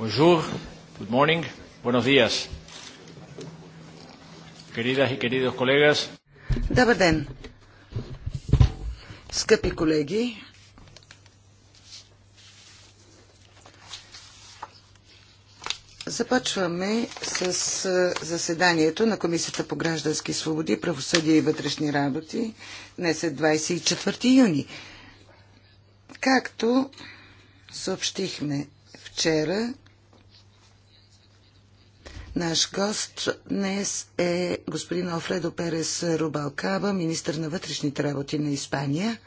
Bonjour, good morning, buenos días. Queridas y queridos colegas. Добър ден, скъпи колеги. Започваме с заседанието на Комисията по граждански свободи, правосъдие и вътрешни работи. Днес е 24 юни. Както съобщихме вчера, Наш гост днес е господин Офредо Перес Рубалкаба, министр на вътрешните работи на Испания,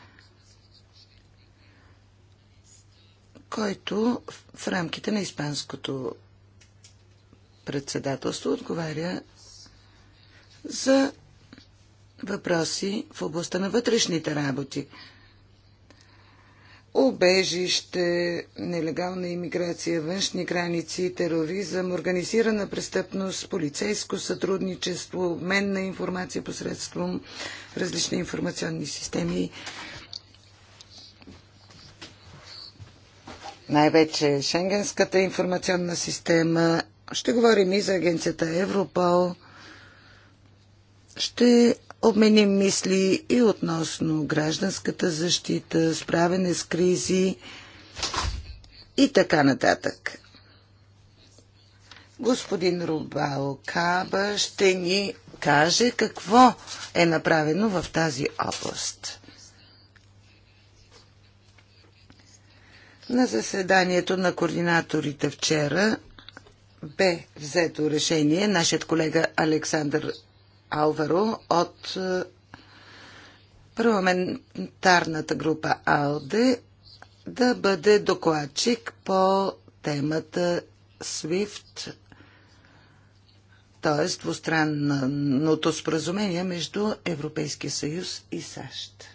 който в рамките на испанското председателство отговаря за въпроси в областта на вътрешните работи. Обежище, нелегална иммиграция, външни граници, тероризъм, организирана престъпност, полицейско сътрудничество, обмен на информация посредством различни информационни системи. Най-вече Шенгенската информационна система. Ще говорим и за агенцията Европол. Ще обменим мисли и относно гражданската защита, справене с кризи и така нататък. Господин Рубал Каба ще ни каже какво е направено в тази област. На заседанието на координаторите вчера бе взето решение нашият колега Александър Алваро от е, парламентарната група АЛДЕ да бъде докладчик по темата SWIFT, т.е. двустранното споразумение между Европейския съюз и САЩ.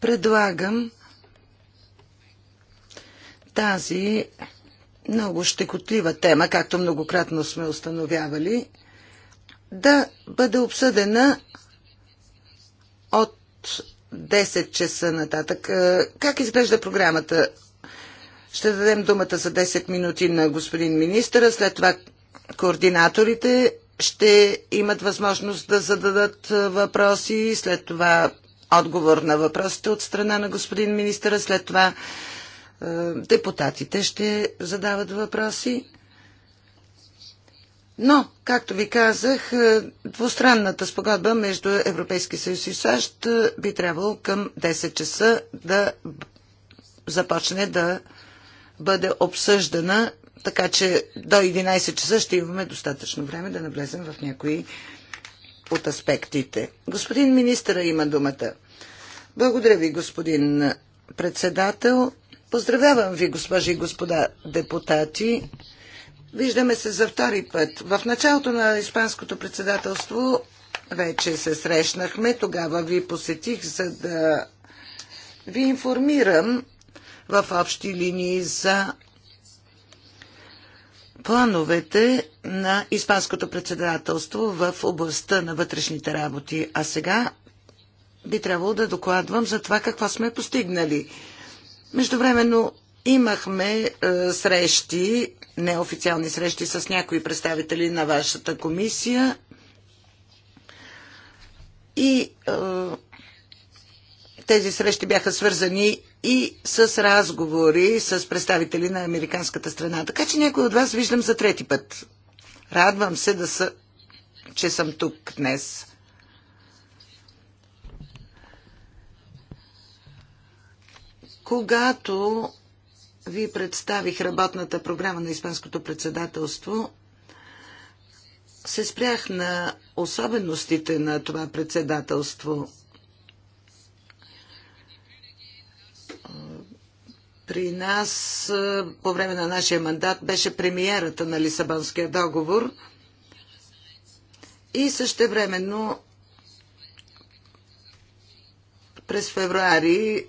Предлагам тази много щекотлива тема, както многократно сме установявали, да бъде обсъдена от 10 часа нататък. Е, как изглежда програмата? Ще дадем думата за 10 минути на господин министъра, след това координаторите ще имат възможност да зададат е, въпроси, след това отговор на въпросите от страна на господин министъра, след това е, депутатите ще задават въпроси. Но, както ви казах, е, двустранната спогодба между Европейски съюз и САЩ е, би трябвало към 10 часа да започне да бъде обсъждана, така че до 11 часа ще имаме достатъчно време да навлезем в някои от аспектите. Господин министъра има думата. Благодаря ви, господин председател. Поздравявам ви, госпожи и господа депутати. Виждаме се за втори път. В началото на Испанското председателство вече се срещнахме. Тогава ви посетих, за да ви информирам в общи линии за плановете на Испанското председателство в областта на вътрешните работи. А сега би трябвало да докладвам за това какво сме постигнали Междувременно имахме е, срещи, неофициални срещи с някои представители на вашата комисия и е, тези срещи бяха свързани и с разговори с представители на американската страна. Така че някой от вас виждам за трети път. Радвам се, да са, че съм тук днес. Когато ви представих работната програма на Испанското председателство, се спрях на особеностите на това председателство. При нас по време на нашия мандат беше премиерата на Лисабонския договор и също времено през февруари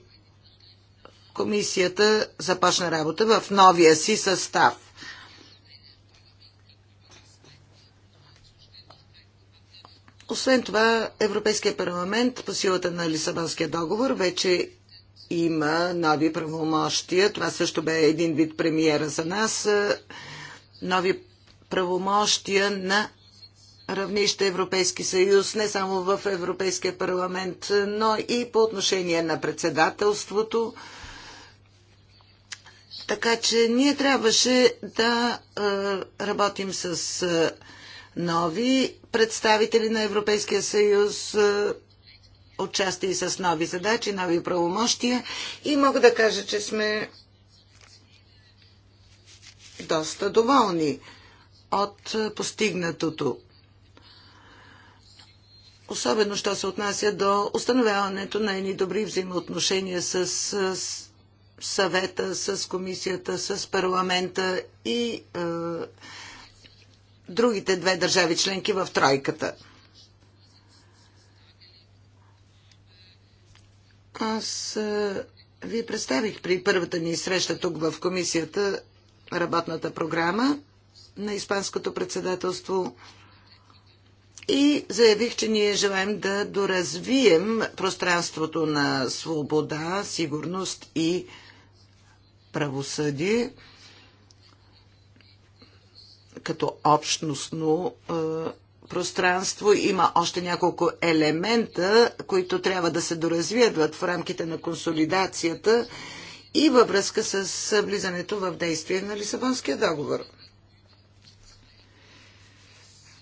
комисията започна работа в новия си състав. Освен това, Европейския парламент по силата на Лисабонския договор вече има нови правомощия. Това също бе един вид премиера за нас. Нови правомощия на равнище Европейски съюз, не само в Европейския парламент, но и по отношение на председателството така че ние трябваше да е, работим с е, нови представители на Европейския съюз, отчасти е, и с нови задачи, нови правомощия и мога да кажа, че сме доста доволни от постигнатото. Особено, що се отнася до установяването на едни добри взаимоотношения с, с съвета, с комисията, с парламента и е, другите две държави членки в тройката. Аз е, ви представих при първата ни среща тук в комисията работната програма на Испанското председателство и заявих, че ние желаем да доразвием пространството на свобода, сигурност и правосъдие като общностно е, пространство. Има още няколко елемента, които трябва да се доразвият в рамките на консолидацията и във връзка с влизането в действие на Лисабонския договор.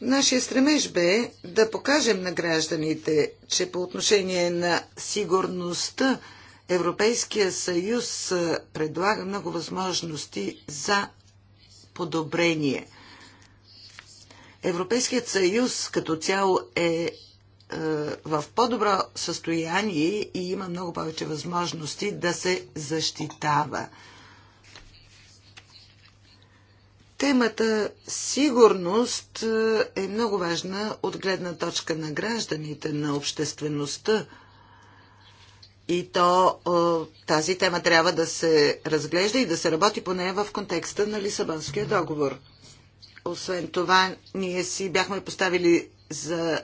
Нашия стремеж бе да покажем на гражданите, че по отношение на сигурността Европейския съюз предлага много възможности за подобрение. Европейският съюз като цяло е, е в по-добро състояние и има много повече възможности да се защитава. Темата сигурност е, е много важна от гледна точка на гражданите, на обществеността. И то тази тема трябва да се разглежда и да се работи по нея в контекста на Лисабонския договор. Освен това, ние си бяхме поставили за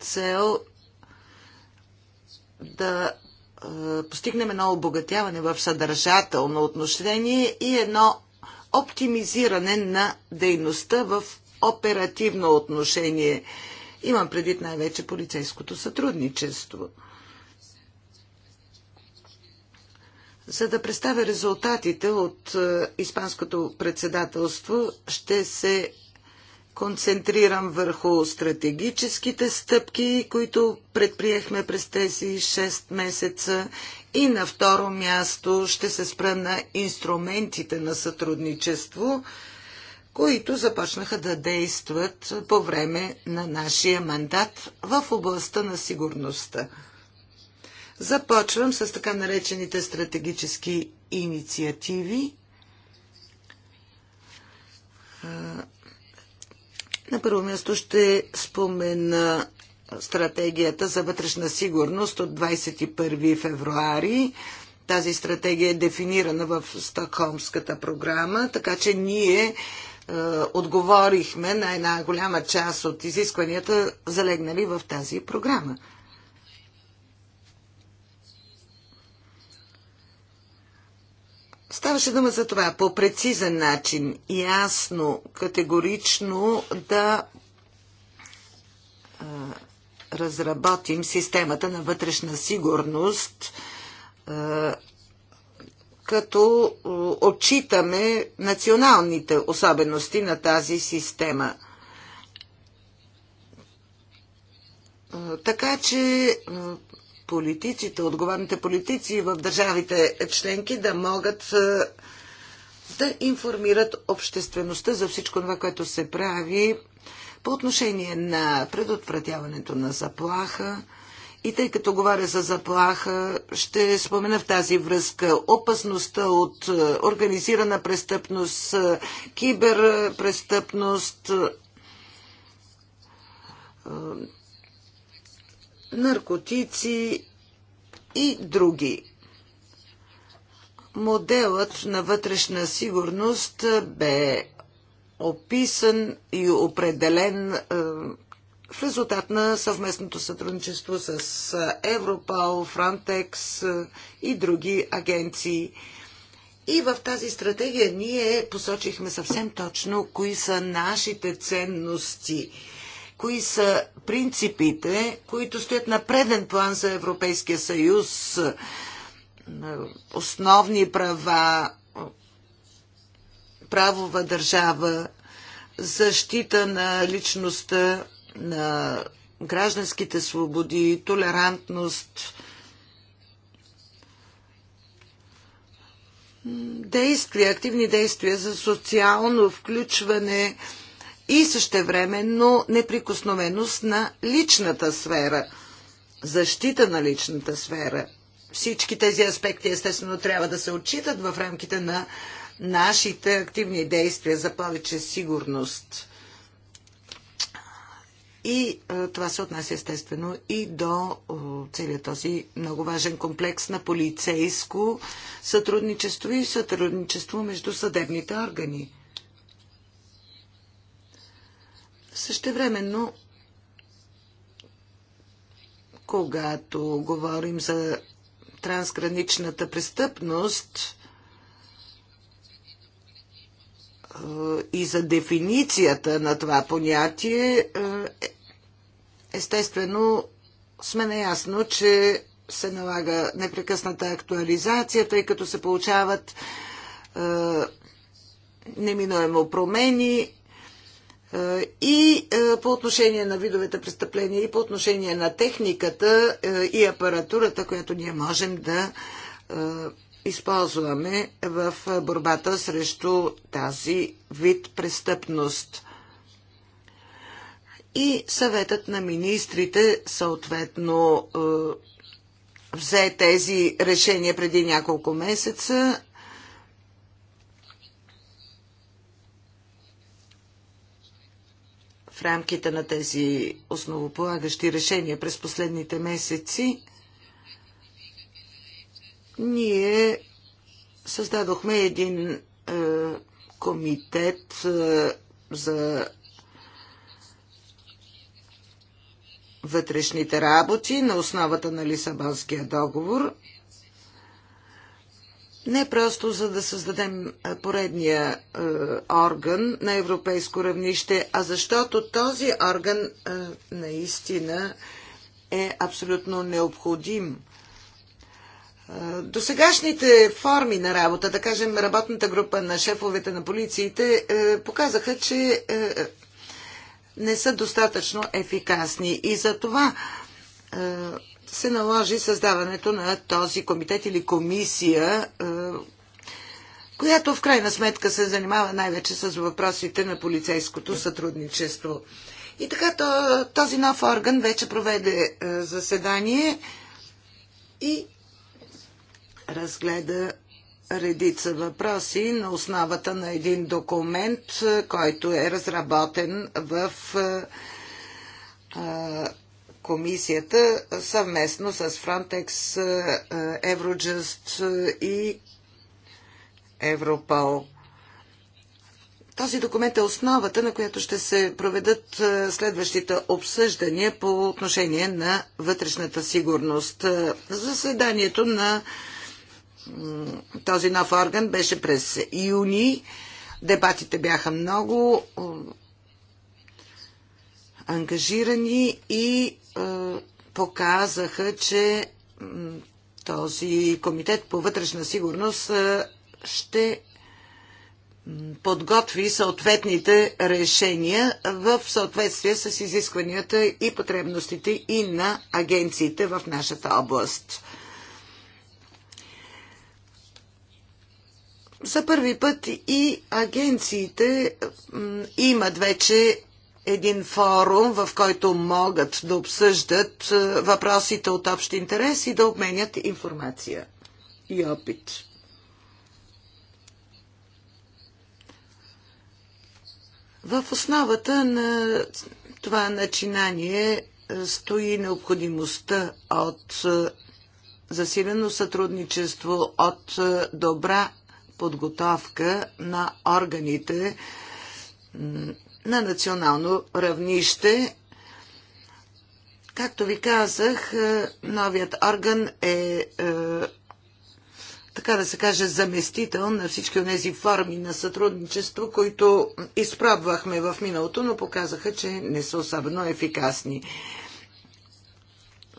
цел да постигнем едно обогатяване в съдържателно отношение и едно оптимизиране на дейността в оперативно отношение. Имам предвид най-вече полицейското сътрудничество – За да представя резултатите от е, Испанското председателство, ще се концентрирам върху стратегическите стъпки, които предприехме през тези 6 месеца и на второ място ще се спра на инструментите на сътрудничество, които започнаха да действат по време на нашия мандат в областта на сигурността. Започвам с така наречените стратегически инициативи. На първо място ще спомена стратегията за вътрешна сигурност от 21 февруари. Тази стратегия е дефинирана в Стокхолмската програма, така че ние е, отговорихме на една голяма част от изискванията, залегнали в тази програма Ставаше дума за това по прецизен начин, ясно, категорично да а, разработим системата на вътрешна сигурност, а, като отчитаме националните особености на тази система. Така че политиците, отговорните политици в държавите членки да могат е, да информират обществеността за всичко това, което се прави по отношение на предотвратяването на заплаха. И тъй като говоря за заплаха, ще спомена в тази връзка опасността от е, организирана престъпност, е, киберпрестъпност, наркотици и други. Моделът на вътрешна сигурност бе описан и определен е, в резултат на съвместното сътрудничество с е, Европол, Франтекс и други агенции. И в тази стратегия ние посочихме съвсем точно кои са нашите ценности, кои са принципите, които стоят на преден план за Европейския съюз, основни права, правова държава, защита на личността, на гражданските свободи, толерантност, действия, активни действия за социално включване, и същевременно неприкосновеност на личната сфера, защита на личната сфера. Всички тези аспекти естествено трябва да се отчитат в рамките на нашите активни действия за повече сигурност. И а, това се отнася естествено и до целият този много важен комплекс на полицейско сътрудничество и сътрудничество между съдебните органи. Същевременно, когато говорим за трансграничната престъпност и за дефиницията на това понятие, естествено сме наясно, че се налага непрекъсната актуализация, тъй като се получават е, неминуемо промени е, и е, по отношение на видовете престъпления, и по отношение на техниката е, и апаратурата, която ние можем да използваме в борбата срещу тази вид престъпност. И съветът на министрите съответно взе тези решения преди няколко месеца в рамките на тези основополагащи решения през последните месеци, ние създадохме един е, комитет е, за вътрешните работи на основата на Лисабонския договор – не просто за да създадем поредния е, орган на европейско равнище, а защото този орган е, наистина е абсолютно необходим. До сегашните форми на работа, да кажем работната група на шефовете на полициите, е, показаха, че е, не са достатъчно ефикасни. И за това е, се наложи създаването на този комитет или комисия, е, която в крайна сметка се занимава най-вече с въпросите на полицейското сътрудничество. И така този нов орган вече проведе е, заседание и разгледа редица въпроси на основата на един документ, е, който е разработен в комисията съвместно с Frontex, е, е, Eurojust и Европол. Този документ е основата, на която ще се проведат е, следващите обсъждания по отношение на вътрешната сигурност. Заседанието на този нов орган беше през юни. Дебатите бяха много ангажирани и е, показаха, че този комитет по вътрешна сигурност е, ще подготви съответните решения в съответствие с изискванията и потребностите и на агенциите в нашата област. За първи път и агенциите имат вече един форум, в който могат да обсъждат е, въпросите от общ интерес и да обменят информация и опит. В основата на това начинание е, стои необходимостта от е, засилено сътрудничество, от добра подготовка на органите на национално равнище. Както ви казах, е, новият орган е, е така да се каже, заместител на всички от тези форми на сътрудничество, които изпробвахме в миналото, но показаха, че не са особено ефикасни.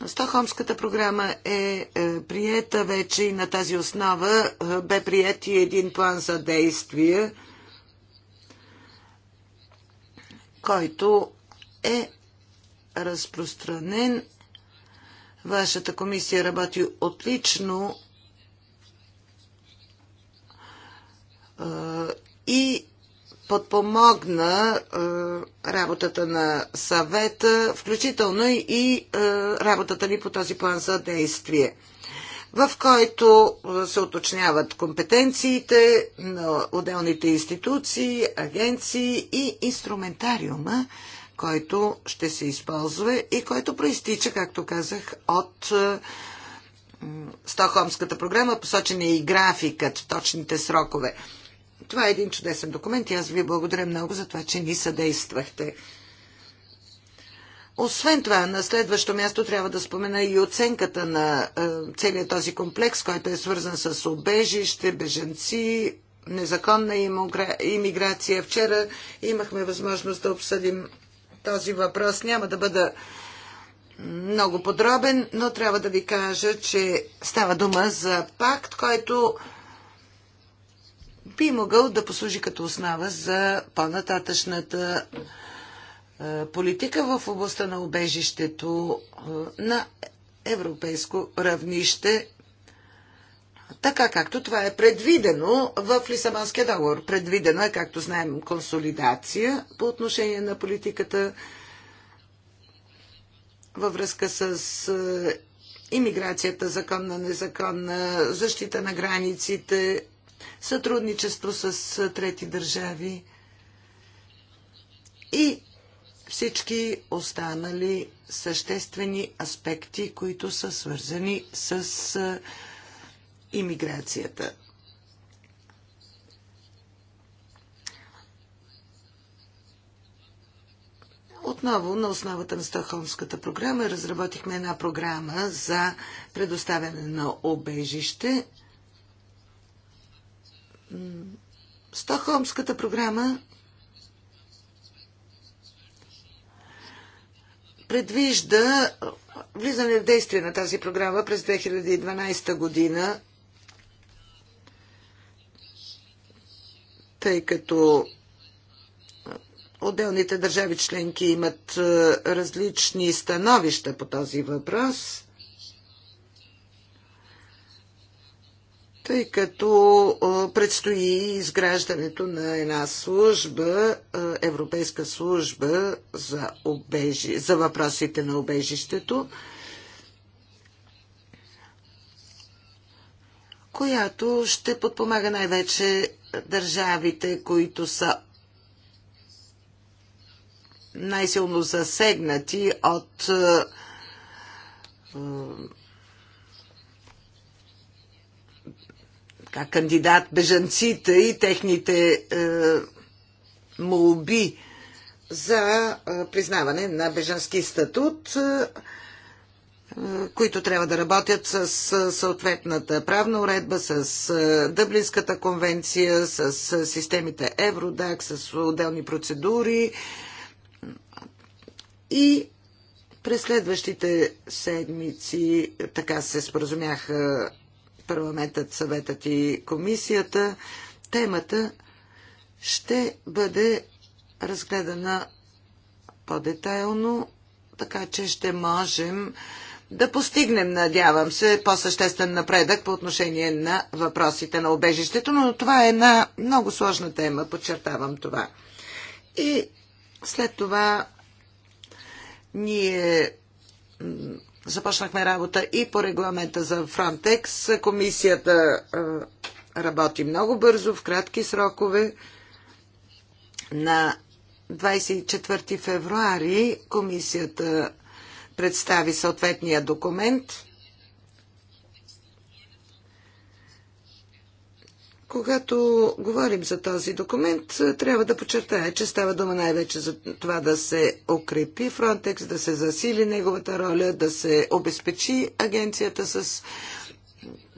Стохомската програма е, е, приета вече и на тази основа бе прият и един план за действие – който е разпространен. Вашата комисия работи отлично и подпомогна работата на съвета, включително и работата ни по този план за действие в който се уточняват компетенциите на отделните институции, агенции и инструментариума, който ще се използва и който проистича, както казах, от Стокхолмската програма, посочен е и графикът, точните срокове. Това е един чудесен документ и аз ви благодаря много за това, че ни съдействахте. Освен това, на следващо място трябва да спомена и оценката на е, целият този комплекс, който е свързан с обежище, беженци, незаконна иммиграция. Вчера имахме възможност да обсъдим този въпрос. Няма да бъда много подробен, но трябва да ви кажа, че става дума за пакт, който би могъл да послужи като основа за по-нататъчната е, политика в областта на убежището е, на европейско равнище, така както това е предвидено в Лисабонския договор. Предвидено е, както знаем, консолидация по отношение на политиката във връзка с е, имиграцията, законна, незаконна, защита на границите, сътрудничество с трети държави. И всички останали съществени аспекти, които са свързани с имиграцията. Отново на основата на Стокхолмската програма разработихме една програма за предоставяне на обежище. Стокхолмската програма предвижда влизане в действие на тази програма през 2012 година, тъй като отделните държави членки имат е, различни становища по този въпрос. тъй като предстои изграждането на една служба, Европейска служба за, обежи, за въпросите на обежището, която ще подпомага най-вече държавите, които са най-силно засегнати от така, кандидат бежанците и техните е, молби за е, признаване на бежански статут, е, е, които трябва да работят с съответната правна уредба, с Дъблинската конвенция, с системите Евродак, с отделни процедури. И през следващите седмици така се споразумяха парламентът, съветът и комисията, темата ще бъде разгледана по-детайлно, така че ще можем да постигнем, надявам се, по-съществен напредък по отношение на въпросите на обежището, но това е една много сложна тема, подчертавам това. И след това ние започнахме работа и по регламента за Frontex. Комисията работи много бързо, в кратки срокове. На 24 февруари комисията представи съответния документ – Когато говорим за този документ, трябва да подчертая, че става дума най-вече за това да се укрепи Фронтекс, да се засили неговата роля, да се обезпечи агенцията с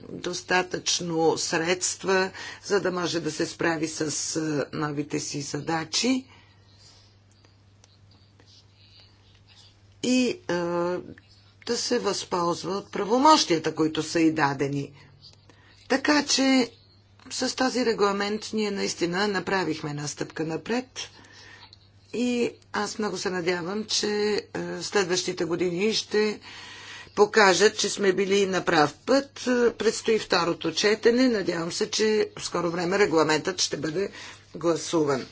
достатъчно средства, за да може да се справи с новите си задачи. И е, да се възползва от правомощията, които са и дадени. Така че с този регламент ние наистина направихме една стъпка напред. И аз много се надявам, че е, следващите години ще покажат, че сме били на прав път. Е, предстои второто четене. Надявам се, че в скоро време регламентът ще бъде гласуван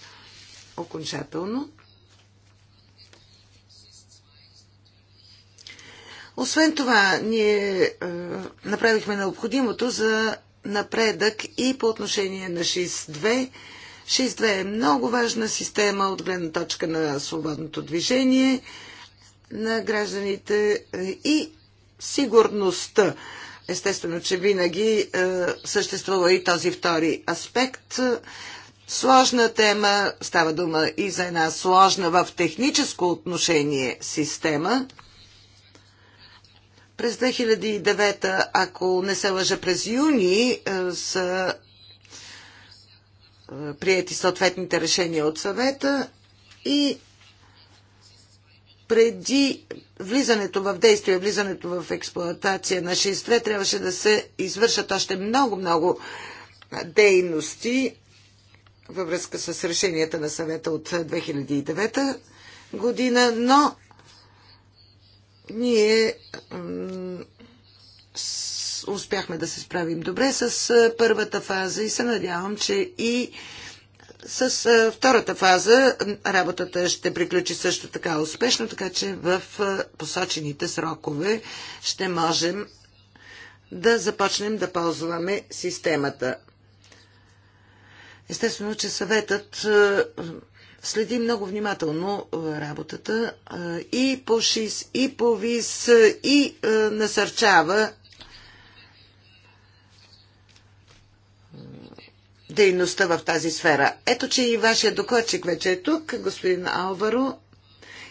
окончателно. Освен това, ние е, направихме необходимото за напредък и по отношение на 6.2. 6.2 е много важна система от гледна точка на свободното движение на гражданите е, и сигурността. Естествено, че винаги е, съществува и този втори аспект. Сложна тема, става дума и за една сложна в техническо отношение система – през 2009, ако не се лъжа през юни, е, са е, приети съответните решения от съвета и преди влизането в действие, влизането в експлоатация на 6.2 трябваше да се извършат още много-много дейности във връзка с решенията на съвета от 2009 е, година, но ние успяхме да се справим добре с първата фаза и се надявам, че и с втората фаза работата ще приключи също така успешно, така че в посочените срокове ще можем да започнем да ползваме системата. Естествено, че съветът следи много внимателно е, работата е, и по ШИС, и по ВИС, е, и насърчава дейността в тази сфера. Ето, че и вашия докладчик вече е тук, господин Алваро.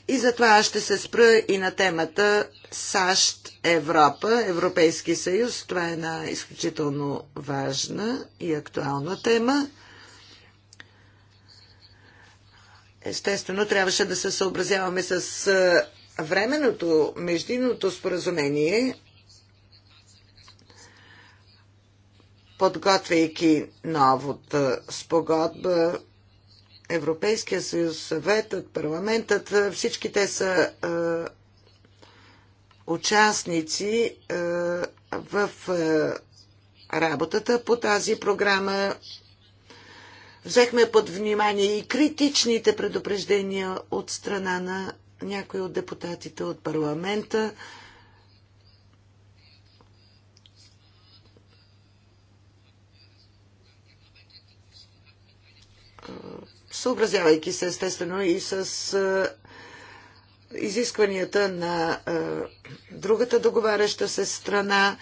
И затова аз ще се спра и на темата САЩ, Европа, Европейски съюз. Това е една изключително важна и актуална тема. Естествено, трябваше да се съобразяваме с временното междинното споразумение, подготвяйки новата спогодба, Европейския съюз, съветът, парламентът, всички те са е, участници е, в е, работата по тази програма Взехме под внимание и критичните предупреждения от страна на някои от депутатите от парламента. Съобразявайки се естествено и с изискванията на другата договаряща се страна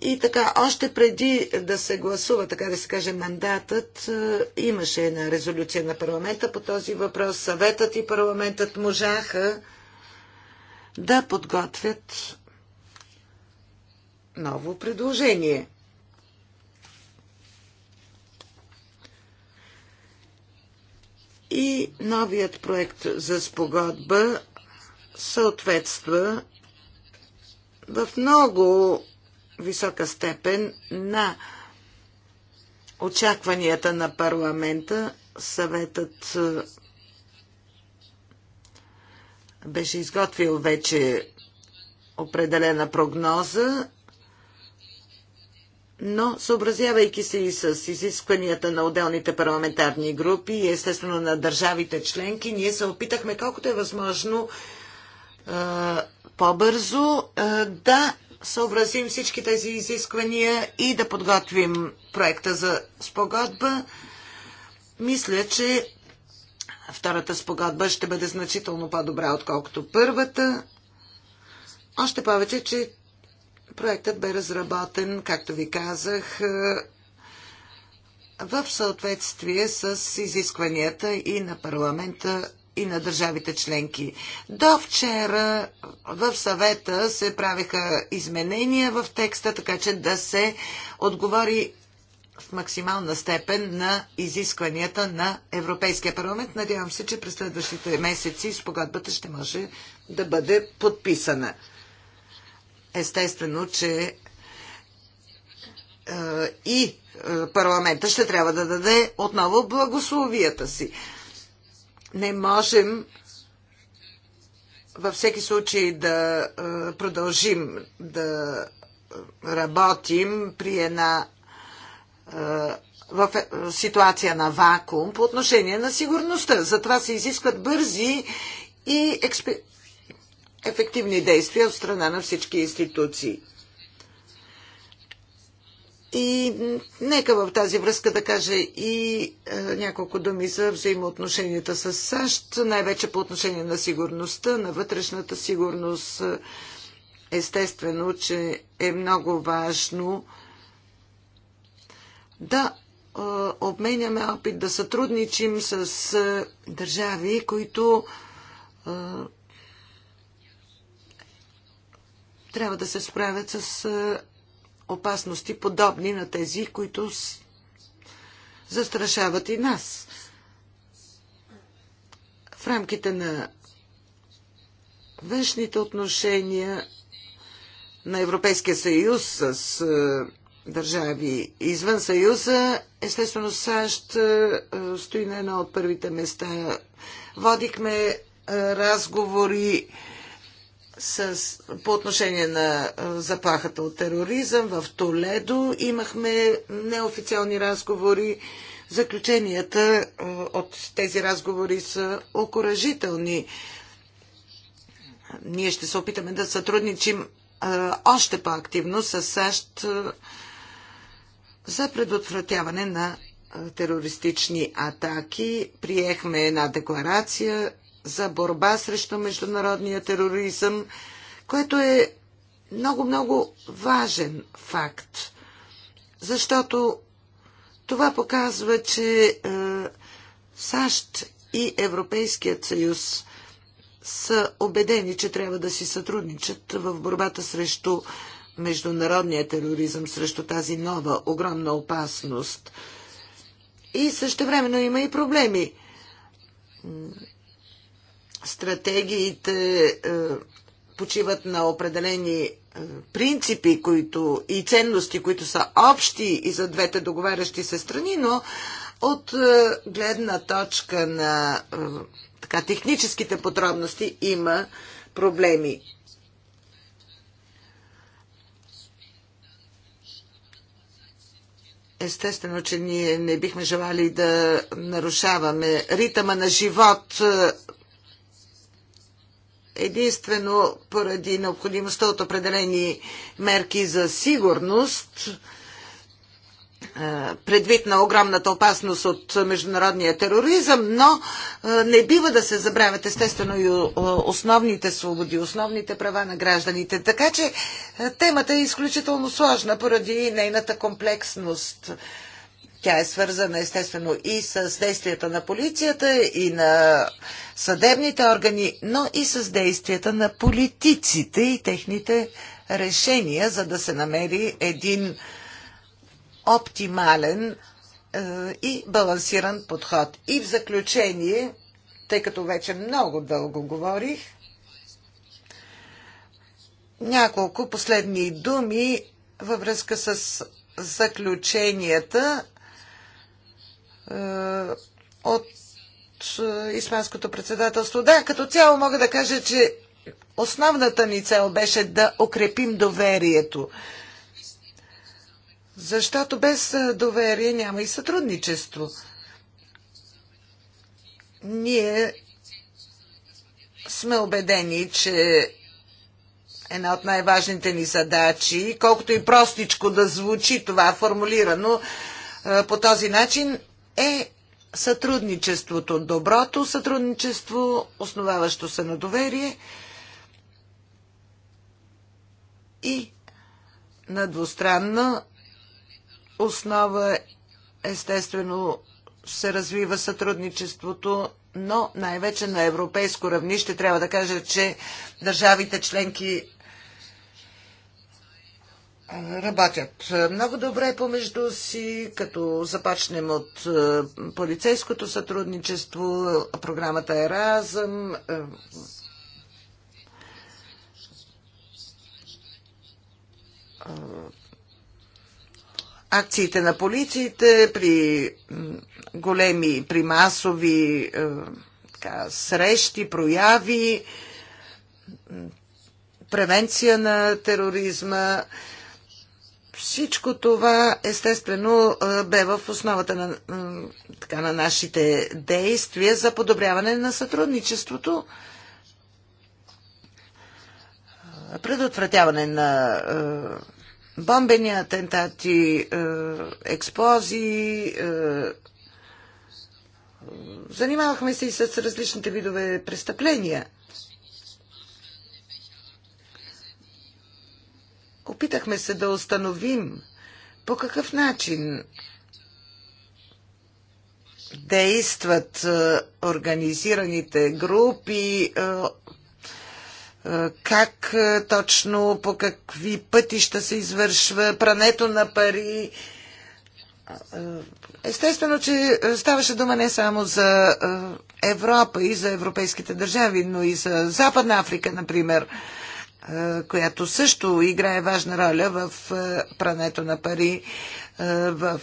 и така, още преди да се гласува, така да се каже, мандатът, е, имаше една резолюция на парламента по този въпрос. Съветът и парламентът можаха да подготвят ново предложение. И новият проект за спогодба съответства в много висока степен на очакванията на парламента. Съветът е, беше изготвил вече определена прогноза, но съобразявайки се и с изискванията на отделните парламентарни групи и естествено на държавите членки, ние се опитахме колкото е възможно е, по-бързо е, да съобразим всички тези изисквания и да подготвим проекта за спогодба, мисля, че втората спогодба ще бъде значително по-добра, отколкото първата. Още повече, че проектът бе разработен, както ви казах, е, в съответствие с изискванията и на парламента, и на държавите членки. До вчера в съвета се правеха изменения в текста, така че да се отговори в максимална степен на изискванията на Европейския парламент. Надявам се, че през следващите месеци спогадбата ще може да бъде подписана. Естествено, че е, и е, парламента ще трябва да даде отново благословията си не можем във всеки случай да продължим да работим при една в е, ситуация на вакуум по отношение на сигурността. Затова се изискват бързи и експ... ефективни действия от страна на всички институции. И нека в тази връзка да кажа и е, няколко думи за взаимоотношенията с САЩ, най-вече по отношение на сигурността, на вътрешната сигурност. Естествено, че е много важно да е, обменяме опит, да сътрудничим с е, държави, които е, трябва да се справят с е, опасности, подобни на тези, които застрашават и нас. В рамките на външните отношения на Европейския съюз с е, държави извън Съюза, естествено САЩ е, е, стои на едно от първите места. Водихме разговори с, по отношение на заплахата от тероризъм. В Толедо имахме неофициални разговори. Заключенията от тези разговори са окоръжителни. Ние ще се опитаме да сътрудничим още по-активно с САЩ за предотвратяване на терористични атаки. Приехме една декларация за борба срещу международния тероризъм, което е много-много важен факт, защото това показва, че е, САЩ и Европейският съюз са убедени, че трябва да си сътрудничат в борбата срещу международния тероризъм, срещу тази нова огромна опасност. И също времено има и проблеми стратегиите е, почиват на определени е, принципи които, и ценности, които са общи и за двете договарящи се страни, но от е, гледна точка на така, техническите подробности има проблеми. Естествено, че ние не бихме желали да нарушаваме ритъма на живот единствено поради необходимостта от определени мерки за сигурност, е, предвид на огромната опасност от международния тероризъм, но е, не бива да се забравят естествено и е, основните свободи, основните права на гражданите. Така че темата е изключително сложна поради нейната комплексност. Тя е свързана естествено и с действията на полицията, и на съдебните органи, но и с действията на политиците и техните решения, за да се намери един оптимален е, и балансиран подход. И в заключение, тъй като вече много дълго говорих, няколко последни думи във връзка с заключенията е, от е, Испанското председателство. Да, като цяло мога да кажа, че основната ни цел беше да укрепим доверието. Защото без е, доверие няма и сътрудничество. Ние сме убедени, че една от най-важните ни задачи, колкото и простичко да звучи това формулирано, по този начин е сътрудничеството, доброто сътрудничество, основаващо се на доверие и на двустранна основа естествено се развива сътрудничеството, но най-вече на европейско равнище трябва да кажа, че държавите членки работят много добре помежду си, като започнем от е, полицейското сътрудничество, програмата разъм. Е, е, акциите на полициите при големи, при масови така, срещи, прояви, превенция на тероризма. Всичко това, естествено, бе в основата на, така, на нашите действия за подобряване на сътрудничеството, предотвратяване на бомбени атентати, Е, Занимавахме се и с различните видове престъпления Опитахме се да установим по какъв начин действат е, организираните групи, е, е, как точно, по какви пътища се извършва прането на пари. Естествено, че ставаше дума не само за Европа и за европейските държави, но и за Западна Африка, например. Е, която също играе важна роля в е, прането на пари, е, в,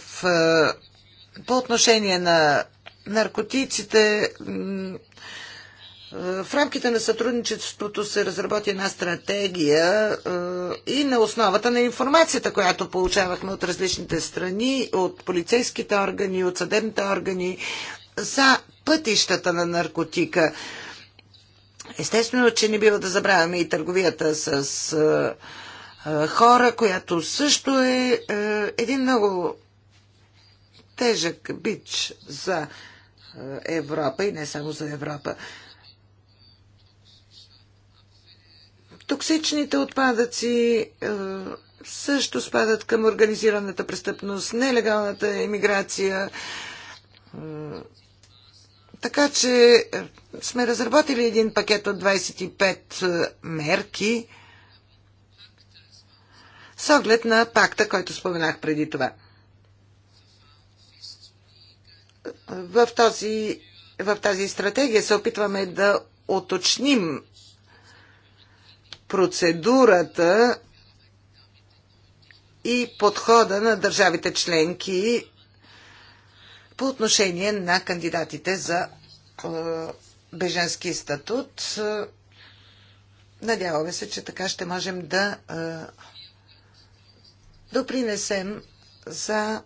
по отношение на наркотиците. В рамките на сътрудничеството се разработи една стратегия и на основата на информацията, която получавахме от различните страни, от полицейските органи, от съдебните органи за пътищата на наркотика. Естествено, че не бива да забравяме и търговията с хора, която също е един много тежък бич за Европа и не само за Европа. Токсичните отпадъци също спадат към организираната престъпност, нелегалната емиграция, така че е, сме разработили един пакет от 25 е, мерки с оглед на пакта, който споменах преди това. В, този, в тази стратегия се опитваме да оточним процедурата и подхода на държавите членки по отношение на кандидатите за е, беженски статут. Е, надяваме се, че така ще можем да е, допринесем за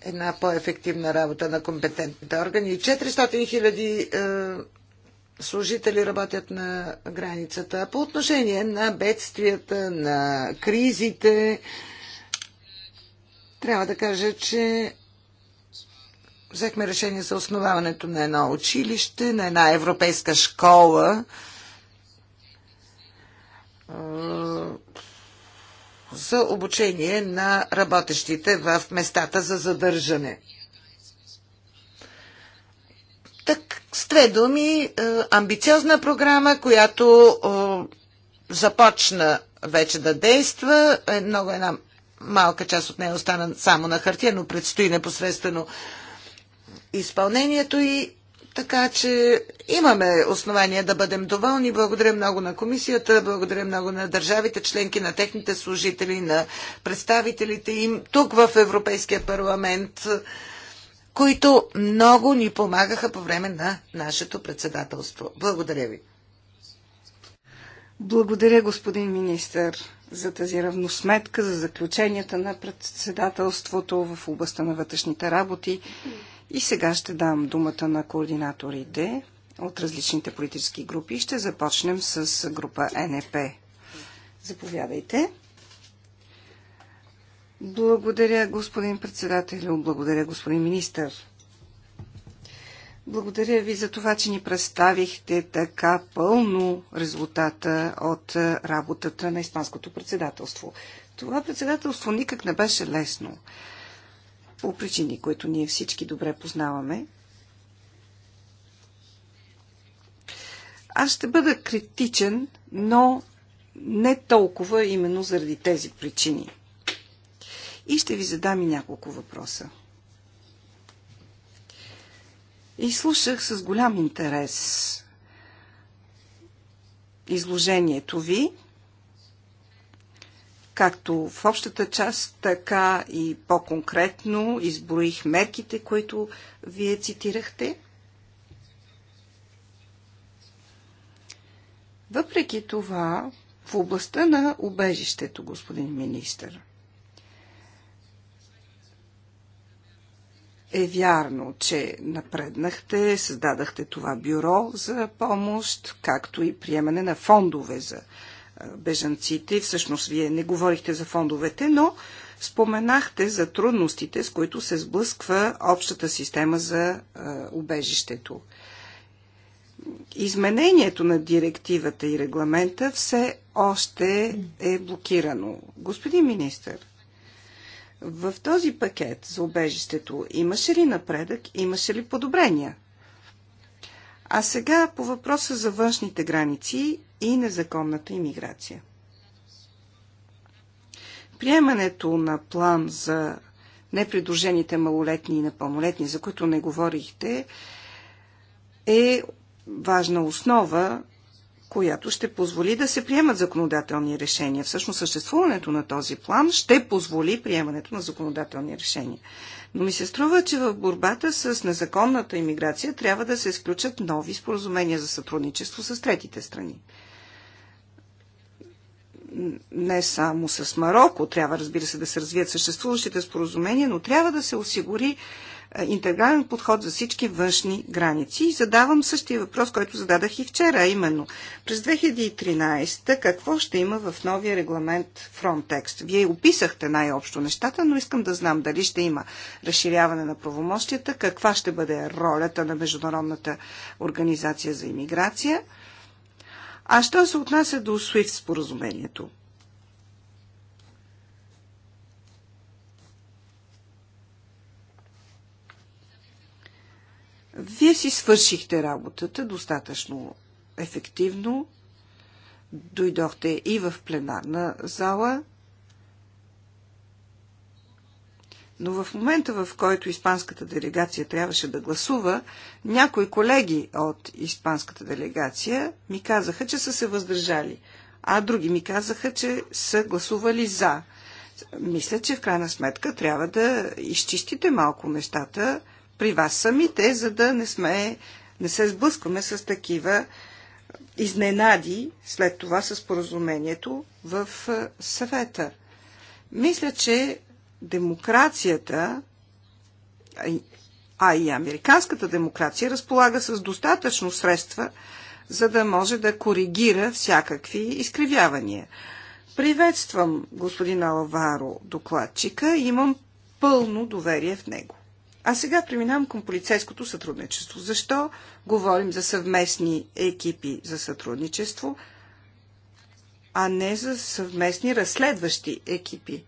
една по-ефективна работа на компетентните органи. 400 хиляди служители работят на границата. По отношение на бедствията, на кризите, трябва да кажа, че взехме решение за основаването на едно училище, на една европейска школа. Е, за обучение на работещите в местата за задържане. Так, с две думи, е, амбициозна програма, която е, започна вече да действа. Много една малка част от нея остана само на хартия, но предстои непосредствено изпълнението и така че имаме основания да бъдем доволни. Благодаря много на комисията, благодаря много на държавите членки, на техните служители, на представителите им тук в Европейския парламент, които много ни помагаха по време на нашето председателство. Благодаря ви. Благодаря, господин министр, за тази равносметка, за заключенията на председателството в областта на вътрешните работи. И сега ще дам думата на координаторите от различните политически групи. Ще започнем с група НП. Заповядайте. Благодаря, господин председател, Благодаря, господин министър. Благодаря ви за това, че ни представихте така пълно резултата от работата на Испанското председателство. Това председателство никак не беше лесно по причини, които ние всички добре познаваме. Аз ще бъда критичен, но не толкова именно заради тези причини. И ще ви задам и няколко въпроса. И слушах с голям интерес изложението ви както в общата част, така и по-конкретно изброих мерките, които вие цитирахте. Въпреки това, в областта на убежището, господин министър, е вярно, че напреднахте, създадахте това бюро за помощ, както и приемане на фондове за помощ бежанците. Всъщност, вие не говорихте за фондовете, но споменахте за трудностите, с които се сблъсква общата система за е, убежището. Изменението на директивата и регламента все още е блокирано. Господин министр, в този пакет за убежището имаше ли напредък, имаше ли подобрения? А сега по въпроса за външните граници и незаконната иммиграция. Приемането на план за непридружените малолетни и непълнолетни, за които не говорихте, е важна основа, която ще позволи да се приемат законодателни решения. Всъщност съществуването на този план ще позволи приемането на законодателни решения. Но ми се струва, че в борбата с незаконната иммиграция трябва да се изключат нови споразумения за сътрудничество с третите страни. Не само с Марокко, трябва разбира се да се развият съществуващите споразумения, но трябва да се осигури е, интегрален подход за всички външни граници. И задавам същия въпрос, който зададах и вчера, именно през 2013 какво ще има в новия регламент Frontex? Вие описахте най-общо нещата, но искам да знам дали ще има разширяване на правомощията, каква ще бъде ролята на Международната организация за иммиграция. А що се отнася до SWIFT споразумението? Вие си свършихте работата достатъчно ефективно. Дойдохте и в пленарна зала. Но в момента, в който испанската делегация трябваше да гласува, някои колеги от испанската делегация ми казаха, че са се въздържали, а други ми казаха, че са гласували за. Мисля, че в крайна сметка трябва да изчистите малко нещата при вас самите, за да не сме, не се сблъскваме с такива изненади след това с поразумението в съвета. Мисля, че демокрацията, а и американската демокрация, разполага с достатъчно средства, за да може да коригира всякакви изкривявания. Приветствам господин Алаваро, докладчика, и имам пълно доверие в него. А сега преминавам към полицейското сътрудничество. Защо говорим за съвместни екипи за сътрудничество, а не за съвместни разследващи екипи?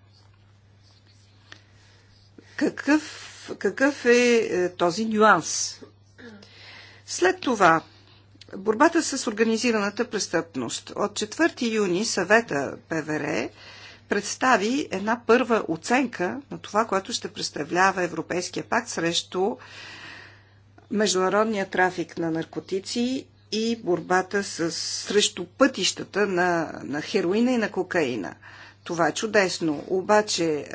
Какъв, какъв е, е този нюанс? След това, борбата с организираната престъпност. От 4 юни съвета ПВР представи една първа оценка на това, което ще представлява Европейския пакт срещу международния трафик на наркотици и борбата с, срещу пътищата на, на хероина и на кокаина. Това е чудесно. Обаче,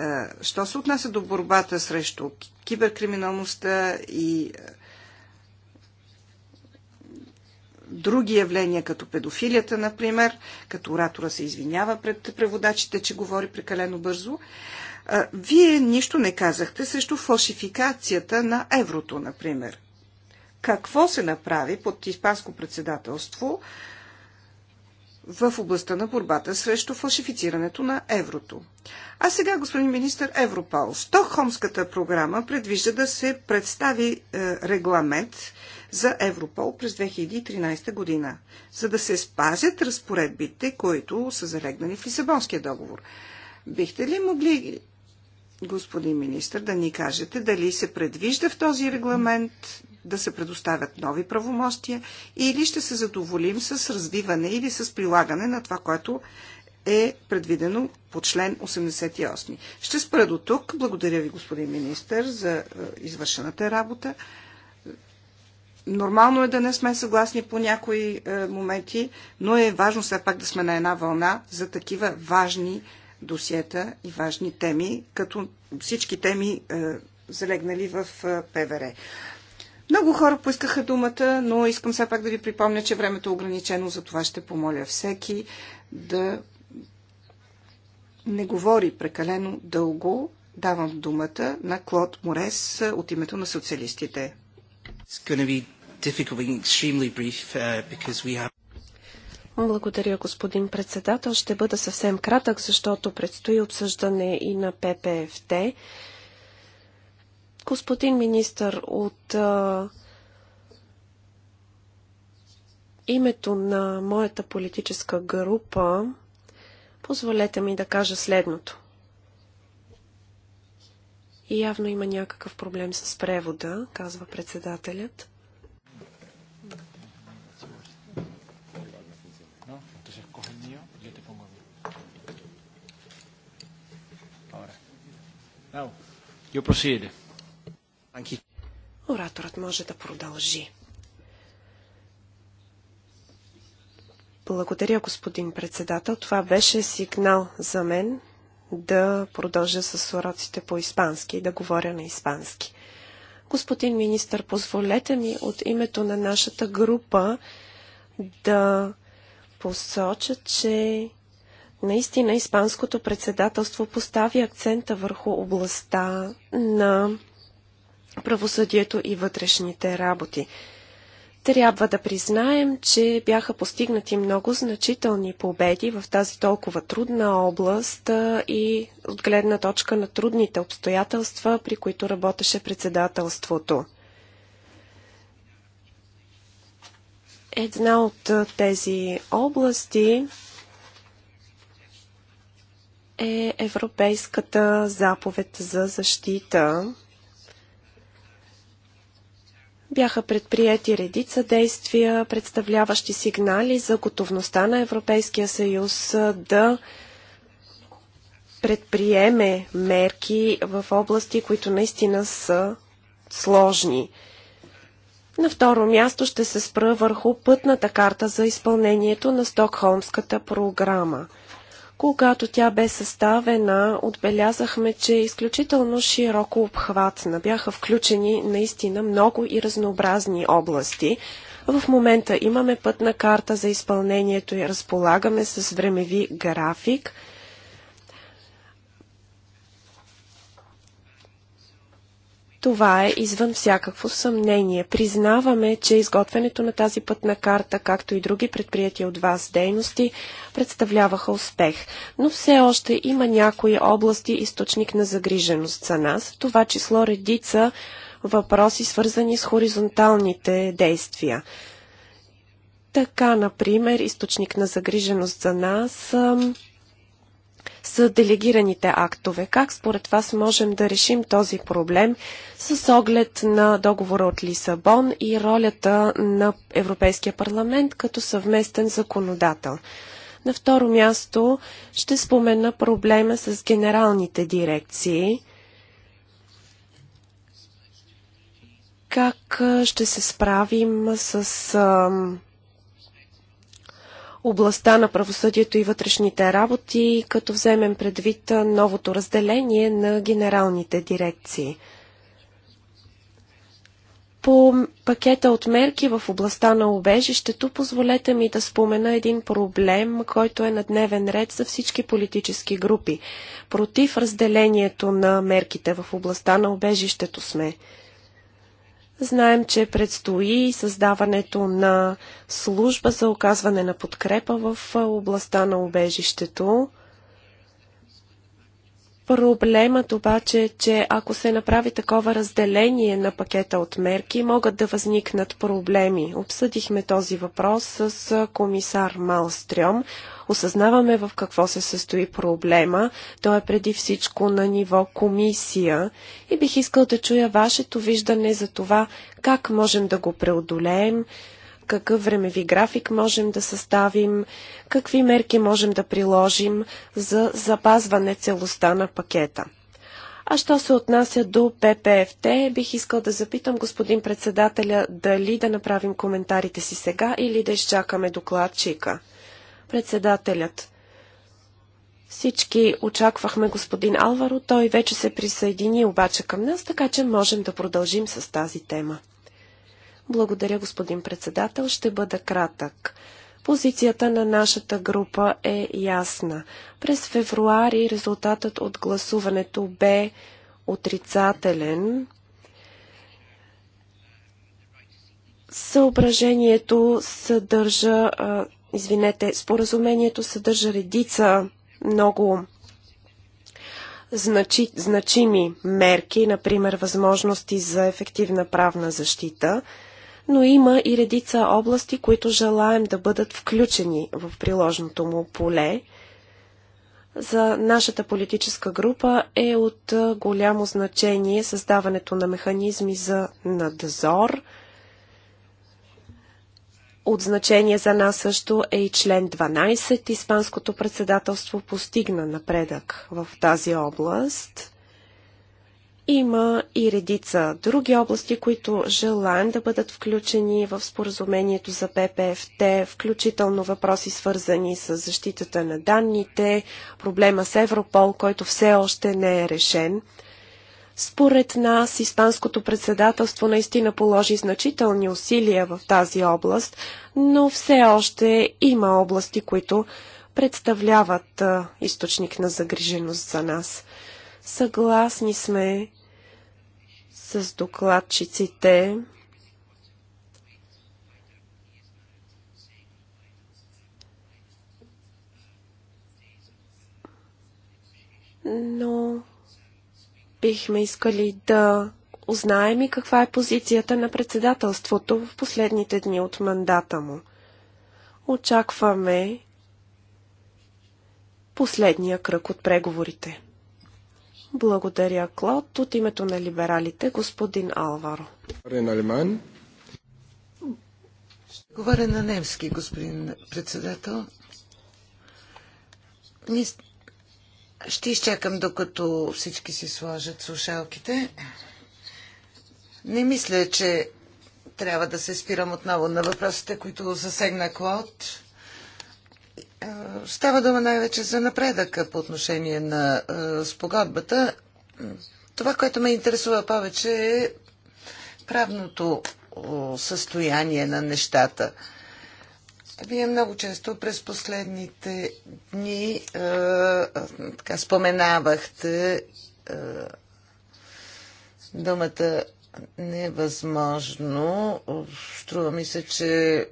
що се отнася до борбата срещу киберкриминалността и други явления, като педофилията, например, като оратора се извинява пред преводачите, че говори прекалено бързо. Вие нищо не казахте срещу фалшификацията на еврото, например. Какво се направи под испанско председателство в областта на борбата срещу фалшифицирането на еврото? А сега, господин министр Европол, стокхомската програма предвижда да се представи е, регламент, за Европол през 2013 година, за да се спазят разпоредбите, които са залегнали в Лисабонския договор. Бихте ли могли, господин министр, да ни кажете дали се предвижда в този регламент да се предоставят нови правомощия или ще се задоволим с развиване или с прилагане на това, което е предвидено по член 88. Ще спра до тук. Благодаря ви, господин министър, за е, извършената работа. Нормално е да не сме съгласни по някои е, моменти, но е важно все пак да сме на една вълна за такива важни досиета и важни теми, като всички теми е, залегнали в е, ПВР. Много хора поискаха думата, но искам все пак да ви припомня, че времето е ограничено, за това ще помоля всеки да не говори прекалено дълго. Давам думата на Клод Морес от името на социалистите. It's difficult extremely brief uh, because we have благодаря, господин председател. Ще бъда съвсем кратък, защото предстои обсъждане и на ППФТ. Господин министър, от а, името на моята политическа група, позволете ми да кажа следното. И явно има някакъв проблем с превода, казва председателят. Ораторът може да продължи. Благодаря, господин председател. Това беше сигнал за мен да продължа с уроците по испански и да говоря на испански. Господин министр, позволете ми от името на нашата група да посоча, че Наистина, Испанското председателство постави акцента върху областта на правосъдието и вътрешните работи. Трябва да признаем, че бяха постигнати много значителни победи в тази толкова трудна област и от гледна точка на трудните обстоятелства, при които работеше председателството. Една от тези области е Европейската заповед за защита. Бяха предприяти редица действия, представляващи сигнали за готовността на Европейския съюз да предприеме мерки в области, които наистина са сложни. На второ място ще се спра върху пътната карта за изпълнението на Стокхолмската програма – когато тя бе съставена, отбелязахме, че е изключително широко обхватна. Бяха включени наистина много и разнообразни области. В момента имаме пътна карта за изпълнението и разполагаме с времеви график – Това е извън всякакво съмнение. Признаваме, че изготвянето на тази пътна карта, както и други предприятия от вас дейности, представляваха успех. Но все още има някои области източник на загриженост за нас, в това число редица въпроси, свързани с хоризонталните действия. Така, например, източник на загриженост за нас са делегираните актове. Как според вас можем да решим този проблем с оглед на договора от Лисабон и ролята на Европейския парламент като съвместен законодател? На второ място ще спомена проблема с генералните дирекции. Как ще се справим с областта на правосъдието и вътрешните работи, като вземем предвид новото разделение на генералните дирекции. По пакета от мерки в областта на убежището, позволете ми да спомена един проблем, който е на дневен ред за всички политически групи. Против разделението на мерките в областта на убежището сме. Знаем, че предстои създаването на служба за оказване на подкрепа в областта на убежището. Проблемът обаче е, че ако се направи такова разделение на пакета от мерки, могат да възникнат проблеми. Обсъдихме този въпрос с комисар Малстрём осъзнаваме в какво се състои проблема. Той е преди всичко на ниво комисия и бих искал да чуя вашето виждане за това как можем да го преодолеем, какъв времеви график можем да съставим, какви мерки можем да приложим за запазване целостта на пакета. А що се отнася до ППФТ, бих искал да запитам господин председателя дали да направим коментарите си сега или да изчакаме докладчика. Председателят. Всички очаквахме господин Алваро, той вече се присъедини обаче към нас, така че можем да продължим с тази тема. Благодаря, господин председател, ще бъда кратък. Позицията на нашата група е ясна. През февруари резултатът от гласуването бе отрицателен. Съображението съдържа а, извинете, споразумението съдържа редица много значи, значими мерки, например възможности за ефективна правна защита, но има и редица области, които желаем да бъдат включени в приложното му поле. За нашата политическа група е от голямо значение създаването на механизми за надзор – от значение за нас също е и член 12. Испанското председателство постигна напредък в тази област. Има и редица други области, които желаем да бъдат включени в споразумението за ППФТ, включително въпроси свързани с защитата на данните, проблема с Европол, който все още не е решен. Според нас, Испанското председателство наистина положи значителни усилия в тази област, но все още има области, които представляват източник на загриженост за нас. Съгласни сме с докладчиците, но бихме искали да узнаем и каква е позицията на председателството в последните дни от мандата му. Очакваме последния кръг от преговорите. Благодаря, Клод. От името на либералите, господин Алваро. Ще говоря на немски, господин председател. Ще изчакам докато всички си сложат слушалките. Не мисля, че трябва да се спирам отново на въпросите, които засегна Клод. Е, става дума най-вече за напредъка по отношение на е, спогодбата. Това, което ме интересува повече е правното състояние на нещата – вие много често през последните дни е, е, така, споменавахте е, думата невъзможно. Струва ми се, че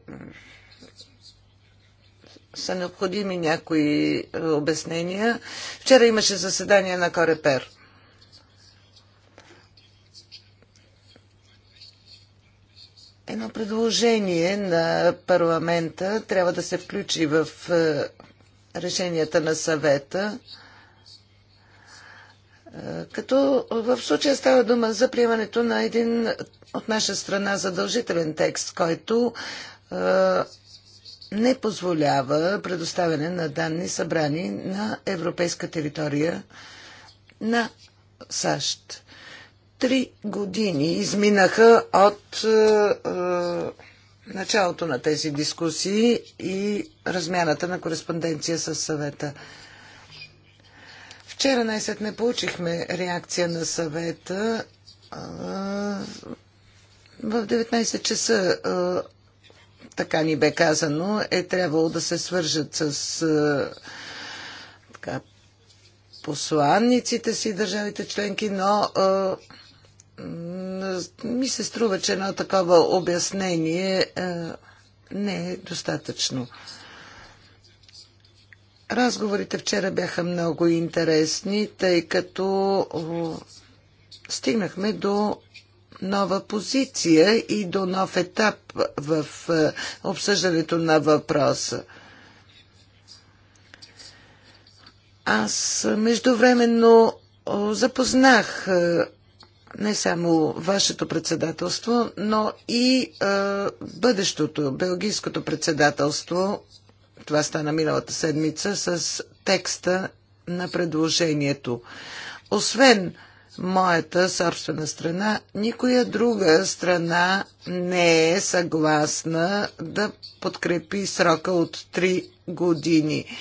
са необходими някои е, обяснения. Вчера имаше заседание на Корепер. едно предложение на парламента трябва да се включи в е, решенията на съвета, е, като в случая става дума за приемането на един от наша страна задължителен текст, който е, не позволява предоставяне на данни събрани на европейска територия на САЩ. Три години изминаха от е, е, началото на тези дискусии и размяната на кореспонденция с съвета. Вчера най-сетне получихме реакция на съвета. Е, в 19 часа е, така ни бе казано, е трябвало да се свържат с е, така, посланниците си, държавите членки, но е, ми се струва, че едно такова обяснение е, не е достатъчно. Разговорите вчера бяха много интересни, тъй като стигнахме до нова позиция и до нов етап в е, обсъждането на въпроса. Аз междувременно запознах е, не само вашето председателство, но и а, бъдещото белгийското председателство. Това стана миналата седмица с текста на предложението. Освен моята собствена страна, никоя друга страна не е съгласна да подкрепи срока от 3 години.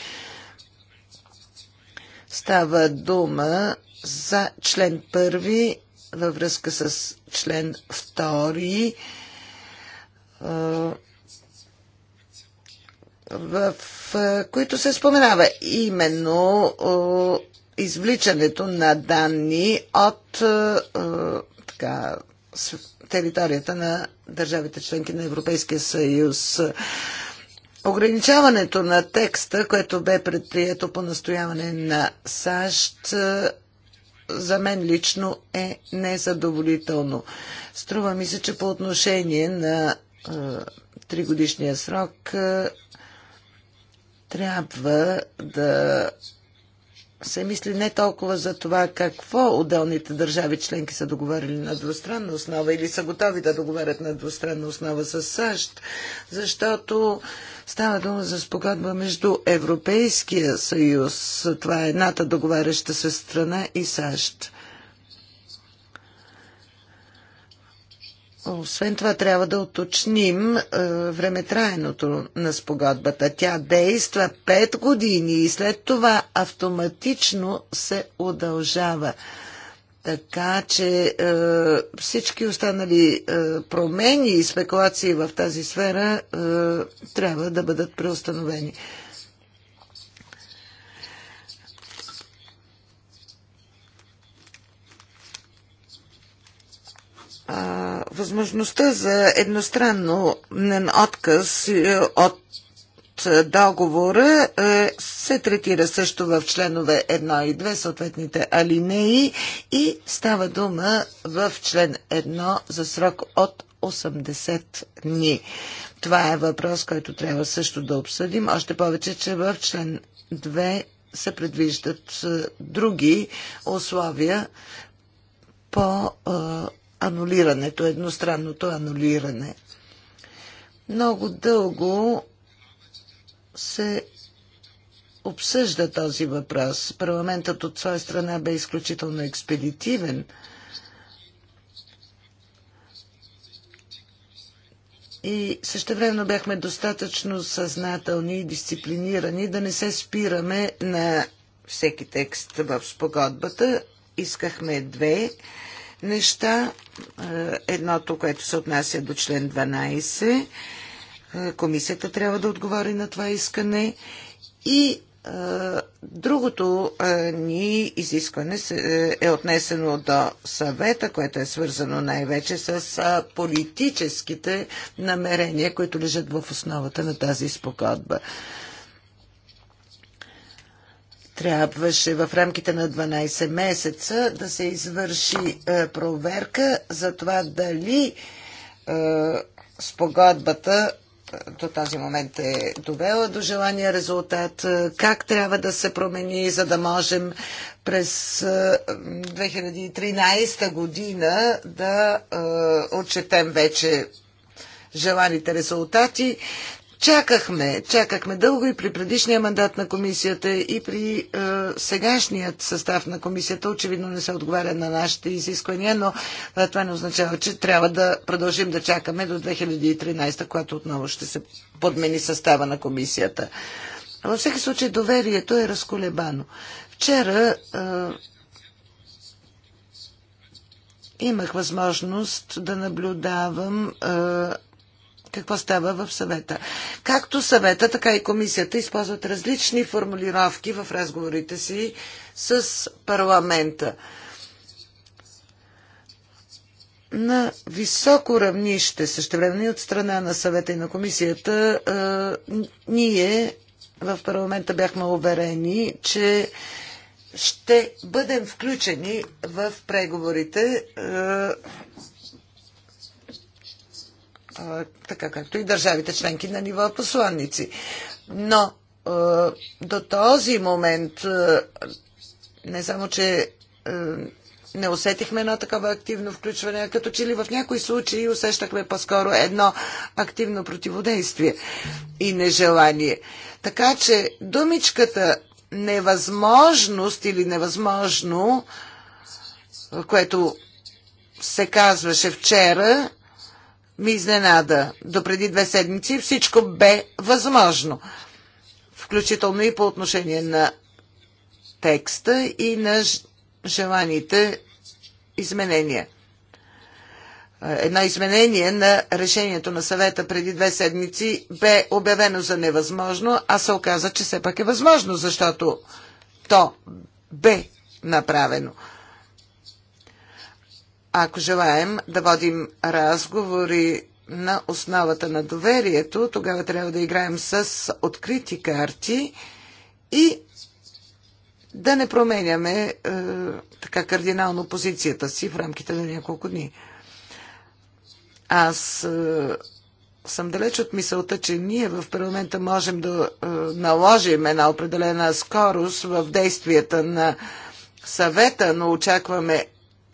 Става дума за член първи във връзка с член 2 в които се споменава именно извличането на данни от така, територията на държавите членки на Европейския съюз. Ограничаването на текста, което бе предприето по настояване на САЩ, за мен лично е незадоволително. Струва ми се, че по отношение на тригодишния срок трябва да се мисли не толкова за това какво отделните държави членки са договорили на двустранна основа или са готови да договарят на двустранна основа с САЩ, защото става дума за спогодба между Европейския съюз, това е едната договаряща се страна и САЩ. Освен това трябва да уточним е, времетраеното на спогодбата. Тя действа 5 години и след това автоматично се удължава. Така че е, всички останали е, промени и спекулации в тази сфера е, трябва да бъдат преустановени. възможността за едностранно отказ е, от е, договора е, се третира също в членове 1 и 2, съответните алинеи и става дума в член 1 за срок от 80 дни. Това е въпрос, който трябва също да обсъдим, още повече, че в член 2 се предвиждат други условия по анулирането, едностранното анулиране. Много дълго се обсъжда този въпрос. Парламентът от своя страна бе изключително експедитивен. И времено бяхме достатъчно съзнателни и дисциплинирани да не се спираме на всеки текст в спогодбата. Искахме две неща. Е, едното, което се отнася до член 12, е, комисията трябва да отговори на това искане и е, Другото ни изискване е отнесено до съвета, което е свързано най-вече с политическите намерения, които лежат в основата на тази спогодба трябваше в рамките на 12 месеца да се извърши е, проверка за това дали е, спогодбата е, до този момент е довела до желания резултат, как трябва да се промени, за да можем през 2013 година да отчетем вече желаните резултати. Чакахме, чакахме дълго и при предишния мандат на комисията и при е, сегашният състав на комисията. Очевидно не се отговаря на нашите изисквания, но е, това не означава, че трябва да продължим да чакаме до 2013, когато отново ще се подмени състава на комисията. Във всеки случай доверието е разколебано. Вчера е, имах възможност да наблюдавам. Е, какво става в съвета. Както съвета, така и комисията използват различни формулировки в разговорите си с парламента. На високо равнище, същевременно и от страна на съвета и на комисията, ние в парламента бяхме уверени, че ще бъдем включени в преговорите така както и държавите членки на ниво посланници. Но до този момент не само, че не усетихме едно такова активно включване, а като че ли в някои случаи усещахме по-скоро едно активно противодействие и нежелание. Така че думичката невъзможност или невъзможно, което се казваше вчера, ми изненада. До преди две седмици всичко бе възможно. Включително и по отношение на текста и на желаните изменения. Едно изменение на решението на съвета преди две седмици бе обявено за невъзможно, а се оказа, че все пак е възможно, защото то бе направено ако желаем да водим разговори на основата на доверието, тогава трябва да играем с открити карти и да не променяме е, така кардинално позицията си в рамките на няколко дни. Аз е, съм далеч от мисълта, че ние в парламента можем да е, наложим една определена скорост в действията на съвета, но очакваме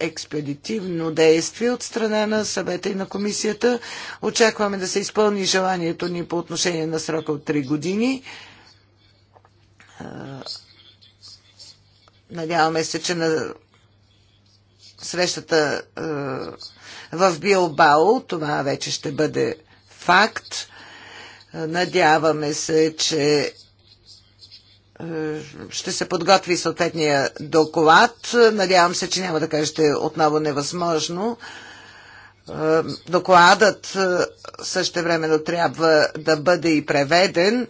експедитивно действие от страна на съвета и на комисията. Очакваме да се изпълни желанието ни по отношение на срока от 3 години. Надяваме се, че на срещата в Билбао това вече ще бъде факт. Надяваме се, че е, ще се подготви съответния доклад. Надявам се, че няма да кажете отново невъзможно. Е, докладът е, също времено трябва да бъде и преведен.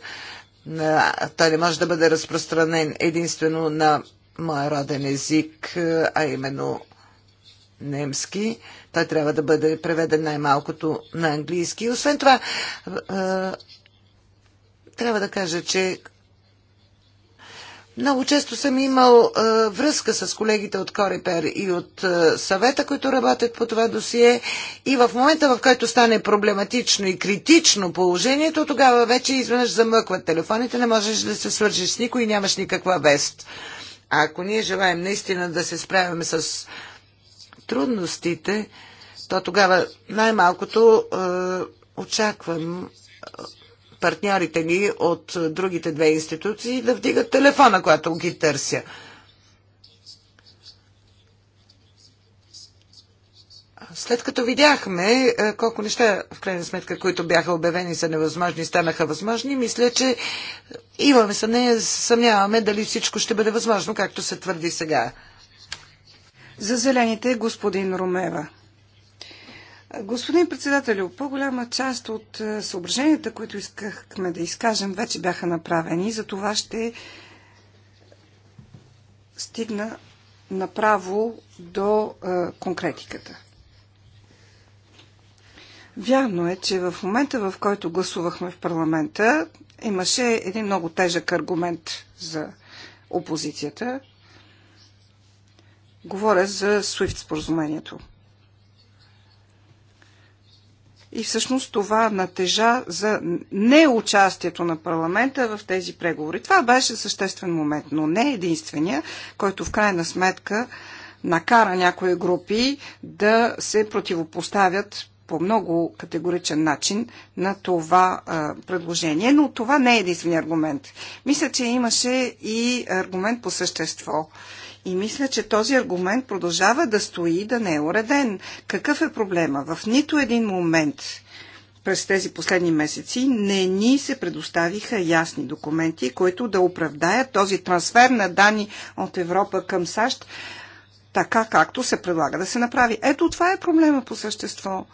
Той не може да бъде разпространен единствено на моя роден език, а именно немски. Той трябва да бъде преведен най-малкото на английски. Освен това, трябва да кажа, че много често съм имал а, е, връзка с колегите от КориПер и от а, е, съвета, които работят по това досие. И в момента, в който стане проблематично и критично положението, тогава вече изведнъж замъкват телефоните, не можеш да се свържиш с никой и нямаш никаква вест. А ако ние желаем наистина да се справяме с трудностите, то тогава най-малкото е, очаквам партньорите ни от другите две институции да вдигат телефона, когато ги търся. След като видяхме е, колко неща, в крайна сметка, които бяха обявени за невъзможни, станаха възможни, мисля, че имаме съмнение, съмняваме дали всичко ще бъде възможно, както се твърди сега. За зелените господин Румева. Господин председател, по-голяма част от е, съображенията, които искахме да изкажем, вече бяха направени. За това ще стигна направо до а, е, конкретиката. Вярно е, че в момента, в който гласувахме в парламента, имаше един много тежък аргумент за опозицията. Говоря за SWIFT споразумението – и всъщност това натежа за неучастието на парламента в тези преговори. Това беше съществен момент, но не единствения, който в крайна сметка накара някои групи да се противопоставят по много категоричен начин на това а, предложение, но това не е единствения аргумент. Мисля, че имаше и аргумент по същество. А, и мисля, че този аргумент продължава да стои, да не е уреден. Какъв е проблема? В нито един момент през тези последни месеци не ни се предоставиха ясни документи, които да оправдаят този трансфер на данни от Европа към САЩ, така както се предлага да се направи. Ето това е проблема по същество.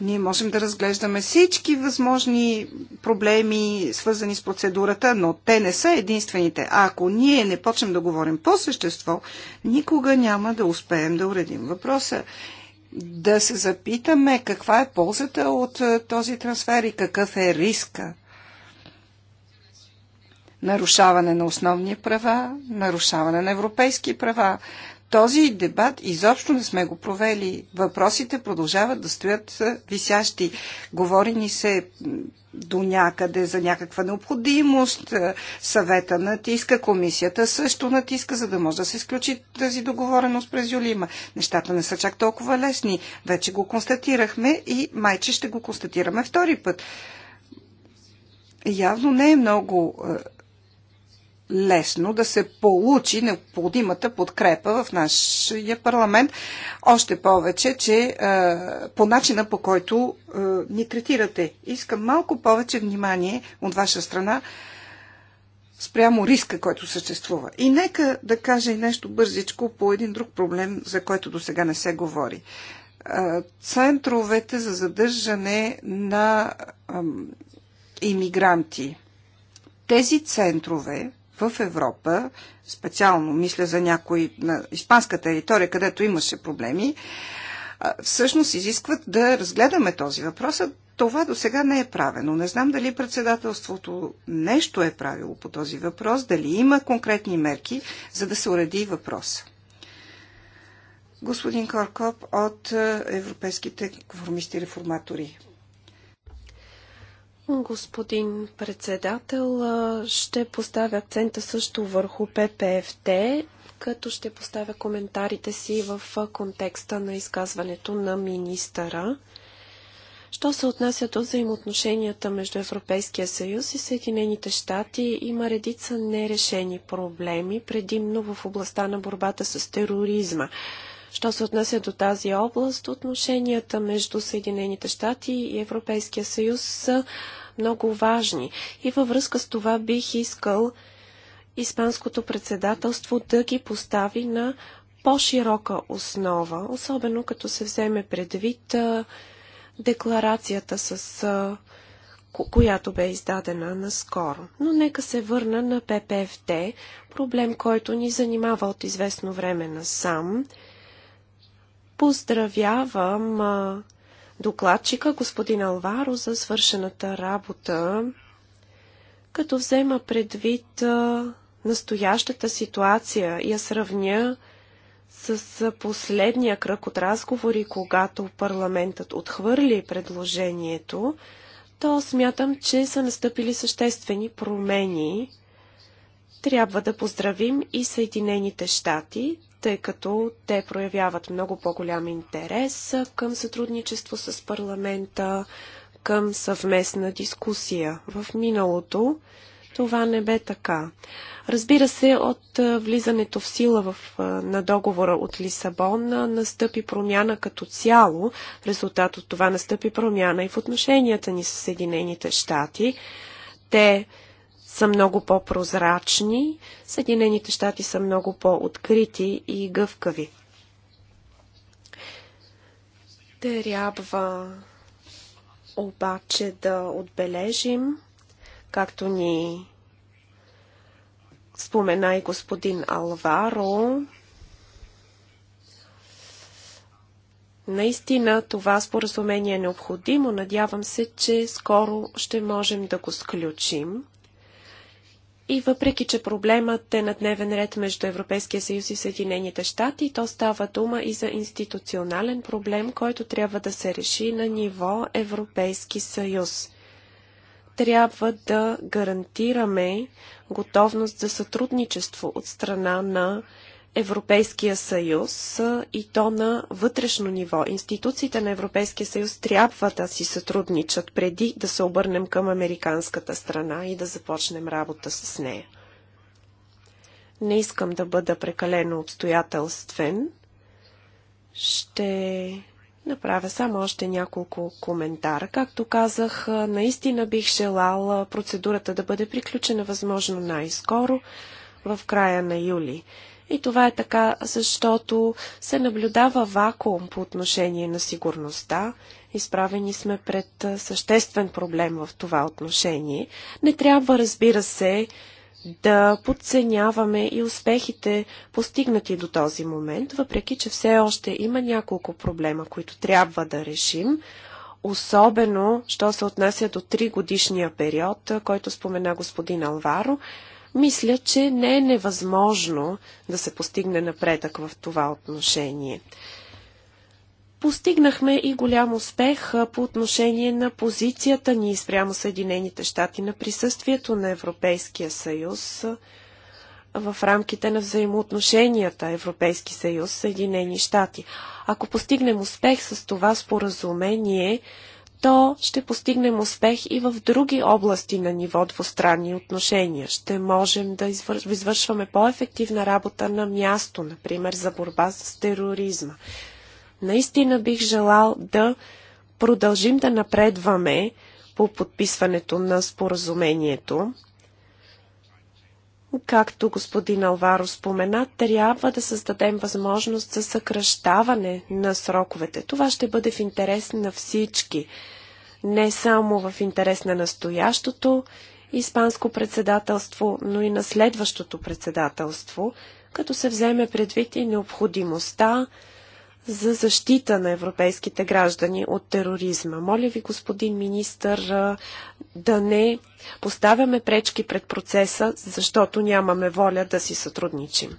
Ние можем да разглеждаме всички възможни проблеми, свързани с процедурата, но те не са единствените. А ако ние не почнем да говорим по същество, никога няма да успеем да уредим въпроса. Да се запитаме каква е ползата от е, този трансфер и какъв е риска. Нарушаване на основни права, нарушаване на европейски права, този дебат изобщо не сме го провели. Въпросите продължават да стоят висящи. Говори ни се до някъде за някаква необходимост. Съвета натиска, комисията също натиска, за да може да се изключи тази договореност през Юлима. Нещата не са чак толкова лесни. Вече го констатирахме и майче ще го констатираме втори път. Явно не е много лесно да се получи необходимата подкрепа в нашия парламент. Още повече, че а, е, по начина по който а, е, ни третирате. Искам малко повече внимание от ваша страна спрямо риска, който съществува. И нека да кажа и нещо бързичко по един друг проблем, за който до сега не се говори. А, е, центровете за задържане на иммигранти. Тези центрове, в Европа, специално мисля за някои на испанска територия, където имаше проблеми, всъщност изискват да разгледаме този въпрос, а това до сега не е правено. Не знам дали председателството нещо е правило по този въпрос, дали има конкретни мерки, за да се уреди въпрос. Господин Коркоп от е, Европейските конформисти реформатори. Господин председател, ще поставя акцента също върху ППФТ, като ще поставя коментарите си в контекста на изказването на министъра. Що се отнася до взаимоотношенията между Европейския съюз и Съединените щати, има редица нерешени проблеми, предимно в областта на борбата с тероризма. Що се отнася до тази област, отношенията между Съединените щати и Европейския съюз са много важни. И във връзка с това бих искал Испанското председателство да ги постави на по-широка основа, особено като се вземе предвид декларацията с която бе издадена наскоро. Но нека се върна на ППФТ, проблем, който ни занимава от известно време насам. сам. Поздравявам докладчика господин Алваро за свършената работа, като взема предвид настоящата ситуация и я сравня с последния кръг от разговори, когато парламентът отхвърли предложението, то смятам, че са настъпили съществени промени трябва да поздравим и Съединените щати, тъй като те проявяват много по-голям интерес към сътрудничество с парламента, към съвместна дискусия. В миналото това не бе така. Разбира се, от влизането в сила в, на договора от Лисабон настъпи промяна като цяло. В резултат от това настъпи промяна и в отношенията ни с Съединените щати. Те са много по-прозрачни, Съединените щати са много по-открити и гъвкави. Трябва обаче да отбележим, както ни спомена и господин Алваро, Наистина това споразумение е необходимо. Надявам се, че скоро ще можем да го сключим. И въпреки, че проблемът е на дневен ред между Европейския съюз и Съединените щати, то става дума и за институционален проблем, който трябва да се реши на ниво Европейски съюз. Трябва да гарантираме готовност за сътрудничество от страна на Европейския съюз и то на вътрешно ниво. Институциите на Европейския съюз трябва да си сътрудничат преди да се обърнем към американската страна и да започнем работа с нея. Не искам да бъда прекалено обстоятелствен. Ще направя само още няколко коментара. Както казах, наистина бих желала процедурата да бъде приключена възможно най-скоро в края на юли. И това е така, защото се наблюдава вакуум по отношение на сигурността. Изправени сме пред съществен проблем в това отношение. Не трябва, разбира се, да подценяваме и успехите, постигнати до този момент, въпреки че все още има няколко проблема, които трябва да решим, особено, що се отнася до 3 годишния период, който спомена господин Алваро мисля, че не е невъзможно да се постигне напредък в това отношение. Постигнахме и голям успех по отношение на позицията ни спрямо Съединените щати на присъствието на Европейския съюз в рамките на взаимоотношенията Европейски съюз Съединени щати. Ако постигнем успех с това споразумение, то ще постигнем успех и в други области на ниво двустранни отношения. Ще можем да извършваме по-ефективна работа на място, например за борба с тероризма. Наистина бих желал да продължим да напредваме по подписването на споразумението. Както господин Алваро спомена, трябва да създадем възможност за съкръщаване на сроковете. Това ще бъде в интерес на всички. Не само в интерес на настоящото испанско председателство, но и на следващото председателство, като се вземе предвид и необходимостта за защита на европейските граждани от тероризма. Моля ви, господин министър, да не поставяме пречки пред процеса, защото нямаме воля да си сътрудничим.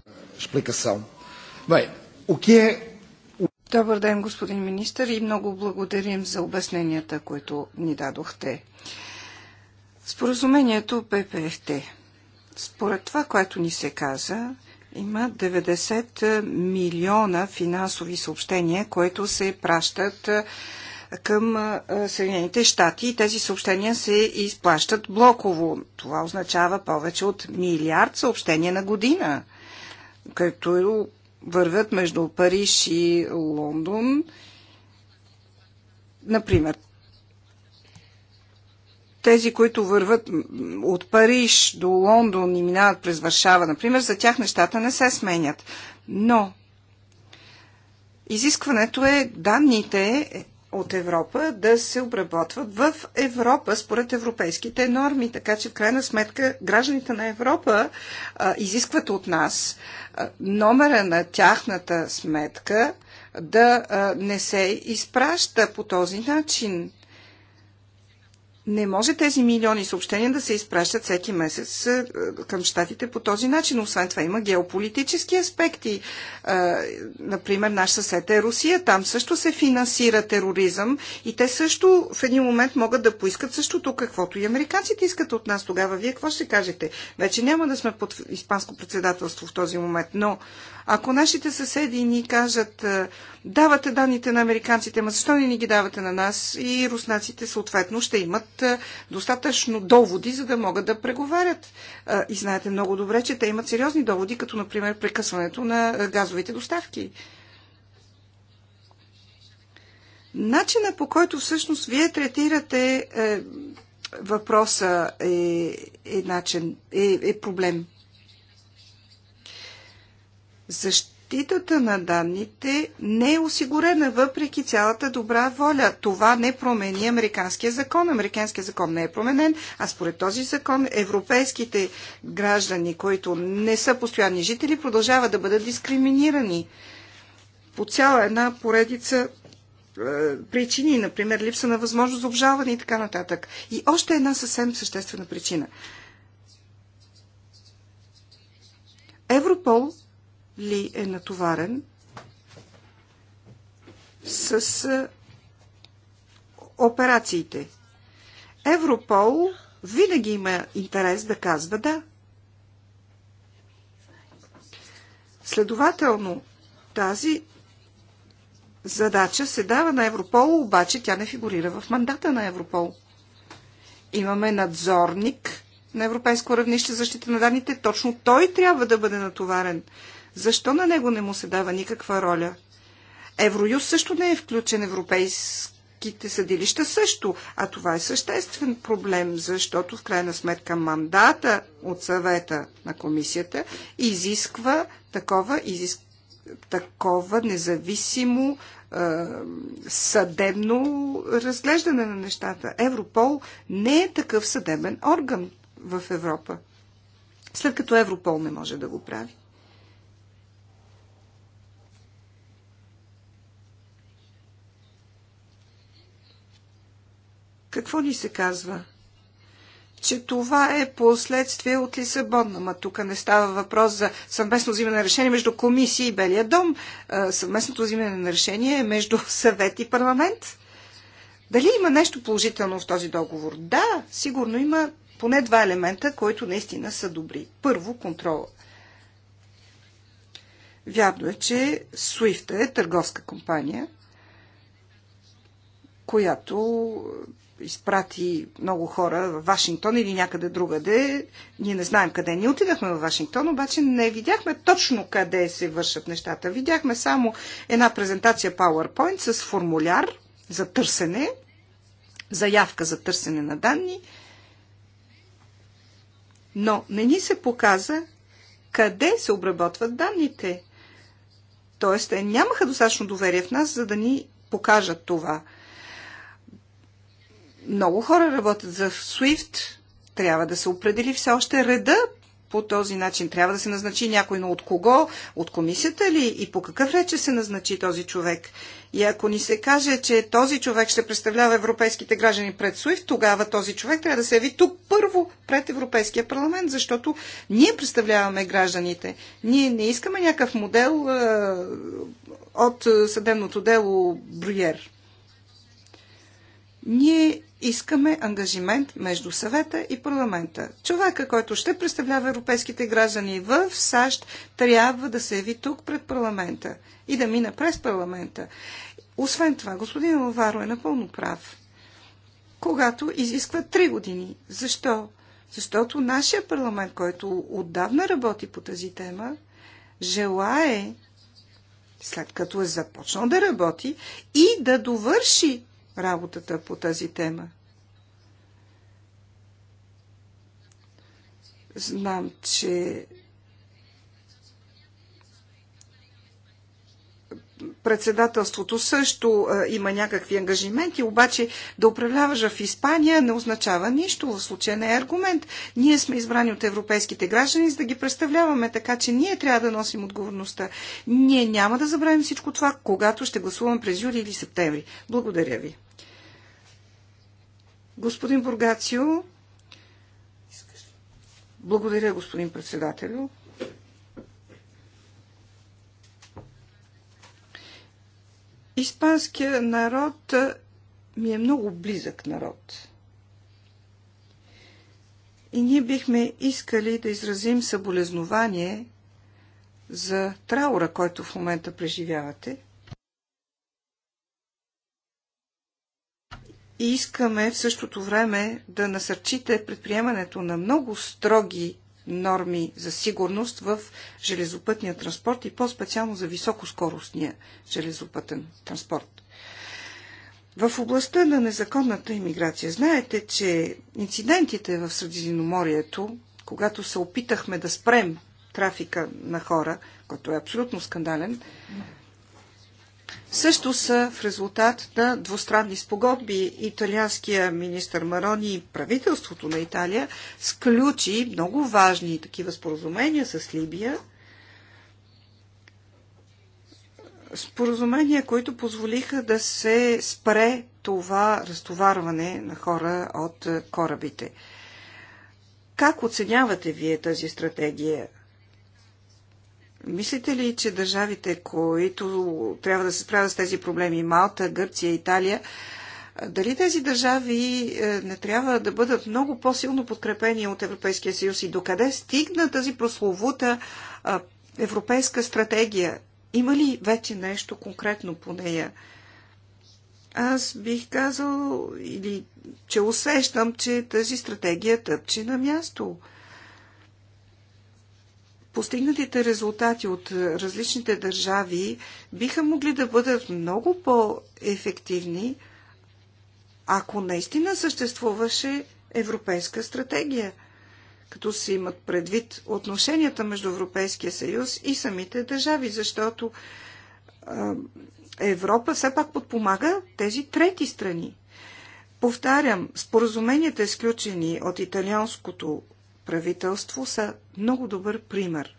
Добър ден, господин министър, и много благодарим за обясненията, които ни дадохте. Споразумението ППФТ. Според това, което ни се каза, има 90 е, милиона финансови съобщения, които се пращат е, към е, Съединените щати и тези съобщения се изплащат блоково. Това означава повече от милиард съобщения на година, като вървят между Париж и Лондон. Например, тези, които върват от Париж до Лондон и минават през Варшава, например, за тях нещата не се сменят. Но изискването е данните от Европа да се обработват в Европа според европейските норми. Така че в крайна сметка гражданите на Европа а, изискват от нас а, номера на тяхната сметка да а, не се изпраща по този начин. Не може тези милиони съобщения да се изпращат всеки месец е, към щатите по този начин. Освен това има геополитически аспекти. Е, например, наш съсед е Русия. Там също се финансира тероризъм и те също в един момент могат да поискат същото, каквото и американците искат от нас. Тогава вие какво ще кажете? Вече няма да сме под испанско председателство в този момент, но ако нашите съседи ни кажат е, Давате данните на американците, ма защо не ни ги давате на нас? И руснаците съответно ще имат е, достатъчно доводи, за да могат да преговарят. Е, и знаете много добре, че те имат сериозни доводи, като например прекъсването на е, газовите доставки. Начина по който всъщност вие третирате е, въпроса е, е, начин, е, е проблем. Защо? защитата на данните не е осигурена въпреки цялата добра воля. Това не промени американския закон. Американския закон не е променен, а според този закон европейските граждани, които не са постоянни жители, продължават да бъдат дискриминирани по цяла една поредица е, причини, например липса на възможност за обжалване и така нататък. И още една съвсем съществена причина. Европол ли е натоварен с операциите. Европол винаги има интерес да казва да. Следователно, тази задача се дава на Европол, обаче тя не фигурира в мандата на Европол. Имаме надзорник на европейско равнище защита на данните. Точно той трябва да бъде натоварен защо на него не му се дава никаква роля? Евроюз също не е включен европейските съдилища също, а това е съществен проблем, защото в крайна сметка мандата от съвета на комисията изисква такова, изиск... такова независимо съдебно разглеждане на нещата. Европол не е такъв съдебен орган в Европа, след като Европол не може да го прави. Какво ни се казва? че това е последствие от Лисабон. Ама тук не става въпрос за съвместно взимане на решение между комисия и Белия дом. Съвместното взимане на решение е между съвет и парламент. Дали има нещо положително в този договор? Да, сигурно има поне два елемента, които наистина са добри. Първо, контрола. Вярно е, че SWIFT е търговска компания, която изпрати много хора в Вашингтон или някъде другаде. Ние не знаем къде. Ние отидахме в Вашингтон, обаче не видяхме точно къде се вършат нещата. Видяхме само една презентация PowerPoint с формуляр за търсене, заявка за търсене на данни, но не ни се показа къде се обработват данните. Тоест, те нямаха достатъчно доверие в нас, за да ни покажат това. Много хора работят за SWIFT. Трябва да се определи все още реда по този начин. Трябва да се назначи някой, но от кого? От комисията ли? И по какъв рече се назначи този човек? И ако ни се каже, че този човек ще представлява европейските граждани пред Суев, тогава този човек трябва да се яви тук първо пред Европейския парламент, защото ние представляваме гражданите. Ние не искаме някакъв модел е, от съдебното дело Бруер. Ние искаме ангажимент между съвета и парламента. Човека, който ще представлява европейските граждани в САЩ, трябва да се яви тук пред парламента и да мина през парламента. Освен това, господин Лаваро е напълно прав. Когато изисква три години. Защо? Защото нашия парламент, който отдавна работи по тази тема, желае, след като е започнал да работи, и да довърши работата по тази тема. Знам, че председателството също е, има някакви ангажименти, обаче да управляваш в Испания не означава нищо, в случая не е аргумент. Ние сме избрани от европейските граждани, за да ги представляваме, така че ние трябва да носим отговорността. Ние няма да забравим всичко това, когато ще гласуваме през юли или септември. Благодаря ви. Господин Бургацио, благодаря, господин председателю. Испанския народ ми е много близък народ. И ние бихме искали да изразим съболезнование за траура, който в момента преживявате. И искаме в същото време да насърчите предприемането на много строги норми за сигурност в железопътния транспорт и по-специално за високоскоростния железопътен транспорт. В областта на незаконната иммиграция, знаете, че инцидентите в Средиземноморието, когато се опитахме да спрем трафика на хора, който е абсолютно скандален, също са в резултат на двустранни спогодби. Италианския министр Марони и правителството на Италия сключи много важни такива споразумения с Либия. Споразумения, които позволиха да се спре това разтоварване на хора от корабите. Как оценявате вие тази стратегия? Мислите ли, че държавите, които трябва да се справят с тези проблеми, Малта, Гърция, Италия, дали тези държави е, не трябва да бъдат много по-силно подкрепени от Европейския съюз и докъде стигна тази прословута е, европейска стратегия? Има ли вече нещо конкретно по нея? Аз бих казал, или че усещам, че тази стратегия тъпче на място – постигнатите резултати от е, различните държави биха могли да бъдат много по-ефективни, ако наистина съществуваше европейска стратегия, като се имат предвид отношенията между Европейския съюз и самите държави, защото Европа все пак подпомага тези трети страни. Повтарям, споразуменията, изключени от италианското правителство са много добър пример.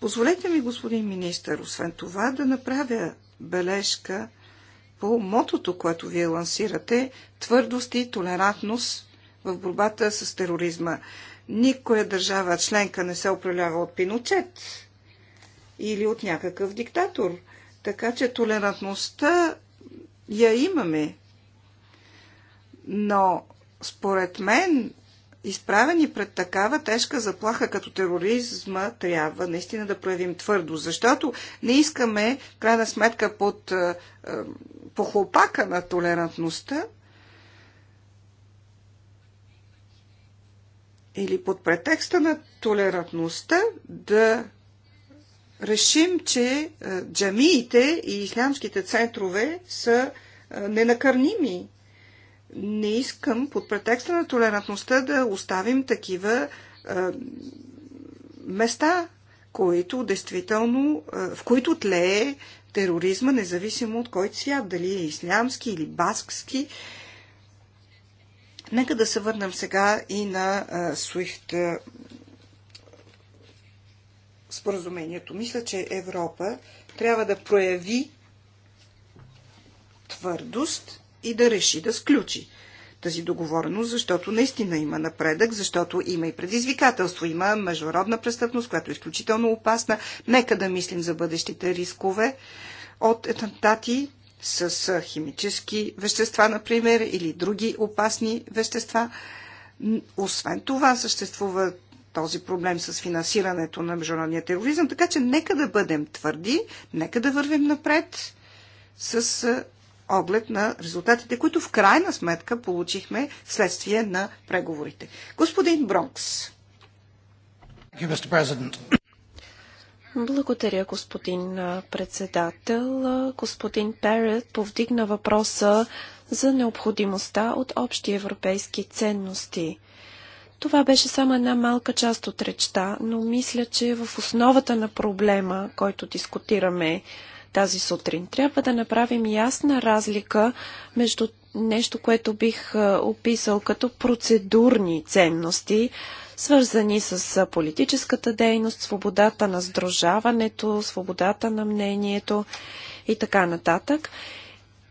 Позволете ми, господин министър, освен това да направя бележка по мотото, което вие лансирате твърдост и толерантност в борбата с тероризма. Никоя държава членка не се управлява от Пиночет или от някакъв диктатор. Така че толерантността я имаме. Но според мен, изправени пред такава тежка заплаха като тероризма, трябва наистина да проявим твърдо, защото не искаме, в крайна сметка, под е, е, похлопака на толерантността или под претекста на толерантността да решим, че е, джамиите и ислямските центрове са ненакърними не искам под претекста на толерантността да оставим такива е, места, които действително, е, в които тлее тероризма, независимо от кой свят, дали е ислямски или баскски. Нека да се върнем сега и на е, Суифт е, споразумението. Мисля, че Европа трябва да прояви твърдост и да реши да сключи тази договореност, защото наистина има напредък, защото има и предизвикателство, има международна престъпност, която е изключително опасна. Нека да мислим за бъдещите рискове от етантати с химически вещества, например, или други опасни вещества. Освен това съществува този проблем с финансирането на международния тероризъм, така че нека да бъдем твърди, нека да вървим напред с оглед на резултатите, които в крайна сметка получихме вследствие на преговорите. Господин Бронкс. Благодаря, господин председател. Господин Перет повдигна въпроса за необходимостта от общи европейски ценности. Това беше само една малка част от речта, но мисля, че е в основата на проблема, който дискутираме тази сутрин. Трябва да направим ясна разлика между нещо, което бих описал като процедурни ценности, свързани с политическата дейност, свободата на сдружаването, свободата на мнението и така нататък.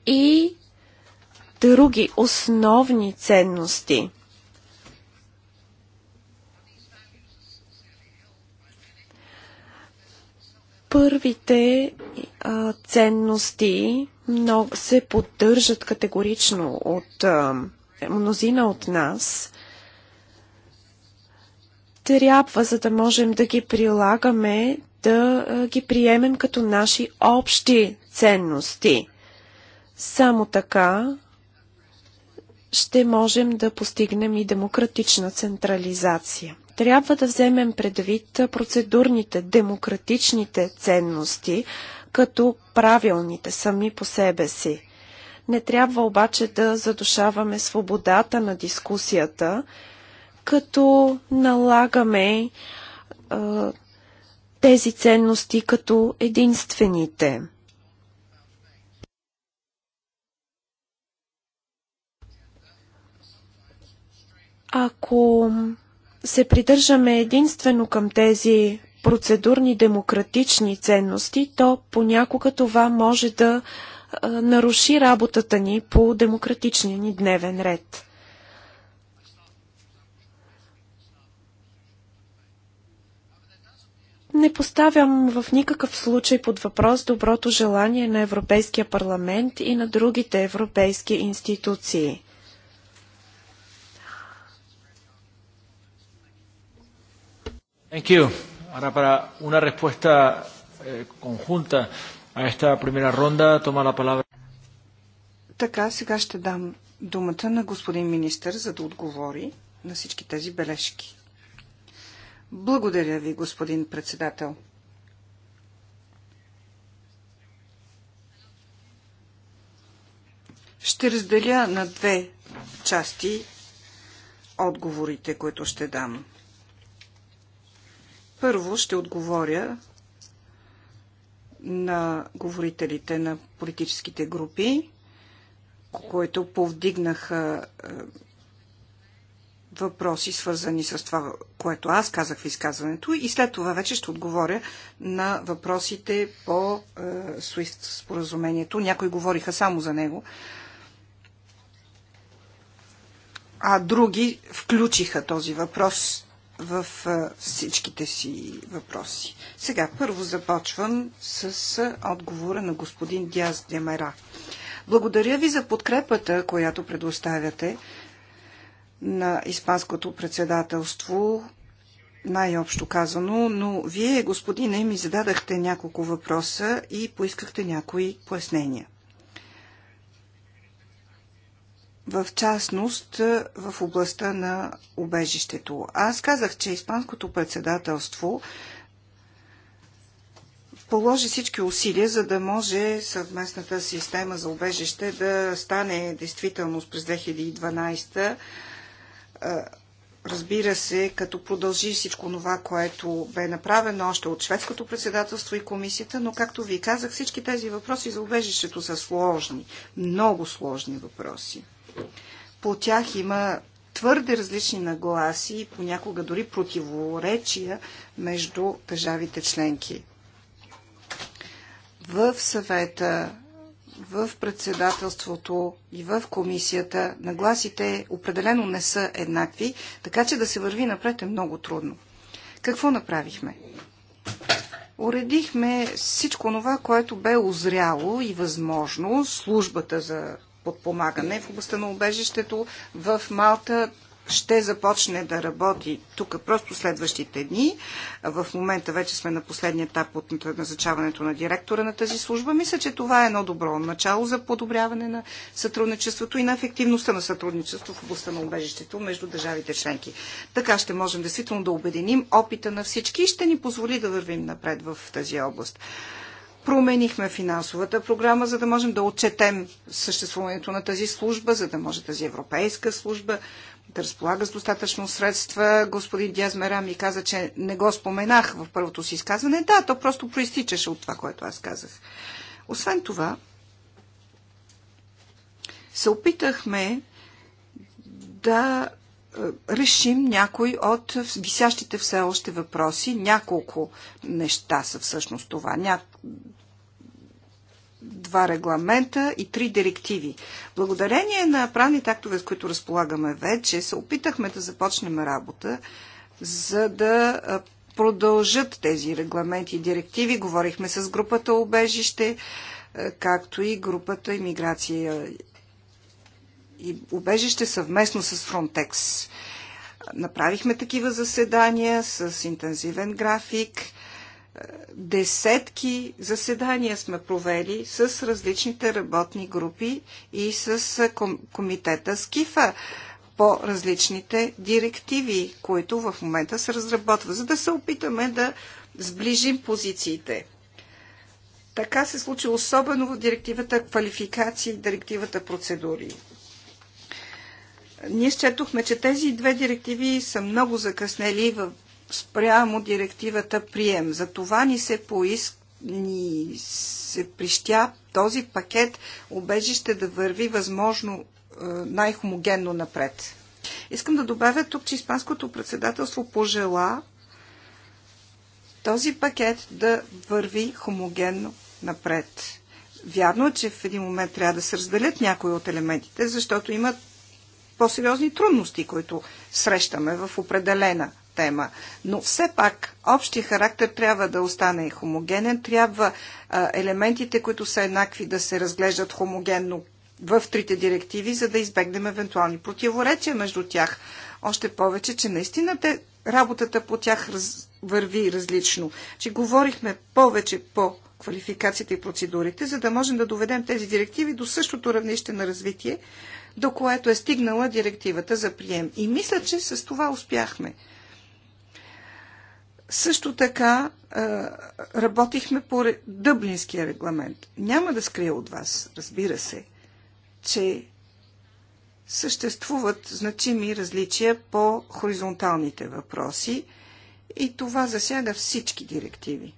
И други основни ценности, Първите а, ценности много се поддържат категорично от а, мнозина от нас. Трябва, за да можем да ги прилагаме, да а, ги приемем като наши общи ценности. Само така ще можем да постигнем и демократична централизация. Трябва да вземем предвид процедурните, демократичните ценности, като правилните сами по себе си. Не трябва обаче да задушаваме свободата на дискусията, като налагаме е, тези ценности като единствените. Ако се придържаме единствено към тези процедурни демократични ценности, то понякога това може да а, наруши работата ни по демократичния ни дневен ред. Не поставям в никакъв случай под въпрос доброто желание на Европейския парламент и на другите европейски институции. Thank you. Ahora para una respuesta eh, conjunta a esta primera ronda, toma la palabra. Така, сега ще дам думата на господин министър, за да отговори на всички тези бележки. Благодаря ви, господин председател. Ще разделя на две части отговорите, които ще дам. Първо ще отговоря на говорителите на политическите групи, които повдигнаха е, въпроси, свързани с това, което аз казах в изказването и след това вече ще отговоря на въпросите по е, споразумението. Някои говориха само за него, а други включиха този въпрос в всичките си въпроси. Сега първо започвам с отговора на господин Диаз Демера. Благодаря ви за подкрепата, която предоставяте на Испанското председателство, най-общо казано, но вие, господине, ми зададахте няколко въпроса и поискахте някои пояснения. в частност е, в областта на убежището. Аз казах, че Испанското председателство положи всички усилия, за да може съвместната система за убежище да стане действителност през 2012. Е, разбира се, като продължи всичко това, което бе направено още от шведското председателство и комисията, но както ви казах, всички тези въпроси за убежището са сложни, много сложни въпроси. По тях има твърде различни нагласи и понякога дори противоречия между държавите членки. В съвета, в председателството и в комисията нагласите определено не са еднакви, така че да се върви напред е много трудно. Какво направихме? Уредихме всичко това, което бе озряло и възможно службата за подпомагане в областта на убежището. В Малта ще започне да работи тук просто следващите дни. В момента вече сме на последния етап от назначаването на директора на тази служба. Мисля, че това е едно добро начало за подобряване на сътрудничеството и на ефективността на сътрудничество в областта на убежището между държавите членки. Така ще можем действително да обединим опита на всички и ще ни позволи да вървим напред в тази област променихме финансовата програма, за да можем да отчетем съществуването на тази служба, за да може тази европейска служба да разполага с достатъчно средства. Господин Дязмера ми каза, че не го споменах в първото си изказване. Да, то просто проистичаше от това, което аз казах. Освен това, се опитахме да е, решим някой от висящите все още въпроси. Няколко неща са всъщност това. Ня два регламента и три директиви. Благодарение на правните актове, с които разполагаме вече, се опитахме да започнем работа, за да продължат тези регламенти и директиви. Говорихме с групата обежище, както и групата иммиграция и обежище съвместно с Фронтекс. Направихме такива заседания с интензивен график – десетки заседания сме провели с различните работни групи и с комитета Скифа по различните директиви, които в момента се разработват, за да се опитаме да сближим позициите. Така се случи особено в директивата квалификации и директивата процедури. Ние счетохме, че тези две директиви са много закъснели в спрямо директивата прием. За това ни се поиск, ни се прищя този пакет обежище да върви възможно е, най-хомогенно напред. Искам да добавя тук, че Испанското председателство пожела този пакет да върви хомогенно напред. Вярно е, че в един момент трябва да се разделят някои от елементите, защото имат по-сериозни трудности, които срещаме в определена тема. Но все пак общия характер трябва да остане хомогенен, трябва а, елементите, които са еднакви, да се разглеждат хомогенно в трите директиви, за да избегнем евентуални противоречия между тях. Още повече, че наистина те, работата по тях раз, върви различно. Че говорихме повече по квалификацията и процедурите, за да можем да доведем тези директиви до същото равнище на развитие, до което е стигнала директивата за прием. И мисля, че с това успяхме. Също така е, работихме по Дъблинския регламент. Няма да скрия от вас, разбира се, че съществуват значими различия по хоризонталните въпроси и това засяга всички директиви.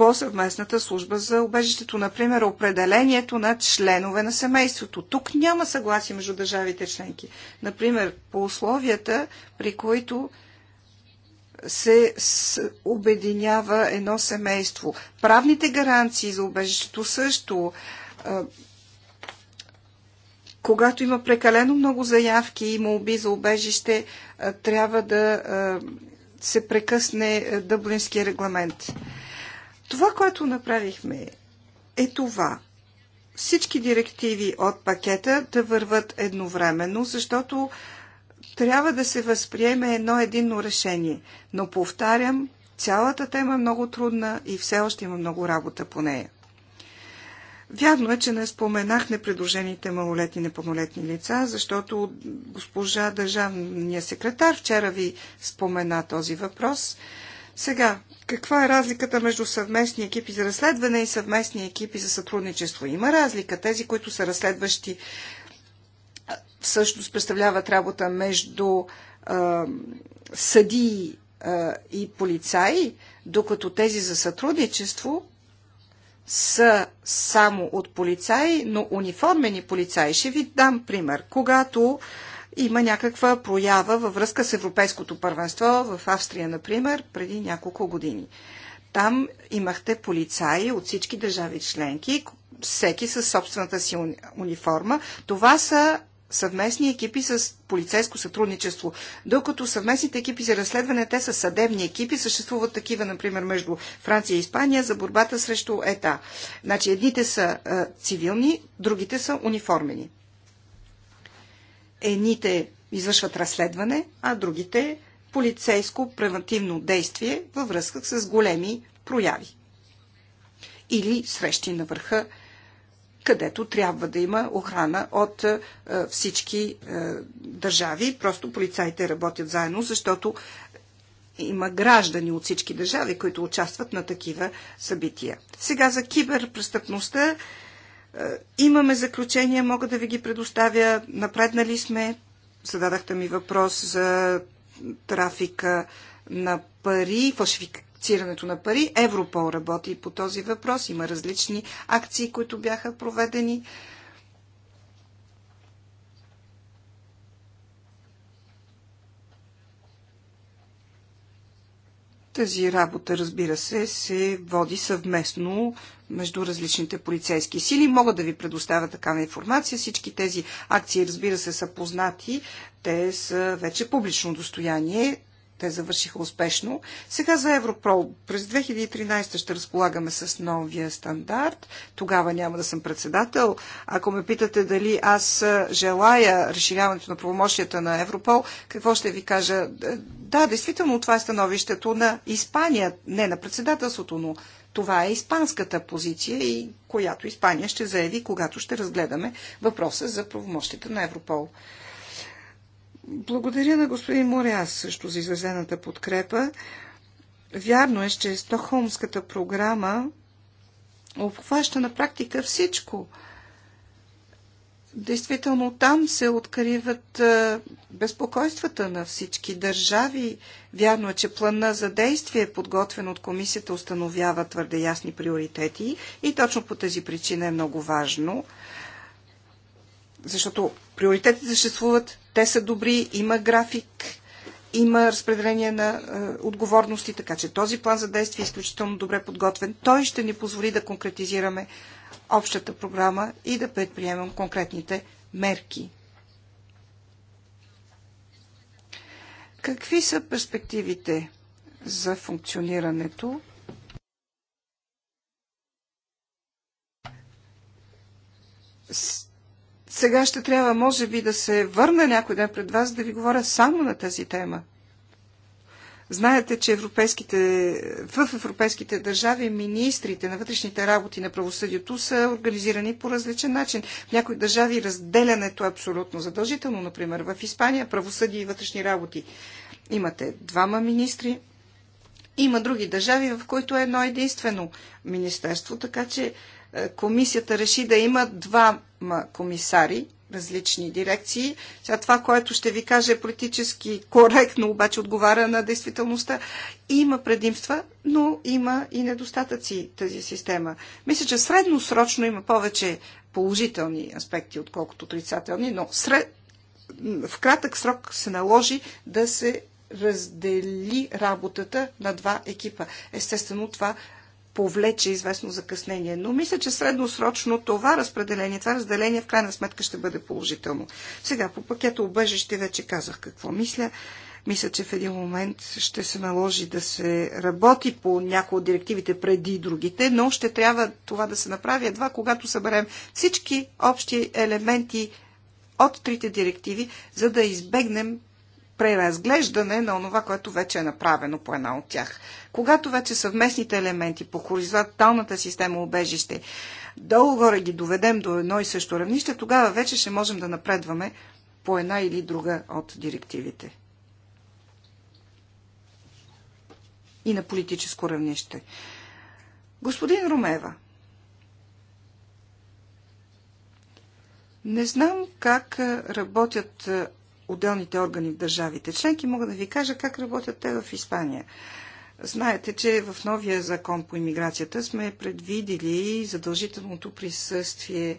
по съвместната служба за убежището, например, определението на членове на семейството. Тук няма съгласие между държавите членки. Например, по условията, при които се обединява едно семейство. Правните гаранции за убежището също. Когато има прекалено много заявки и молби за убежище, трябва да се прекъсне дъблински регламент. Това, което направихме, е това. Всички директиви от пакета да върват едновременно, защото трябва да се възприеме едно единно решение. Но повтарям, цялата тема е много трудна и все още има много работа по нея. Вярно е, че не споменах непредложените малолетни и непълнолетни лица, защото госпожа държавния секретар вчера ви спомена този въпрос. Сега, каква е разликата между съвместни екипи за разследване и съвместни екипи за сътрудничество? Има разлика. Тези, които са разследващи, всъщност представляват работа между а, съдии а, и полицаи, докато тези за сътрудничество са само от полицаи, но униформени полицаи. Ще ви дам пример. Когато а, има някаква проява във връзка с Европейското първенство в Австрия, например, преди няколко години. Там имахте полицаи от всички държави членки, всеки със собствената си униформа. Това са съвместни екипи с полицейско сътрудничество. Докато съвместните екипи за разследване, те са съдебни екипи, съществуват такива, например, между Франция и Испания за борбата срещу ета. Значи, едните са е, цивилни, другите са униформени едните извършват разследване, а другите полицейско превентивно действие във връзка с големи прояви. Или срещи на върха, където трябва да има охрана от е, всички е, държави. Просто полицаите работят заедно, защото има граждани от всички държави, които участват на такива събития. Сега за киберпрестъпността е, имаме заключения, мога да ви ги предоставя. Напреднали сме. Зададахте ми въпрос за трафика на пари, фалшифицирането на пари. Европол работи по този въпрос. Има различни акции, които бяха проведени. Тази работа, разбира се, се води съвместно между различните полицейски сили. Мога да ви предоставя такава информация. Всички тези акции, разбира се, са познати. Те са вече публично достояние те завършиха успешно. Сега за Европро. През 2013 ще разполагаме с новия стандарт. Тогава няма да съм председател. Ако ме питате дали аз желая разширяването на правомощията на Европол, какво ще ви кажа? Да, действително това е становището на Испания, не на председателството, но това е испанската позиция и която Испания ще заяви, когато ще разгледаме въпроса за правомощите на Европол. Благодаря на господин Моряс също за изразената подкрепа. Вярно е, че Стокхолмската програма обхваща на практика всичко. Действително там се откриват безпокойствата на всички държави. Вярно е, че плана за действие, подготвен от комисията, установява твърде ясни приоритети и точно по тази причина е много важно защото приоритетите съществуват, те са добри, има график, има разпределение на е, отговорности, така че този план за действие е изключително добре подготвен. Той ще ни позволи да конкретизираме общата програма и да предприемем конкретните мерки. Какви са перспективите за функционирането? С сега ще трябва, може би, да се върна някой ден пред вас, да ви говоря само на тази тема. Знаете, че европейските, в европейските държави министрите на вътрешните работи на правосъдието са организирани по различен начин. В някои държави разделянето е абсолютно задължително. Например, в Испания правосъдие и вътрешни работи. Имате двама министри. Има други държави, в които е едно единствено министерство, така че е, комисията реши да има два комисари, различни дирекции. Сега това, което ще ви кажа е политически коректно, обаче отговаря на действителността. Има предимства, но има и недостатъци тази система. Мисля, че средносрочно има повече положителни аспекти, отколкото отрицателни, но сред... в кратък срок се наложи да се раздели работата на два екипа. Естествено, това повлече известно закъснение. Но мисля, че средносрочно това разпределение, това разделение в крайна сметка ще бъде положително. Сега по пакета обежище вече казах какво мисля. Мисля, че в един момент ще се наложи да се работи по някои от директивите преди другите, но ще трябва това да се направи едва когато съберем всички общи елементи от трите директиви, за да избегнем преразглеждане на това, което вече е направено по една от тях. Когато вече съвместните елементи по хоризонталната система обежище долу-горе ги доведем до едно и също равнище, тогава вече ще можем да напредваме по една или друга от директивите. И на политическо равнище. Господин Ромева, не знам как работят отделните органи в държавите членки. Мога да ви кажа как работят те в Испания. Знаете, че в новия закон по иммиграцията сме предвидили задължителното присъствие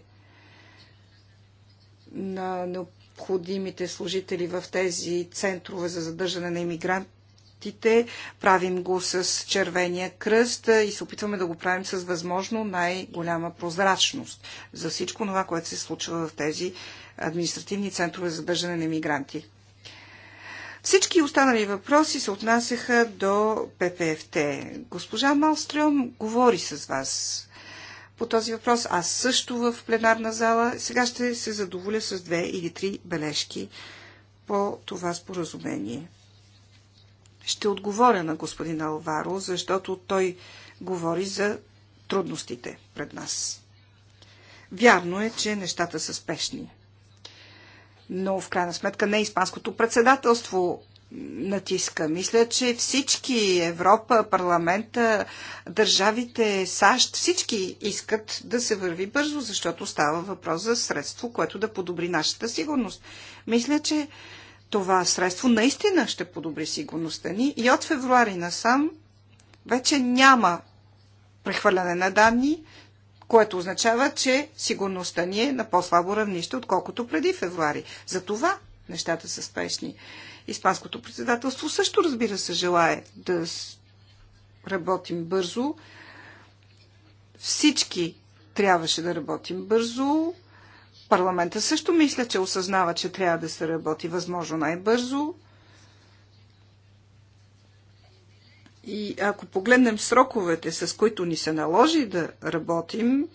на необходимите служители в тези центрове за задържане на иммигрантите. Правим го с червения кръст и се опитваме да го правим с възможно най-голяма прозрачност за всичко това, което се случва в тези административни центрове за задържане на мигранти. Всички останали въпроси се отнасяха до ППФТ. Госпожа Малстрем говори с вас по този въпрос. Аз също в пленарна зала. Сега ще се задоволя с две или три бележки по това споразумение. Ще отговоря на господин Алваро, защото той говори за трудностите пред нас. Вярно е, че нещата са спешни но в крайна сметка не Испанското председателство натиска. Мисля, че всички Европа, парламента, държавите, САЩ, всички искат да се върви бързо, защото става въпрос за средство, което да подобри нашата сигурност. Мисля, че това средство наистина ще подобри сигурността ни и от февруари насам вече няма прехвърляне на данни, което означава, че сигурността ни е на по-слабо равнище, отколкото преди февруари. За това нещата са спешни. Испанското председателство също, разбира се, желае да работим бързо. Всички трябваше да работим бързо. Парламента също мисля, че осъзнава, че трябва да се работи възможно най-бързо. И ако погледнем сроковете, с които ни се наложи да работим,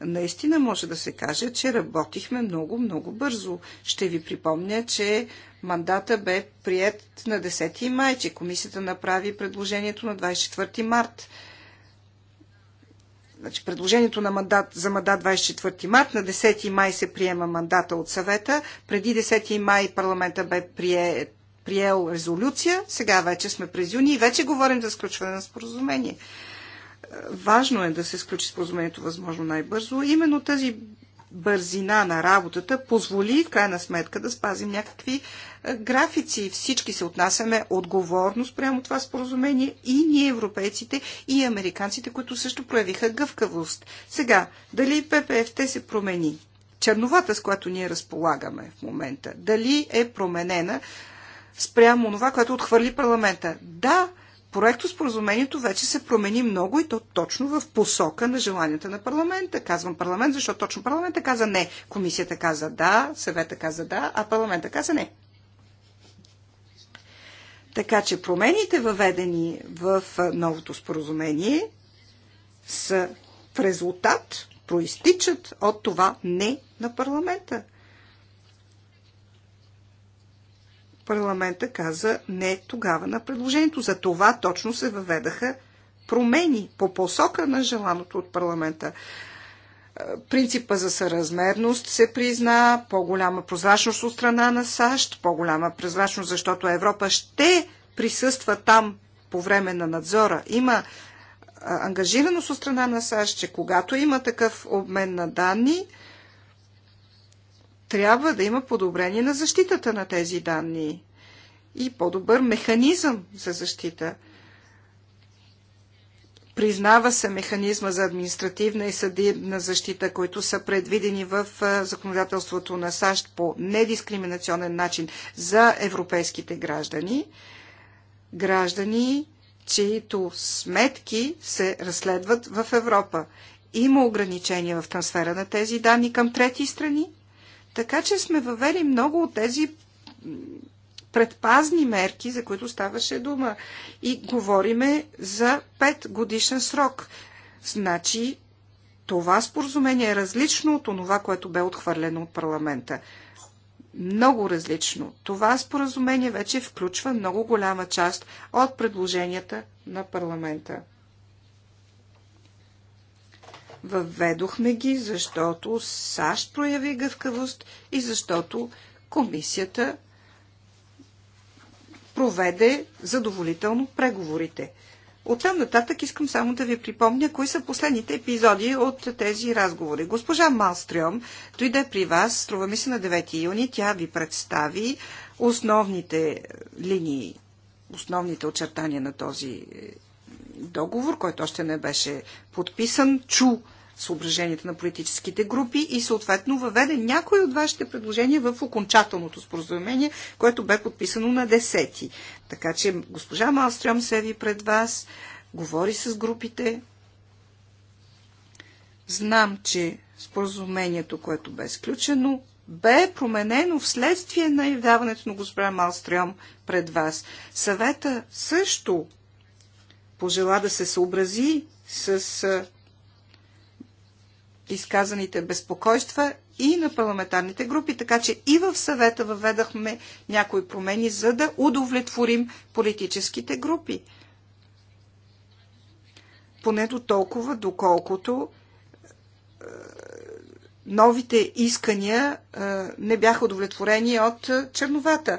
наистина може да се каже, че работихме много, много бързо. Ще ви припомня, че мандата бе прият на 10 май, че комисията направи предложението на 24 март. Значи, предложението на мандат, за мандат 24 март, на 10 май се приема мандата от съвета. Преди 10 май парламента бе прият приел резолюция, сега вече сме през юни и вече говорим за сключване на споразумение. Важно е да се сключи споразумението възможно най-бързо. Именно тази бързина на работата позволи в крайна сметка да спазим някакви графици. Всички се отнасяме отговорно спрямо това споразумение и ние европейците и американците, които също проявиха гъвкавост. Сега, дали ППФТ се промени? Черновата, с която ние разполагаме в момента, дали е променена спрямо това, което отхвърли парламента. Да, проекто споразумението вече се промени много и то точно в посока на желанията на парламента. Казвам парламент, защото точно парламента каза не. Комисията каза да, съвета каза да, а парламента каза не. Така че промените въведени в новото споразумение са в резултат, проистичат от това не на парламента. парламента каза не тогава на предложението. За това точно се въведаха промени по посока на желаното от парламента. Е, принципа за съразмерност се призна, по-голяма прозрачност от страна на САЩ, по-голяма прозрачност, защото Европа ще присъства там по време на надзора. Има е, ангажираност от страна на САЩ, че когато има такъв обмен на данни, трябва да има подобрение на защитата на тези данни и по-добър механизъм за защита. Признава се механизма за административна и съдебна защита, които са предвидени в законодателството на САЩ по недискриминационен начин за европейските граждани. Граждани, чието сметки се разследват в Европа. Има ограничения в трансфера на тези данни към трети страни така че сме въвели много от тези предпазни мерки, за които ставаше дума. И говориме за 5 годишен срок. Значи, това споразумение е различно от това, което бе отхвърлено от парламента. Много различно. Това споразумение вече включва много голяма част от предложенията на парламента. Въведохме ги, защото САЩ прояви гъвкавост и защото комисията проведе задоволително преговорите. Оттам нататък искам само да ви припомня кои са последните епизоди от тези разговори. Госпожа Малстрём дойде при вас, струва ми се на 9 юни, тя ви представи основните линии, основните очертания на този договор, който още не беше подписан, чу съображенията на политическите групи и съответно въведе някои от вашите предложения в окончателното споразумение, което бе подписано на 10. Така че госпожа Малстрем се ви пред вас, говори с групите. Знам, че споразумението, което бе сключено, бе променено вследствие на явяването на госпожа Малстрем пред вас. Съвета също пожела да се съобрази с изказаните безпокойства и на парламентарните групи, така че и в съвета въведахме някои промени, за да удовлетворим политическите групи. Поне до толкова, доколкото новите искания не бяха удовлетворени от черновата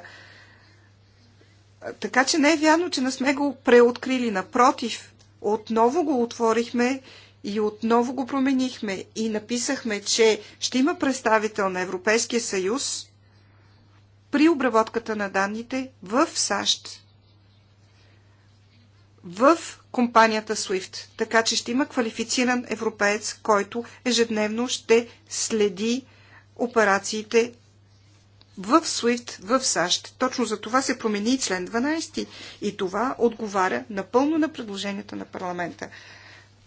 така че не е вярно, че не сме го преоткрили. Напротив, отново го отворихме и отново го променихме и написахме, че ще има представител на Европейския съюз при обработката на данните в САЩ, в компанията SWIFT. Така че ще има квалифициран европеец, който ежедневно ще следи операциите в SWIFT в САЩ. Точно за това се промени и член 12 и това отговаря напълно на предложенията на парламента.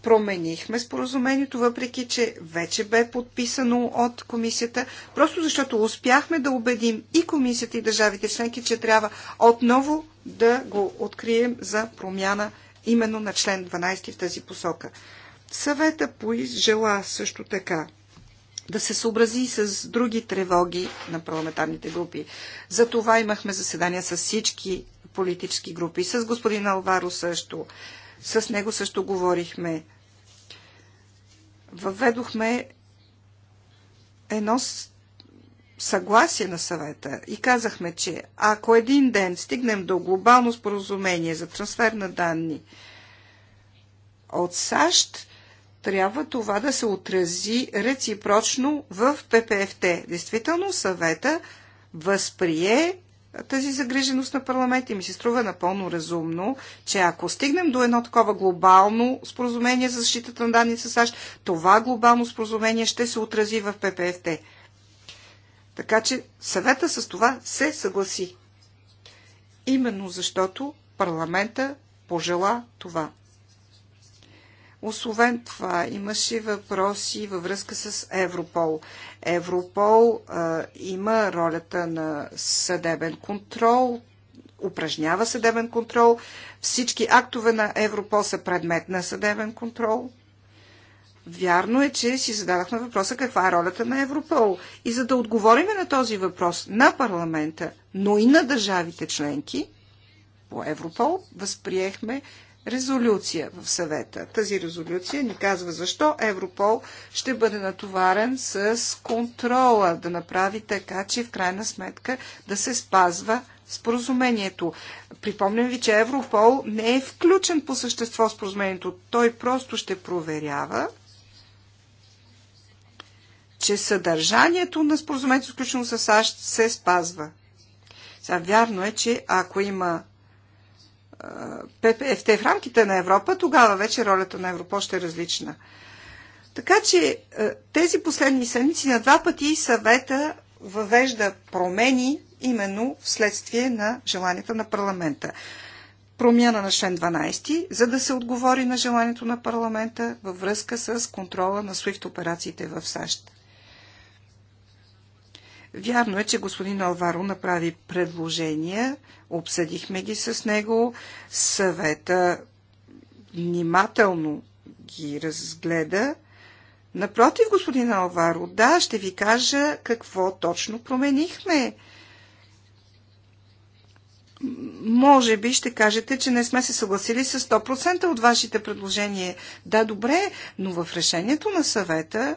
Променихме споразумението, въпреки че вече бе подписано от комисията, просто защото успяхме да убедим и комисията и държавите членки, че трябва отново да го открием за промяна именно на член 12 в тази посока. Съвета поизжела също така да се съобрази с други тревоги на парламентарните групи. За това имахме заседания с всички политически групи. С господин Алваро също. С него също говорихме. Въведохме едно съгласие на съвета и казахме, че ако един ден стигнем до глобално споразумение за трансфер на данни от САЩ, трябва това да се отрази реципрочно в ППФТ. Действително съвета възприе тази загриженост на парламент и ми се струва напълно разумно, че ако стигнем до едно такова глобално споразумение за защитата на данни с САЩ, това глобално споразумение ще се отрази в ППФТ. Така че съвета с това се съгласи. Именно защото парламента пожела това. Освен това, имаше въпроси във връзка с Европол. Европол а, има ролята на съдебен контрол, упражнява съдебен контрол. Всички актове на Европол са предмет на съдебен контрол. Вярно е, че си зададахме въпроса каква е ролята на Европол. И за да отговориме на този въпрос на парламента, но и на държавите членки по Европол, възприехме резолюция в съвета. Тази резолюция ни казва защо Европол ще бъде натоварен с контрола да направи така, че в крайна сметка да се спазва споразумението. Припомням ви, че Европол не е включен по същество в споразумението. Той просто ще проверява че съдържанието на споразумението, включено с САЩ, се спазва. Сега, вярно е, че ако има ППФТ в рамките на Европа, тогава вече ролята на Европа ще е различна. Така че е, тези последни седмици на два пъти съвета въвежда промени именно вследствие на желанията на парламента. Промяна на член 12, за да се отговори на желанието на парламента във връзка с контрола на SWIFT операциите в САЩ. Вярно е, че господин Алваро направи предложения, обсъдихме ги с него, съвета внимателно ги разгледа. Напротив, господин Алваро, да, ще ви кажа какво точно променихме. Може би ще кажете, че не сме се съгласили с 100% от вашите предложения. Да, добре, но в решението на съвета,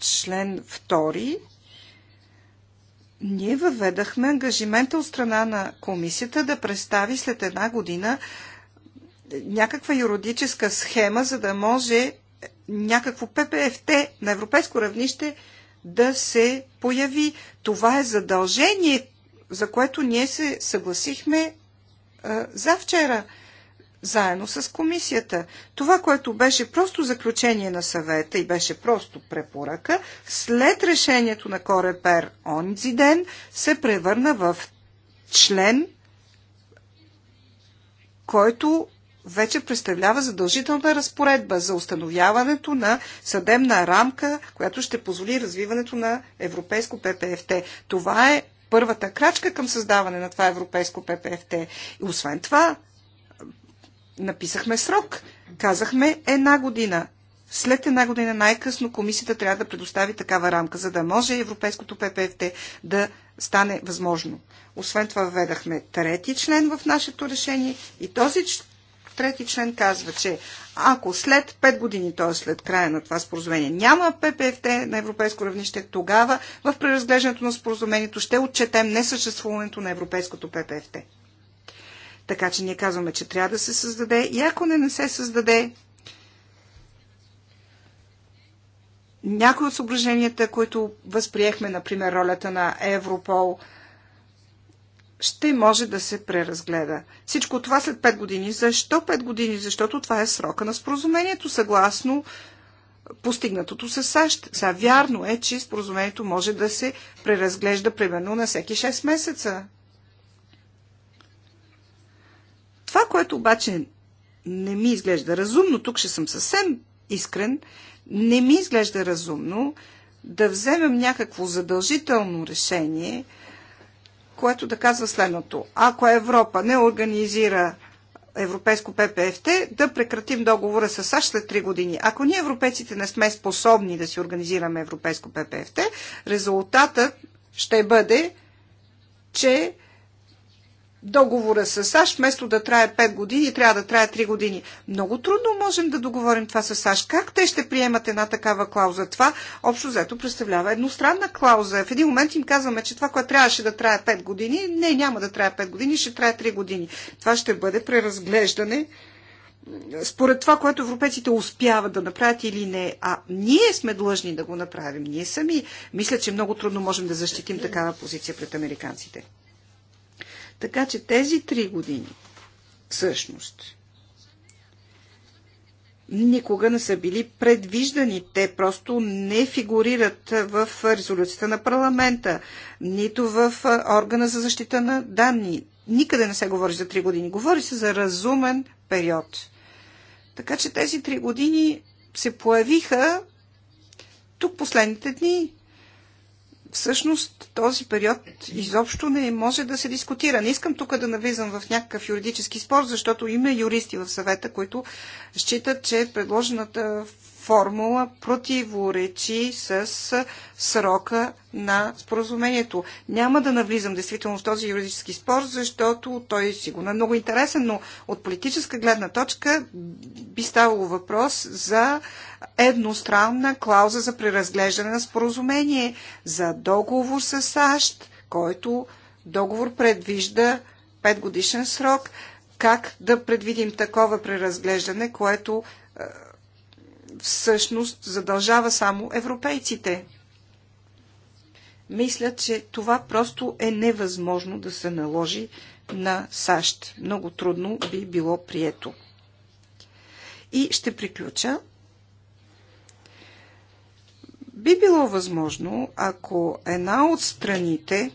член 2 ние въведахме ангажимента от страна на комисията да представи след една година някаква юридическа схема, за да може някакво ППФТ на европейско равнище да се появи. Това е задължение, за което ние се съгласихме а, за вчера заедно с комисията. Това, което беше просто заключение на съвета и беше просто препоръка, след решението на Корепер онзи ден се превърна в член, който вече представлява задължителна разпоредба за установяването на съдебна рамка, която ще позволи развиването на европейско ППФТ. Това е първата крачка към създаване на това европейско ППФТ. И освен това, написахме срок. Казахме една година. След една година най-късно комисията трябва да предостави такава рамка, за да може европейското ППФТ да стане възможно. Освен това введахме трети член в нашето решение и този трети член казва, че ако след 5 години, т.е. след края на това споразумение, няма ППФТ на европейско равнище, тогава в преразглеждането на споразумението ще отчетем несъществуването на европейското ППФТ. Така че ние казваме, че трябва да се създаде и ако не, не се създаде, някои от съображенията, които възприехме, например, ролята на Европол, ще може да се преразгледа. Всичко това след 5 години. Защо 5 години? Защото това е срока на споразумението, съгласно постигнатото с САЩ. Сега вярно е, че споразумението може да се преразглежда примерно на всеки 6 месеца. Това, което обаче не ми изглежда разумно, тук ще съм съвсем искрен, не ми изглежда разумно да вземем някакво задължително решение, което да казва следното. Ако Европа не организира европейско ППФТ, да прекратим договора с САЩ след 3 години. Ако ние европейците не сме способни да си организираме европейско ППФТ, резултатът ще бъде, че договора с САЩ, вместо да трае 5 години, трябва да трае 3 години. Много трудно можем да договорим това с САЩ. Как те ще приемат една такава клауза? Това общо взето представлява едностранна клауза. В един момент им казваме, че това, което трябваше да трае 5 години, не, няма да трае 5 години, ще трае 3 години. Това ще бъде преразглеждане според това, което европейците успяват да направят или не, а ние сме длъжни да го направим, ние сами, мисля, че много трудно можем да защитим такава позиция пред американците. Така че тези три години всъщност никога не са били предвиждани. Те просто не фигурират в резолюцията на парламента, нито в органа за защита на данни. Никъде не се говори за три години. Говори се за разумен период. Така че тези три години се появиха тук последните дни всъщност този период изобщо не може да се дискутира. Не искам тук да навлизам в някакъв юридически спор, защото има юристи в съвета, които считат, че предложената формула противоречи с срока на споразумението. Няма да навлизам действително в този юридически спор, защото той е сигурно много интересен, но от политическа гледна точка би ставало въпрос за едностранна клауза за преразглеждане на споразумение, за договор с САЩ, който договор предвижда 5 годишен срок. Как да предвидим такова преразглеждане, което е, всъщност задължава само европейците. Мисля, че това просто е невъзможно да се наложи на САЩ. Много трудно би било прието. И ще приключа. Би било възможно, ако една от страните,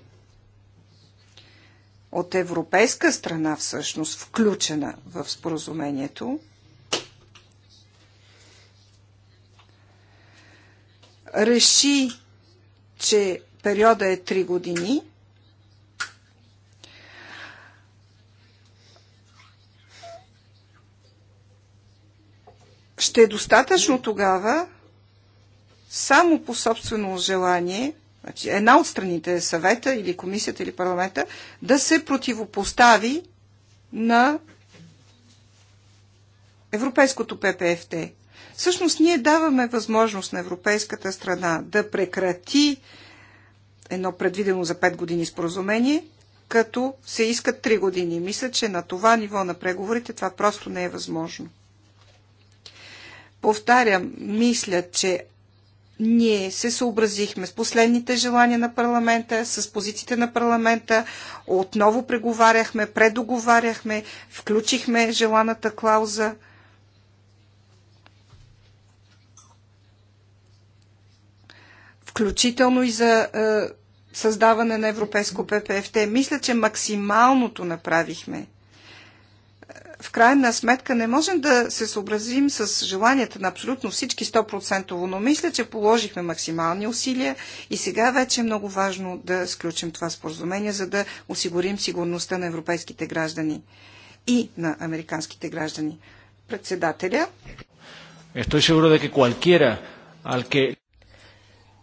от европейска страна всъщност, включена в споразумението, реши, че периода е 3 години, ще е достатъчно тогава само по собствено желание, значи една от страните е съвета или комисията или парламента, да се противопостави на европейското ППФТ. Всъщност ние даваме възможност на европейската страна да прекрати едно предвидено за 5 години споразумение, като се искат 3 години. Мисля, че на това ниво на преговорите това просто не е възможно. Повтарям, мисля, че ние се съобразихме с последните желания на парламента, с позициите на парламента, отново преговаряхме, предоговаряхме, включихме желаната клауза – включително и за е, създаване на европейско ППФТ. Мисля, че максималното направихме. В крайна сметка не можем да се съобразим с желанията на абсолютно всички 100%, но мисля, че положихме максимални усилия и сега вече е много важно да сключим това споразумение, за да осигурим сигурността на европейските граждани и на американските граждани. Председателя. Estoy seguro de que cualquiera al que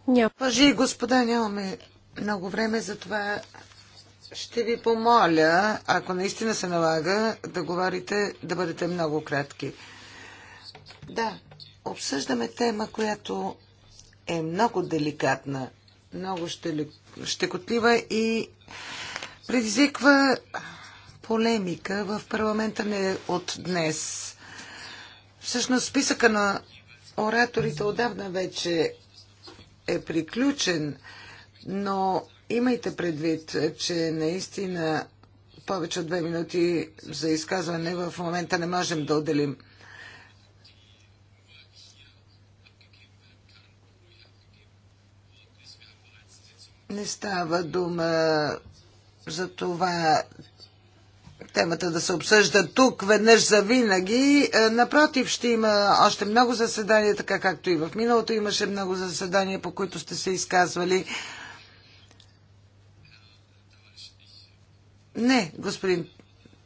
няма. Пажи и господа, нямаме много време, затова ще ви помоля, ако наистина се налага, да говорите, да бъдете много кратки. Да, обсъждаме тема, която е много деликатна, много щекотлива и предизвиква полемика в парламента не от днес. Всъщност списъка на ораторите отдавна вече е приключен, но имайте предвид, че наистина повече от две минути за изказване в момента не можем да отделим. Не става дума за това, темата да се обсъжда тук веднъж за винаги. Е, напротив, ще има още много заседания, така както и в миналото имаше много заседания, по които сте се изказвали. Не, господин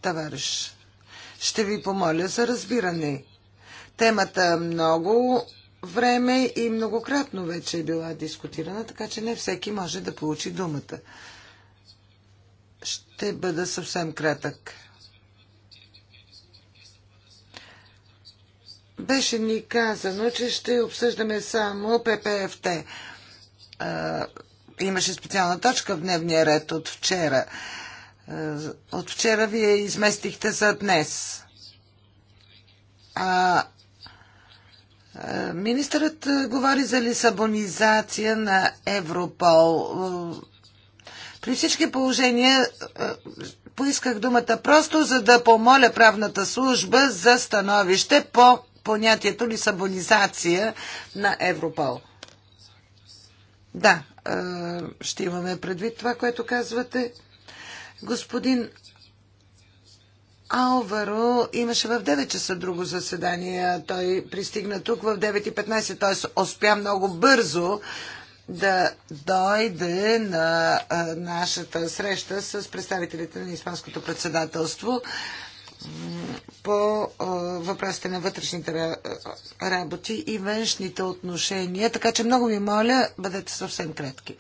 товариш, ще ви помоля за разбиране. Темата много време и многократно вече е била дискутирана, така че не всеки може да получи думата. Ще бъда съвсем кратък. Беше ни казано, че ще обсъждаме само ППФТ. имаше специална точка в дневния ред от вчера. от вчера вие изместихте за днес. А Министърът говори за лисабонизация на Европол. При всички положения е, поисках думата просто за да помоля правната служба за становище по понятието лисабонизация на Европол. Да, е, ще имаме предвид това, което казвате. Господин Алваро имаше в 9 часа друго заседание. Той пристигна тук в 9.15, т.е. успя много бързо да дойде на нашата среща с представителите на Испанското председателство по въпросите на вътрешните работи и външните отношения. Така че много ви моля, бъдете съвсем кратки.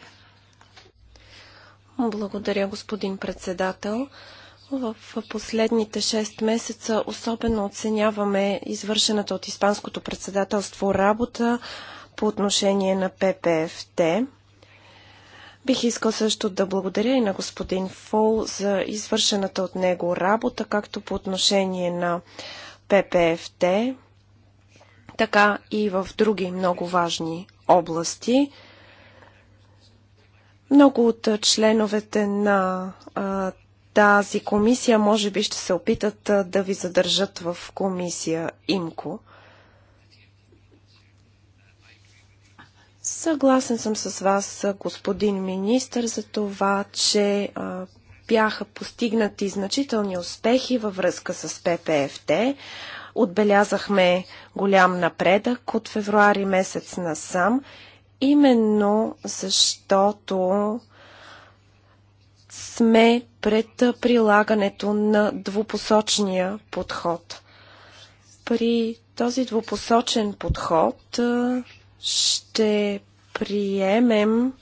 Благодаря, господин председател. В последните 6 месеца особено оценяваме извършената от Испанското председателство работа по отношение на ППФТ. Бих искал също да благодаря и на господин Фол за извършената от него работа, както по отношение на ППФТ, така и в други много важни области. Много от членовете на а, тази комисия може би ще се опитат а, да ви задържат в комисия ИМКО. Съгласен съм с вас, господин министр, за това, че бяха постигнати значителни успехи във връзка с ППФТ. Отбелязахме голям напредък от февруари месец насам, именно защото сме пред прилагането на двупосочния подход. При този двупосочен подход ще приемем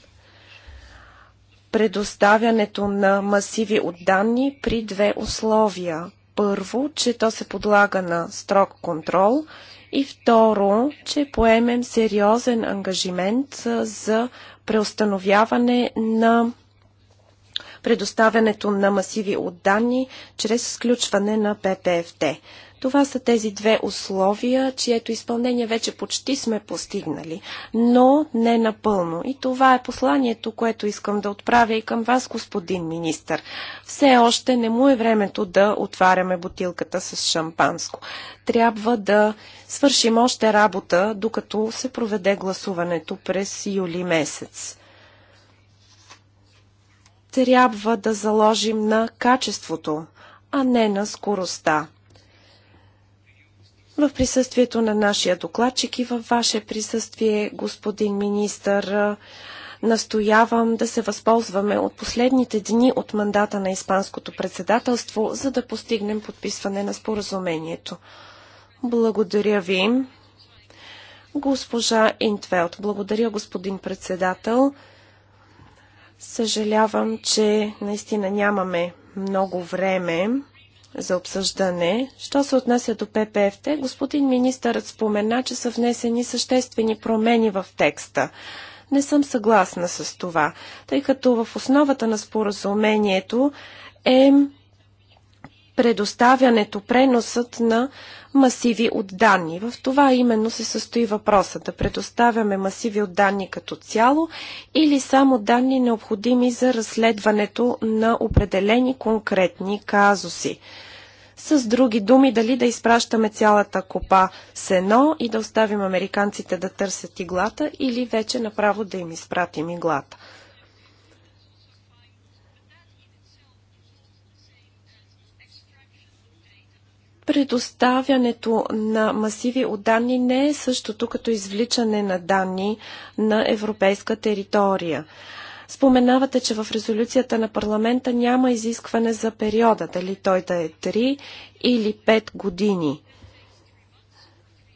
предоставянето на масиви от данни при две условия. Първо, че то се подлага на строг контрол и второ, че поемем сериозен ангажимент за преустановяване на предоставянето на масиви от данни чрез сключване на ППФТ. Това са тези две условия, чието изпълнение вече почти сме постигнали, но не напълно. И това е посланието, което искам да отправя и към вас, господин министр. Все още не му е времето да отваряме бутилката с шампанско. Трябва да свършим още работа, докато се проведе гласуването през юли месец трябва да заложим на качеството, а не на скоростта в присъствието на нашия докладчик и във ваше присъствие, господин министър, настоявам да се възползваме от последните дни от мандата на Испанското председателство, за да постигнем подписване на споразумението. Благодаря ви. Госпожа Интвелт, благодаря господин председател. Съжалявам, че наистина нямаме много време за обсъждане. Що се отнася до ППФТ, господин министърът спомена, че са внесени съществени промени в текста. Не съм съгласна с това, тъй като в основата на споразумението е предоставянето, преносът на масиви от данни. В това именно се състои въпроса да предоставяме масиви от данни като цяло или само данни необходими за разследването на определени конкретни казуси. С други думи, дали да изпращаме цялата копа с едно и да оставим американците да търсят иглата или вече направо да им изпратим иглата. Предоставянето на масиви от данни не е същото като извличане на данни на европейска територия. Споменавате, че в резолюцията на парламента няма изискване за периода, дали той да е 3 или 5 години.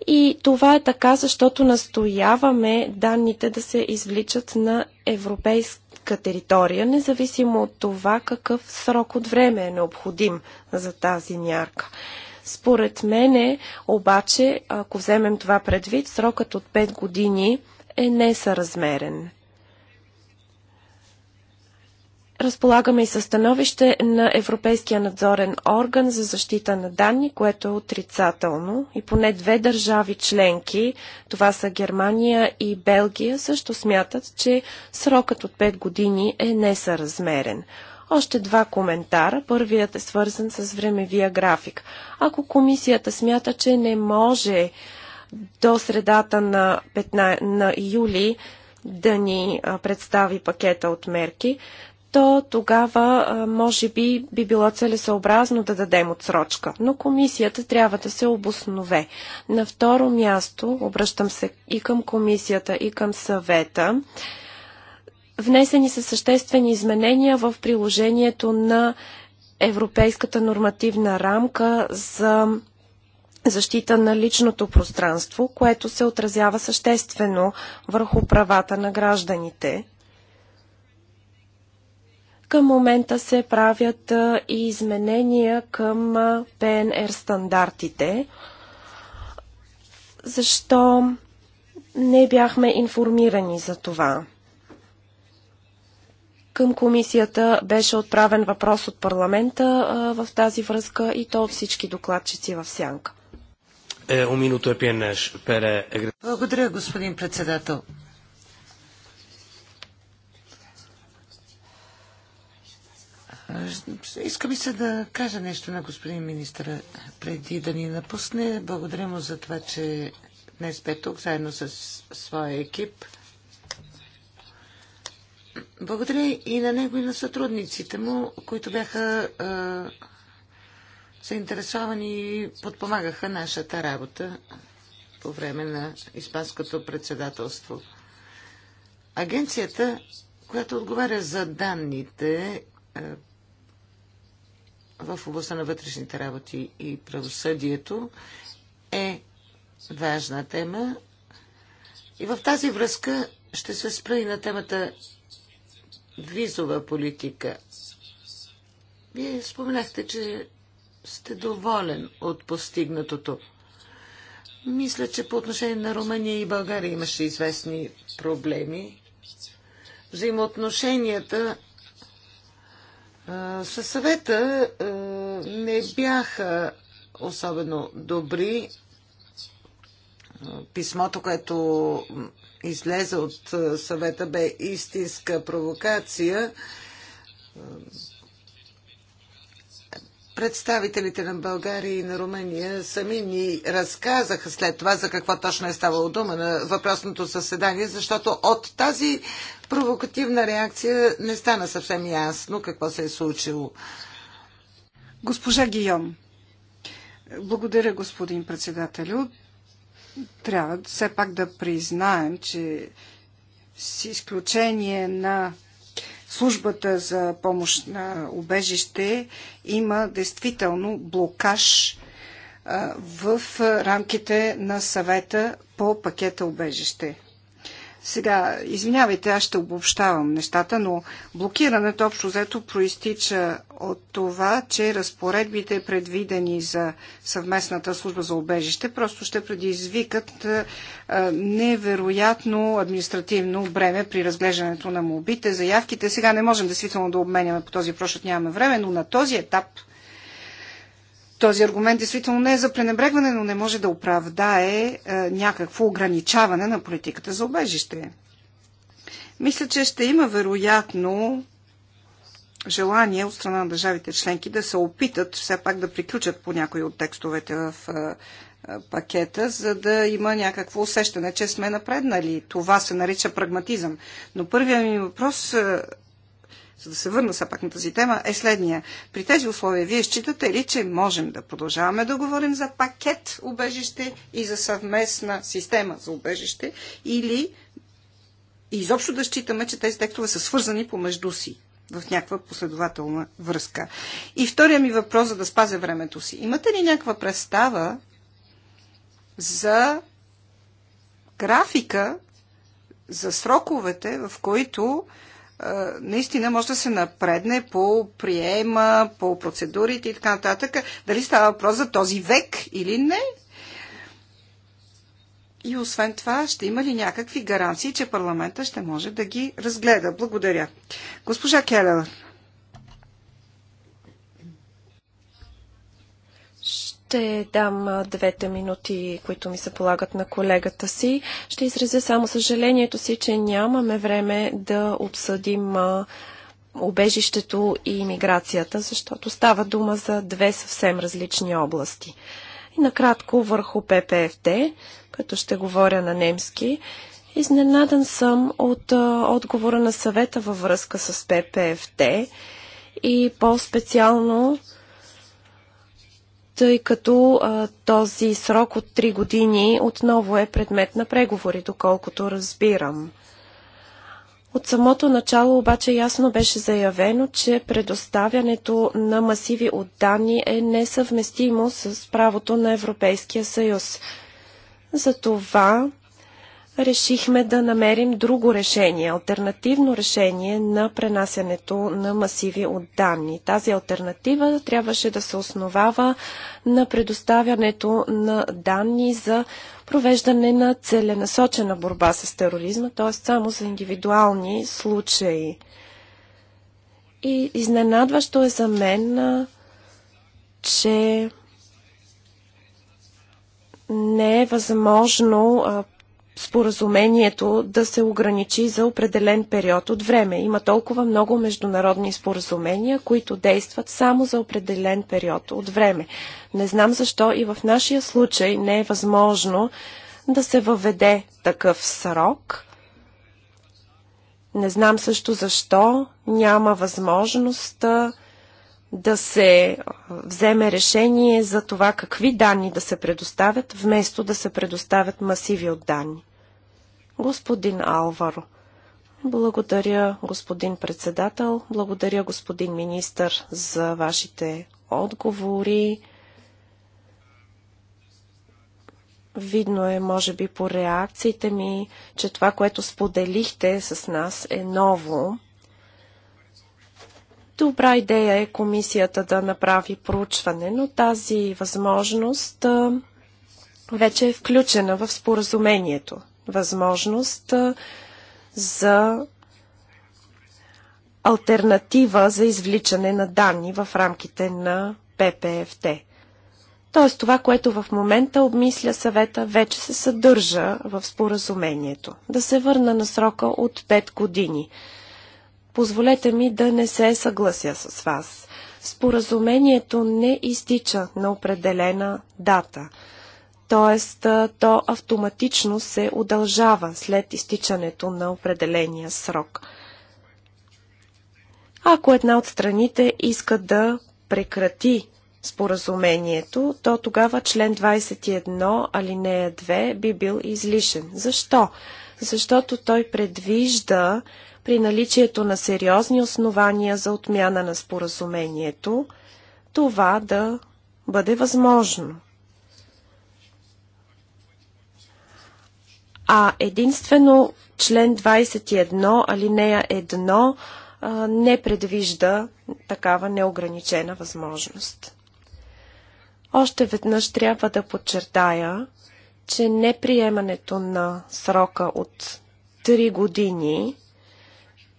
И това е така, защото настояваме данните да се извличат на европейска територия, независимо от това какъв срок от време е необходим за тази мярка. Според мене, обаче, ако вземем това предвид, срокът от 5 години е несъразмерен. Разполагаме и със становище на Европейския надзорен орган за защита на данни, което е отрицателно. И поне две държави членки, това са Германия и Белгия, също смятат, че срокът от 5 години е несъразмерен. Още два коментара. Първият е свързан с времевия график. Ако комисията смята, че не може до средата на, 15, на юли да ни представи пакета от мерки, то тогава може би би било целесообразно да дадем отсрочка. Но комисията трябва да се обоснове. На второ място, обръщам се и към комисията, и към съвета, Внесени са съществени изменения в приложението на Европейската нормативна рамка за защита на личното пространство, което се отразява съществено върху правата на гражданите. Към момента се правят и изменения към ПНР стандартите. Защо не бяхме информирани за това? Към комисията беше отправен въпрос от парламента в тази връзка и то от всички докладчици в сянка. Е, е е Благодаря, господин председател. Иска ми се да кажа нещо на господин министра преди да ни напусне. Благодаря му за това, че днес бе тук заедно с своя екип. Благодаря и на него и на сътрудниците му, които бяха е, заинтересовани и подпомагаха нашата работа по време на Испанското председателство. Агенцията, която отговаря за данните а, в областта на вътрешните работи и правосъдието, е важна тема. И в тази връзка ще се спра и на темата визова политика. Вие споменахте, че сте доволен от постигнатото. Мисля, че по отношение на Румъния и България имаше известни проблеми. Взаимоотношенията а, със съвета а, не бяха особено добри. Писмото, което излезе от съвета бе истинска провокация. Представителите на България и на Румъния сами ни разказаха след това за какво точно е ставало дума на въпросното съседание, защото от тази провокативна реакция не стана съвсем ясно какво се е случило. Госпожа Гийом, благодаря господин председателю. Трябва все пак да признаем, че с изключение на службата за помощ на убежище има действително блокаж в рамките на съвета по пакета убежище. Сега, извинявайте, аз ще обобщавам нещата, но блокирането общо взето проистича от това, че разпоредбите предвидени за съвместната служба за обежище просто ще предизвикат е, е, невероятно административно бреме при разглеждането на мобите, заявките. Сега не можем действително да обменяме по този прошът, нямаме време, но на този етап – този аргумент действително не е за пренебрегване, но не може да оправдае е, някакво ограничаване на политиката за обежище. Мисля, че ще има вероятно желание от страна на държавите членки да се опитат все пак да приключат по някои от текстовете в е, е пакета, за да има някакво усещане, че сме напреднали. Това се нарича прагматизъм. Но първият ми въпрос е, за да се върна все пак на тази тема, е следния. При тези условия вие считате ли, че можем да продължаваме да говорим за пакет убежище и за съвместна система за убежище или изобщо да считаме, че тези текстове са свързани помежду си? в някаква последователна връзка. И втория ми въпрос, за да спазя времето си. Имате ли някаква представа за графика, за сроковете, в които наистина може да се напредне по приема, по процедурите и така нататък. Дали става въпрос за този век или не? И освен това, ще има ли някакви гаранции, че парламента ще може да ги разгледа? Благодаря. Госпожа Келева, Ще дам двете минути, които ми се полагат на колегата си. Ще изразя само съжалението си, че нямаме време да обсъдим обежището и иммиграцията, защото става дума за две съвсем различни области. И накратко върху ППФТ, като ще говоря на немски. Изненадан съм от отговора на съвета във връзка с ППФТ и по-специално тъй като а, този срок от 3 години отново е предмет на преговори, доколкото разбирам. От самото начало обаче ясно беше заявено, че предоставянето на масиви от данни е несъвместимо с правото на Европейския съюз. Затова решихме да намерим друго решение, альтернативно решение на пренасянето на масиви от данни. Тази альтернатива трябваше да се основава на предоставянето на данни за провеждане на целенасочена борба с тероризма, т.е. само за индивидуални случаи. И изненадващо е за мен, че не е възможно споразумението да се ограничи за определен период от време. Има толкова много международни споразумения, които действат само за определен период от време. Не знам защо и в нашия случай не е възможно да се въведе такъв срок. Не знам също защо няма възможност да се вземе решение за това какви данни да се предоставят, вместо да се предоставят масиви от данни. Господин Алваро. Благодаря, господин председател. Благодаря, господин министър, за вашите отговори. Видно е, може би, по реакциите ми, че това, което споделихте с нас е ново. Добра идея е комисията да направи проучване, но тази възможност вече е включена в споразумението възможност за альтернатива за извличане на данни в рамките на ППФТ. Тоест това, което в момента обмисля съвета, вече се съдържа в споразумението. Да се върна на срока от 5 години. Позволете ми да не се съглася с вас. Споразумението не изтича на определена дата т.е. то автоматично се удължава след изтичането на определения срок. Ако една от страните иска да прекрати споразумението, то тогава член 21 алинея 2 би бил излишен. Защо? Защото той предвижда при наличието на сериозни основания за отмяна на споразумението, това да бъде възможно. а единствено член 21, алинея 1, не предвижда такава неограничена възможност. Още веднъж трябва да подчертая, че неприемането на срока от 3 години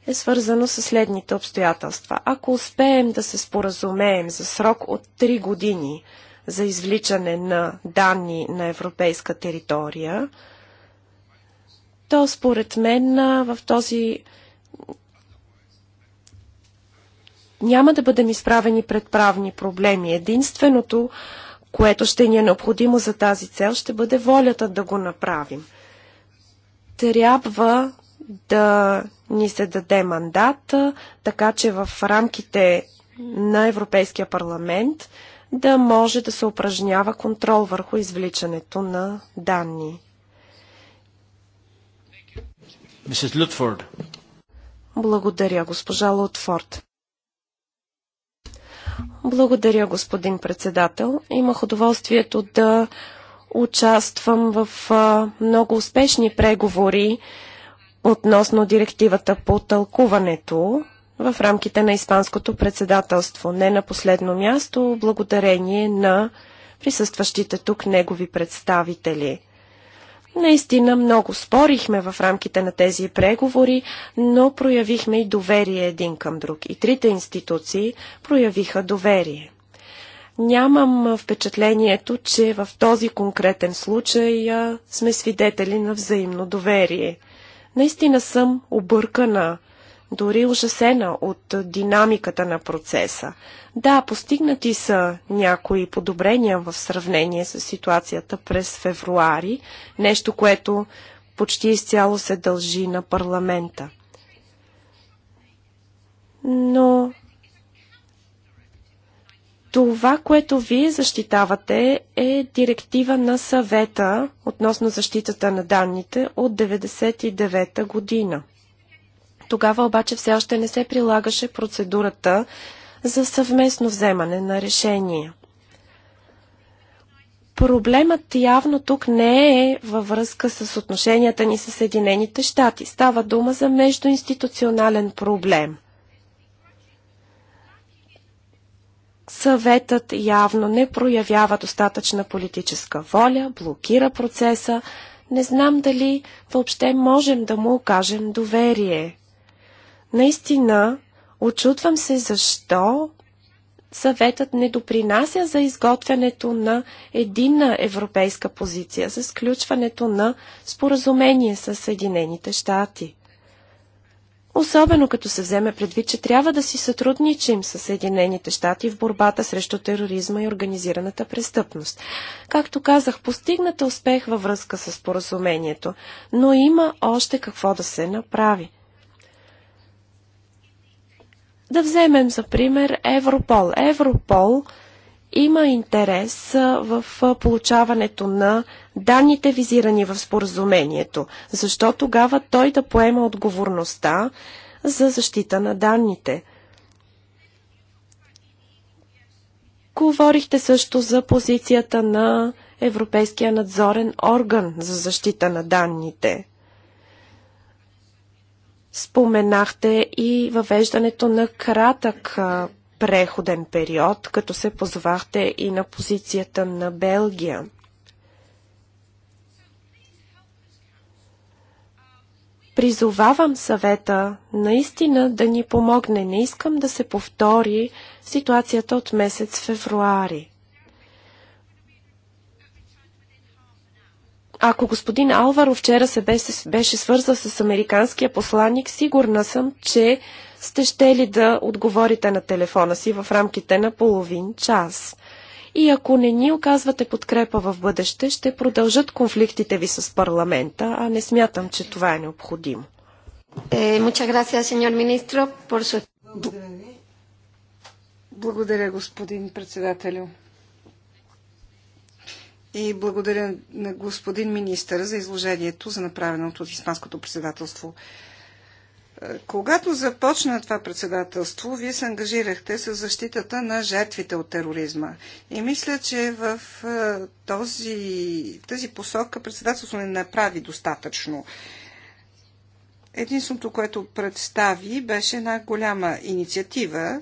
е свързано с следните обстоятелства. Ако успеем да се споразумеем за срок от 3 години за извличане на данни на европейска територия, то според мен в този няма да бъдем изправени пред правни проблеми. Единственото, което ще ни е необходимо за тази цел, ще бъде волята да го направим. Трябва да ни се даде мандат, така че в рамките на Европейския парламент да може да се упражнява контрол върху извличането на данни. Мисис Лютфорд. Благодаря, госпожа Лутфорд. Благодаря, господин председател. Имах удоволствието да участвам в много успешни преговори относно директивата по тълкуването в рамките на Испанското председателство. Не на последно място, благодарение на присъстващите тук негови представители – Наистина много спорихме в рамките на тези преговори, но проявихме и доверие един към друг. И трите институции проявиха доверие. Нямам впечатлението, че в този конкретен случай сме свидетели на взаимно доверие. Наистина съм объркана дори ужасена от динамиката на процеса. Да, постигнати са някои подобрения в сравнение с ситуацията през февруари, нещо, което почти изцяло се дължи на парламента. Но това, което вие защитавате е директива на съвета относно защитата на данните от 1999 година. Тогава обаче все още не се прилагаше процедурата за съвместно вземане на решение. Проблемът явно тук не е във връзка с отношенията ни с Съединените щати. Става дума за междуинституционален проблем. Съветът явно не проявява достатъчна политическа воля, блокира процеса. Не знам дали въобще можем да му окажем доверие. Наистина, очутвам се защо съветът не допринася за изготвянето на единна европейска позиция, за сключването на споразумение с Съединените щати. Особено като се вземе предвид, че трябва да си сътрудничим с Съединените щати в борбата срещу тероризма и организираната престъпност. Както казах, постигната е успех във връзка с споразумението, но има още какво да се направи. Да вземем за пример Европол. Европол има интерес в получаването на данните визирани в споразумението. Защо тогава той да поема отговорността за защита на данните? Говорихте също за позицията на Европейския надзорен орган за защита на данните. Споменахте и въвеждането на кратък преходен период, като се позвахте и на позицията на Белгия. Призовавам съвета наистина да ни помогне. Не искам да се повтори ситуацията от месец февруари. Ако господин Алваро вчера се беше, беше свързал с американския посланник, сигурна съм, че сте щели да отговорите на телефона си в рамките на половин час. И ако не ни оказвате подкрепа в бъдеще, ще продължат конфликтите ви с парламента, а не смятам, че това е необходимо. Е, Благодаря ви. Благодаря, господин председателю. И благодаря на господин министър за изложението за направеното от Испанското председателство. Е, когато започна това председателство, вие се ангажирахте с защитата на жертвите от тероризма. И мисля, че в е, този, тази посока председателство не направи достатъчно. Единственото, което представи, беше една голяма инициатива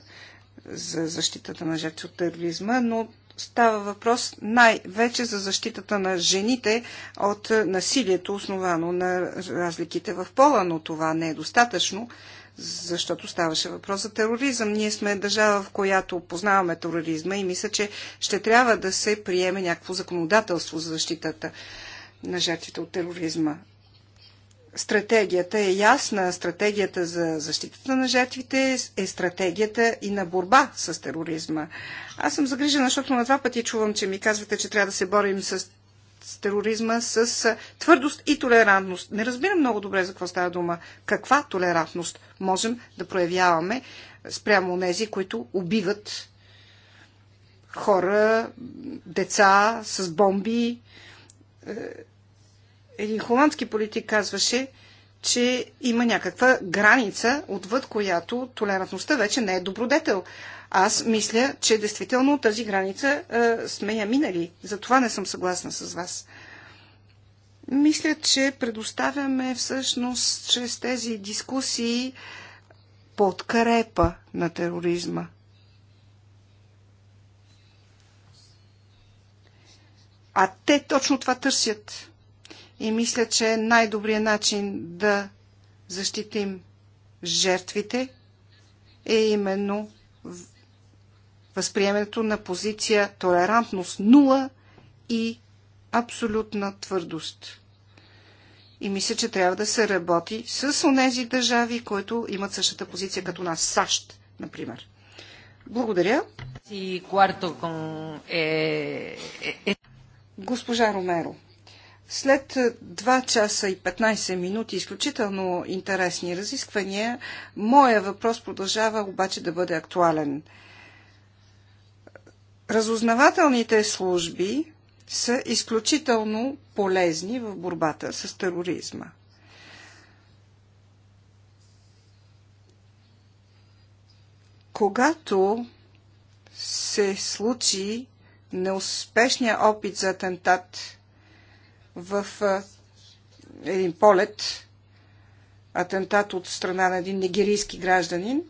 за защитата на жертви от тероризма, но става въпрос най-вече за защитата на жените от насилието, основано на разликите в пола, но това не е достатъчно, защото ставаше въпрос за тероризъм. Ние сме държава, в която познаваме тероризма и мисля, че ще трябва да се приеме някакво законодателство за защитата на жертвите от тероризма стратегията е ясна. Стратегията за защитата на жертвите е стратегията и на борба с тероризма. Аз съм загрижена, защото на два пъти чувам, че ми казвате, че трябва да се борим с с тероризма с твърдост и толерантност. Не разбирам много добре за какво става дума. Каква толерантност можем да проявяваме спрямо нези, които убиват хора, деца с бомби един холандски политик казваше, че има някаква граница, отвъд която толерантността вече не е добродетел. Аз мисля, че действително тази граница е, сме я минали. Затова не съм съгласна с вас. Мисля, че предоставяме всъщност чрез тези дискусии подкрепа на тероризма. А те точно това търсят. И мисля, че най-добрият начин да защитим жертвите е именно възприемането на позиция толерантност нула и абсолютна твърдост. И мисля, че трябва да се работи с онези държави, които имат същата позиция като нас. САЩ, например. Благодаря. Е, е, е. Госпожа Ромеро. След 2 е, часа и 15 минути изключително интересни разисквания, моя въпрос продължава обаче да бъде актуален. Разузнавателните служби са изключително полезни в борбата с тероризма. Когато се случи неуспешния опит за атентат в един полет, атентат от страна на един нигерийски гражданин,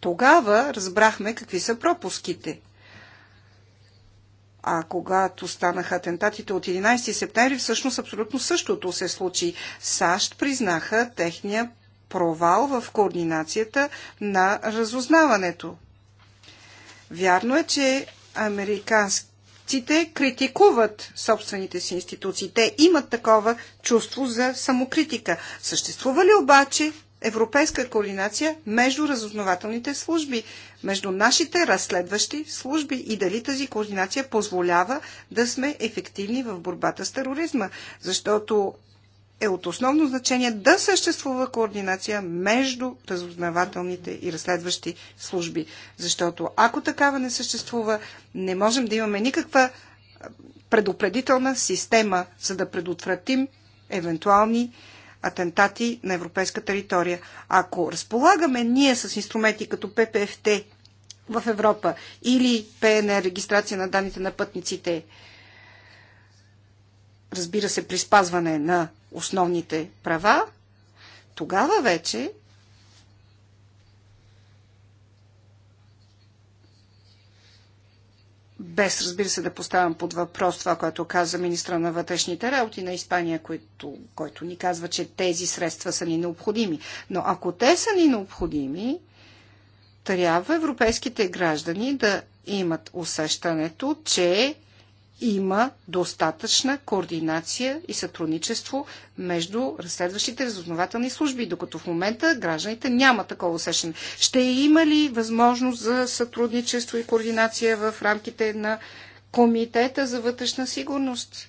тогава разбрахме какви са пропуските. А когато станаха атентатите от 11 септември, всъщност абсолютно същото се случи. САЩ признаха техния провал в координацията на разузнаването. Вярно е, че американски политиците критикуват собствените си институции. Те имат такова чувство за самокритика. Съществува ли обаче европейска координация между разузнавателните служби, между нашите разследващи служби и дали тази координация позволява да сме ефективни в борбата с тероризма. Защото е от основно значение да съществува координация между разузнавателните и разследващи служби. Защото ако такава не съществува, не можем да имаме никаква предупредителна система, за да предотвратим евентуални атентати на европейска територия. Ако разполагаме ние с инструменти като ППФТ в Европа или ПНР, регистрация на данните на пътниците, разбира се, при спазване на основните права, тогава вече без, разбира се, да поставям под въпрос това, което каза министра на вътрешните работи на Испания, който, който ни казва, че тези средства са ни необходими. Но ако те са ни необходими, трябва европейските граждани да имат усещането, че има достатъчна координация и сътрудничество между разследващите разузнавателни служби, докато в момента гражданите няма такова усещане. Ще има ли възможност за сътрудничество и координация в рамките на Комитета за вътрешна сигурност?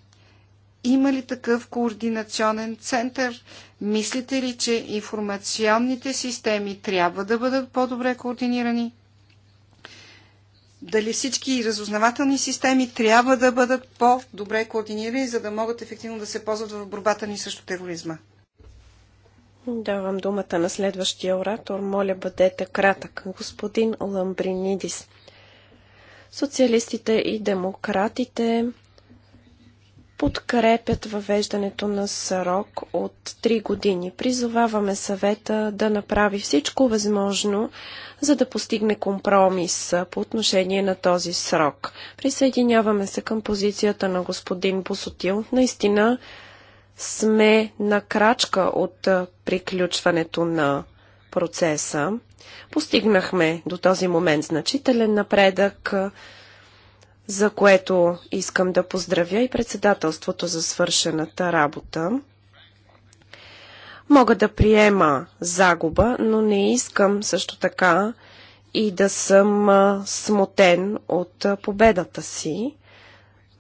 Има ли такъв координационен център? Мислите ли, че информационните системи трябва да бъдат по-добре координирани? дали всички разузнавателни системи трябва да бъдат по-добре координирани, за да могат ефективно да се ползват в борбата ни срещу тероризма. Давам думата на следващия оратор. Моля, бъдете кратък. Господин Ламбринидис. Социалистите и демократите подкрепят въвеждането на срок от 3 години. Призоваваме съвета да направи всичко възможно, за да постигне компромис по отношение на този срок. Присъединяваме се към позицията на господин Босотил. Наистина сме на крачка от приключването на процеса. Постигнахме до този момент значителен напредък за което искам да поздравя и председателството за свършената работа. Мога да приема загуба, но не искам също така и да съм смутен от победата си.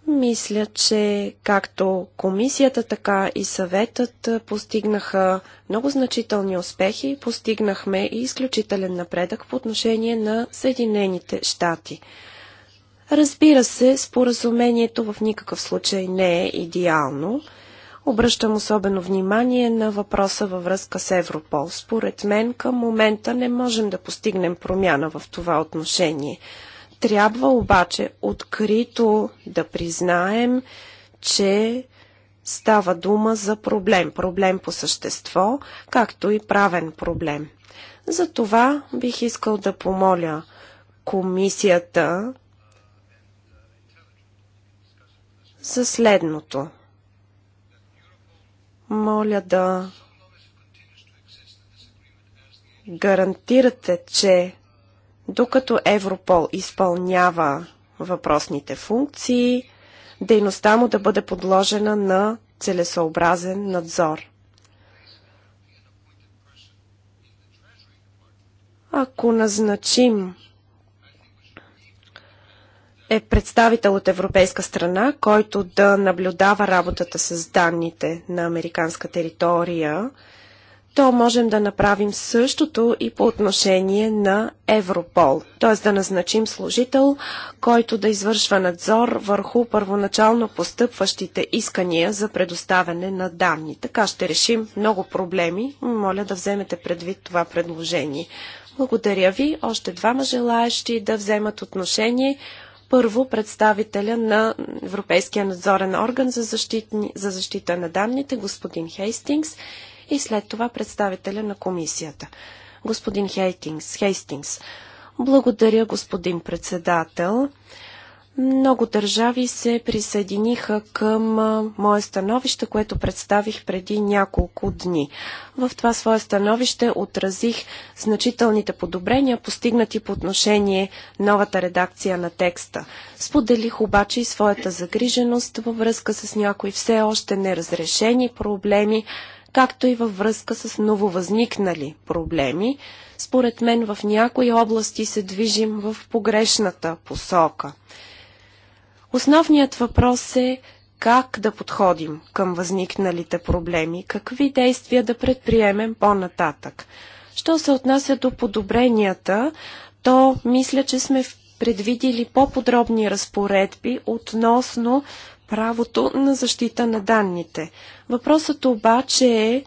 Мисля, че както комисията, така и съветът постигнаха много значителни успехи. Постигнахме и изключителен напредък по отношение на Съединените щати. Разбира се, споразумението в никакъв случай не е идеално. Обръщам особено внимание на въпроса във връзка с Европол. Според мен към момента не можем да постигнем промяна в това отношение. Трябва обаче открито да признаем, че става дума за проблем, проблем по същество, както и правен проблем. За това бих искал да помоля комисията със следното. Моля да гарантирате, че докато Европол изпълнява въпросните функции, дейността му да бъде подложена на целесообразен надзор. Ако назначим е представител от европейска страна, който да наблюдава работата с данните на американска територия, то можем да направим същото и по отношение на Европол, т.е. да назначим служител, който да извършва надзор върху първоначално постъпващите искания за предоставяне на данни. Така ще решим много проблеми. Моля да вземете предвид това предложение. Благодаря ви. Още двама желаящи да вземат отношение. Първо, представителя на Европейския надзорен орган за, защитни, за защита на данните, господин Хейстингс, и след това представителя на комисията, господин Хейтингс, Хейстингс. Благодаря, господин председател. Много държави се присъединиха към мое становище, което представих преди няколко дни. В това свое становище отразих значителните подобрения, постигнати по отношение новата редакция на текста. Споделих обаче и своята загриженост във връзка с някои все още неразрешени проблеми, както и във връзка с нововъзникнали проблеми. Според мен в някои области се движим в погрешната посока. Основният въпрос е как да подходим към възникналите проблеми, какви действия да предприемем по-нататък. Що се отнася до подобренията, то мисля, че сме предвидили по-подробни разпоредби относно правото на защита на данните. Въпросът обаче е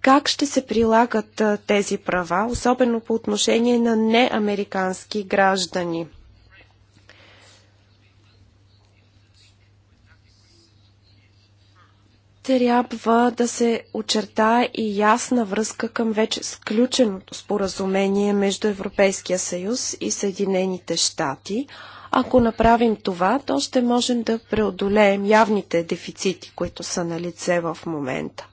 как ще се прилагат тези права, особено по отношение на неамерикански граждани – трябва да се очерта и ясна връзка към вече сключеното споразумение между Европейския съюз и Съединените щати. Ако направим това, то ще можем да преодолеем явните дефицити, които са на лице в момента.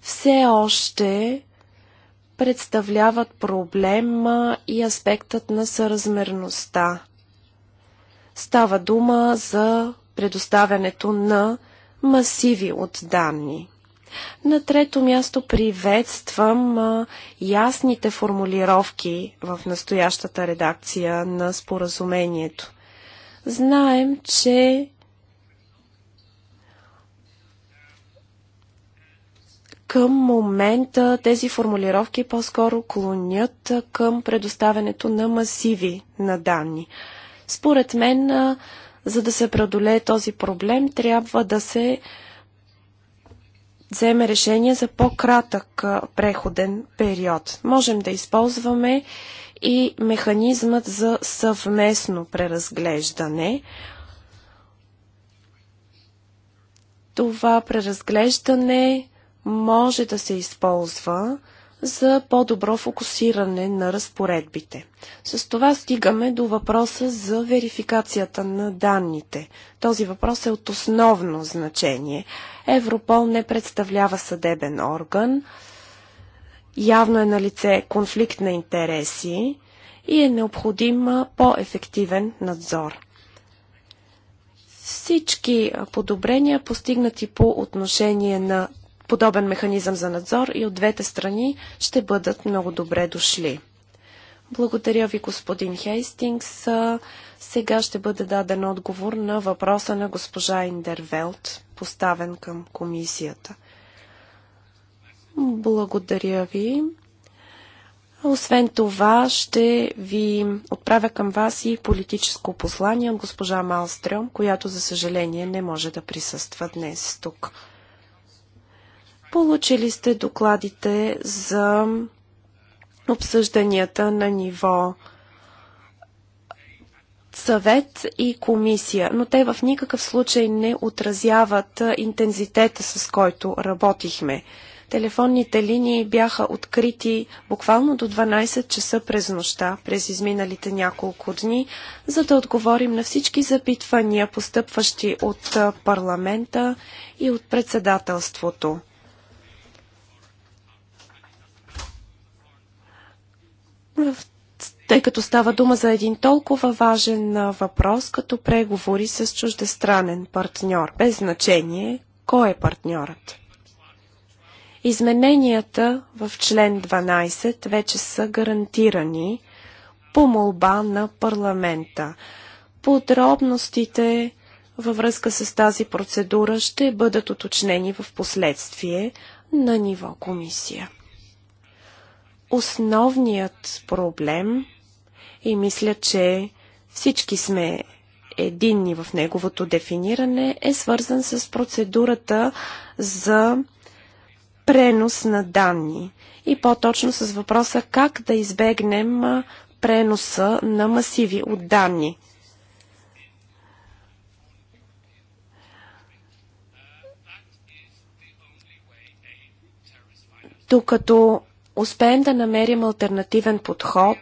Все още представляват проблема и аспектът на съразмерността. Става дума за предоставянето на масиви от данни. На трето място приветствам а, ясните формулировки в настоящата редакция на споразумението. Знаем, че към момента тези формулировки по-скоро клонят към предоставянето на масиви на данни. Според мен за да се преодолее този проблем, трябва да се вземе решение за по-кратък преходен период. Можем да използваме и механизмът за съвместно преразглеждане. Това преразглеждане може да се използва за по-добро фокусиране на разпоредбите. С това стигаме до въпроса за верификацията на данните. Този въпрос е от основно значение. Европол не представлява съдебен орган, явно е на лице конфликт на интереси и е необходим по-ефективен надзор. Всички подобрения, постигнати по отношение на подобен механизъм за надзор и от двете страни ще бъдат много добре дошли. Благодаря ви, господин Хейстингс. Сега ще бъде даден отговор на въпроса на госпожа Индервелт, поставен към комисията. Благодаря ви. Освен това, ще ви отправя към вас и политическо послание от госпожа Малстрем, която, за съжаление, не може да присъства днес тук. Получили сте докладите за обсъжданията на ниво съвет и комисия, но те в никакъв случай не отразяват интензитета, с който работихме. Телефонните линии бяха открити буквално до 12 часа през нощта, през изминалите няколко дни, за да отговорим на всички запитвания, постъпващи от парламента и от председателството. тъй като става дума за един толкова важен въпрос, като преговори с чуждестранен партньор, без значение кой е партньорът. Измененията в член 12 вече са гарантирани по молба на парламента. Подробностите във връзка с тази процедура ще бъдат уточнени в последствие на ниво комисия основният проблем и мисля, че всички сме единни в неговото дефиниране, е свързан с процедурата за пренос на данни и по-точно с въпроса как да избегнем преноса на масиви от данни. Докато успеем да намерим альтернативен подход,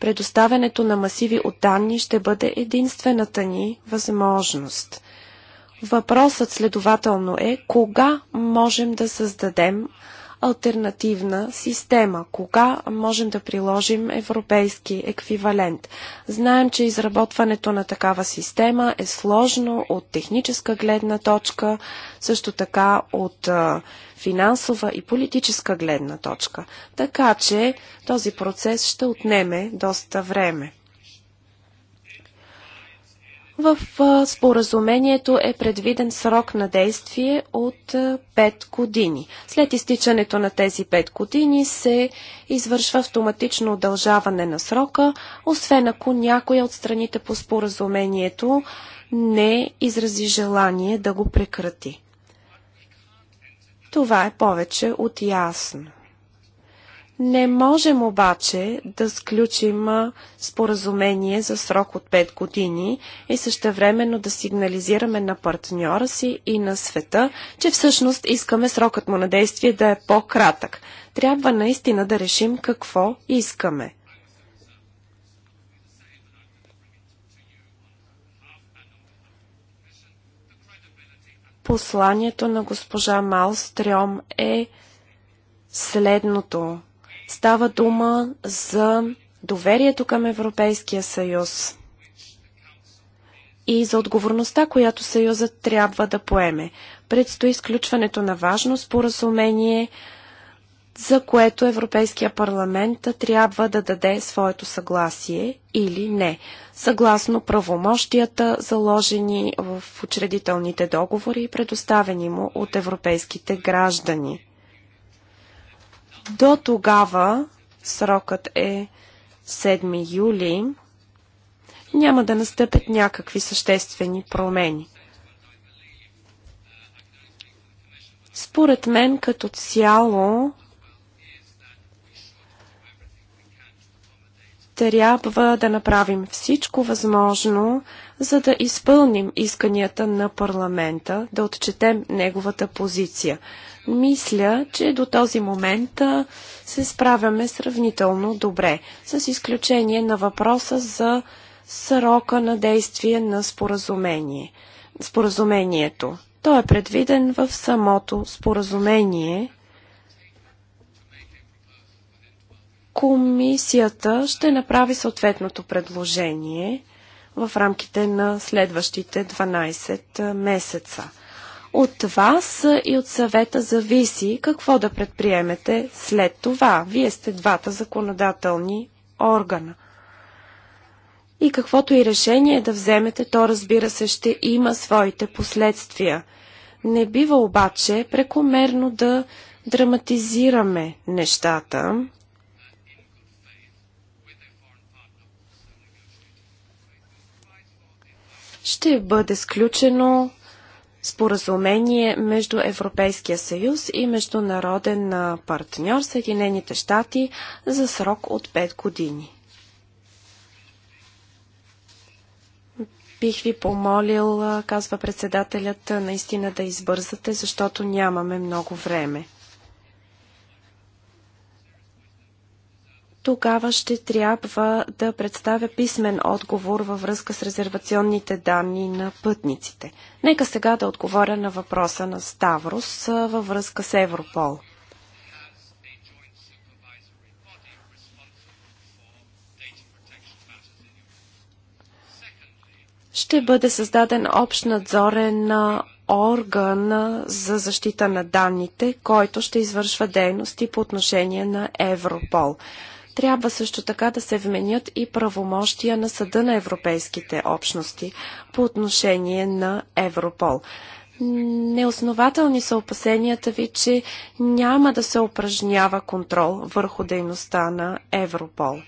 предоставянето на масиви от данни ще бъде единствената ни възможност. Въпросът следователно е кога можем да създадем альтернативна система? Кога можем да приложим европейски еквивалент? Знаем, че изработването на такава система е сложно от техническа гледна точка, също така от финансова и политическа гледна точка. Така че този процес ще отнеме доста време. В споразумението е предвиден срок на действие от 5 години. След изтичането на тези 5 години се извършва автоматично удължаване на срока, освен ако някоя от страните по споразумението не изрази желание да го прекрати. Това е повече от ясно. Не можем обаче да сключим споразумение за срок от 5 години и същевременно да сигнализираме на партньора си и на света, че всъщност искаме срокът му на действие да е по-кратък. Трябва наистина да решим какво искаме. Посланието на госпожа Малстрём е следното Става дума за доверието към Европейския съюз и за отговорността, която съюзът трябва да поеме. Предстои изключването на важно споразумение, за което Европейския парламент трябва да даде своето съгласие или не, съгласно правомощията, заложени в учредителните договори и предоставени му от европейските граждани. До тогава срокът е 7 юли. Няма да настъпят някакви съществени промени. Според мен като цяло трябва да направим всичко възможно, за да изпълним исканията на парламента, да отчетем неговата позиция. Мисля, че до този момент се справяме сравнително добре, с изключение на въпроса за срока на действие на споразумение. споразумението. Той е предвиден в самото споразумение. Комисията ще направи съответното предложение – в рамките на следващите 12 месеца. От вас и от съвета зависи какво да предприемете след това. Вие сте двата законодателни органа. И каквото и решение да вземете, то разбира се ще има своите последствия. Не бива обаче прекомерно да драматизираме нещата. ще бъде сключено споразумение между Европейския съюз и международен партньор Съединените щати за срок от 5 години. Бих ви помолил, казва председателят, наистина да избързате, защото нямаме много време. тогава ще трябва да представя писмен отговор във връзка с резервационните данни на пътниците. Нека сега да отговоря на въпроса на Ставрос във връзка с Европол. Ще бъде създаден общ надзорен орган за защита на данните, който ще извършва дейности по отношение на Европол. Трябва също така да се вменят и правомощия на Съда на Европейските общности по отношение на Европол. Неоснователни са опасенията ви, че няма да се упражнява контрол върху дейността на Европол.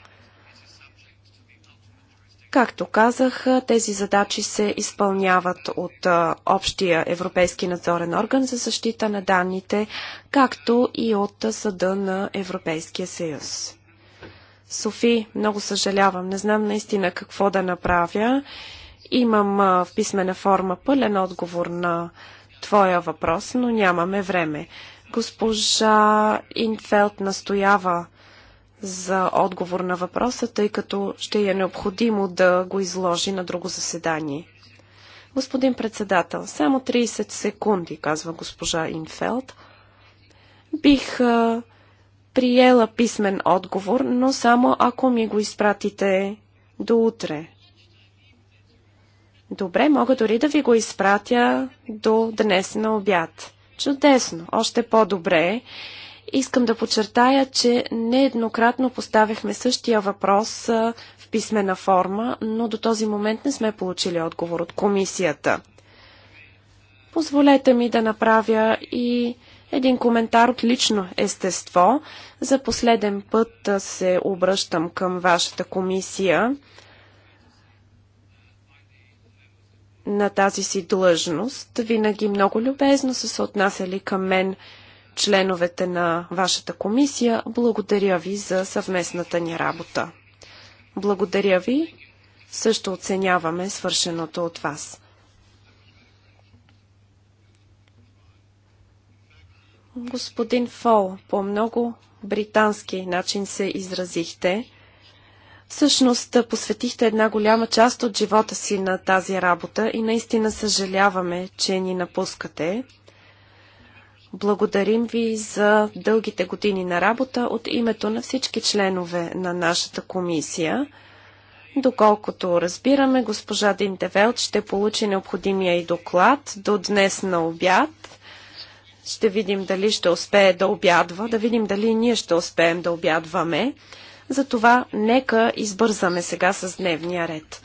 Както казах, тези задачи се изпълняват от Общия европейски надзорен орган за защита на данните, както и от Съда на Европейския съюз. Софи, много съжалявам, не знам наистина какво да направя. Имам а, в писмена форма пълен отговор на твоя въпрос, но нямаме време. Госпожа Инфелд настоява за отговор на въпроса, тъй като ще е необходимо да го изложи на друго заседание. Господин председател, само 30 секунди, казва госпожа Инфелд. Бих а, приела писмен отговор, но само ако ми го изпратите до утре. Добре, мога дори да ви го изпратя до днес на обяд. Чудесно, още по-добре. Искам да подчертая, че нееднократно поставихме същия въпрос в писмена форма, но до този момент не сме получили отговор от комисията. Позволете ми да направя и един коментар от лично естество. За последен път се обръщам към вашата комисия на тази си длъжност. Винаги много любезно са се отнасяли към мен членовете на вашата комисия. Благодаря ви за съвместната ни работа. Благодаря ви. Също оценяваме свършеното от вас. Господин Фол, по много британски начин се изразихте. Всъщност посветихте една голяма част от живота си на тази работа и наистина съжаляваме, че ни напускате. Благодарим ви за дългите години на работа от името на всички членове на нашата комисия. Доколкото разбираме, госпожа Дин Девелт ще получи необходимия и доклад до днес на обяд. Ще видим дали ще успее да обядва, да видим дали ние ще успеем да обядваме. Затова нека избързаме сега с дневния ред.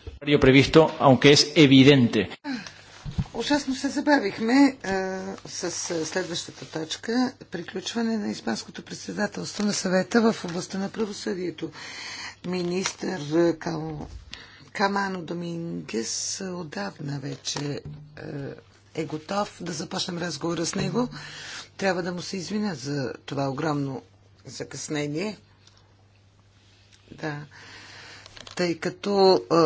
Ужасно се забавихме а, с следващата точка приключване на Испанското председателство на съвета в областта на правосъдието. Министър Камано Домингес отдавна вече е готов да започнем разговора с него. Трябва да му се извиня за това огромно закъснение. Да. Тъй като а,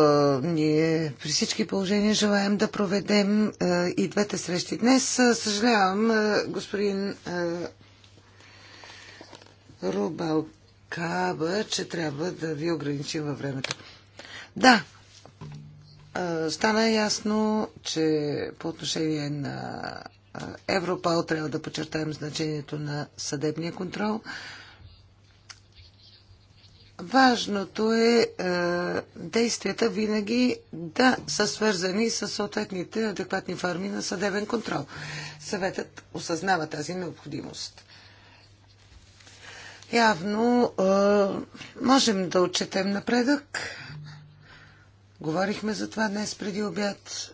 ние при всички положения желаем да проведем а, и двете срещи днес. Съжалявам, а, господин Рубалкава, че трябва да ви ограничим във времето. Да, Стана ясно, че по отношение на Европол трябва да подчертаем значението на съдебния контрол. Важното е, действията винаги да са свързани с съответните адекватни форми на съдебен контрол. Съветът осъзнава тази необходимост. Явно можем да отчетем напредък Говорихме за това днес преди обяд.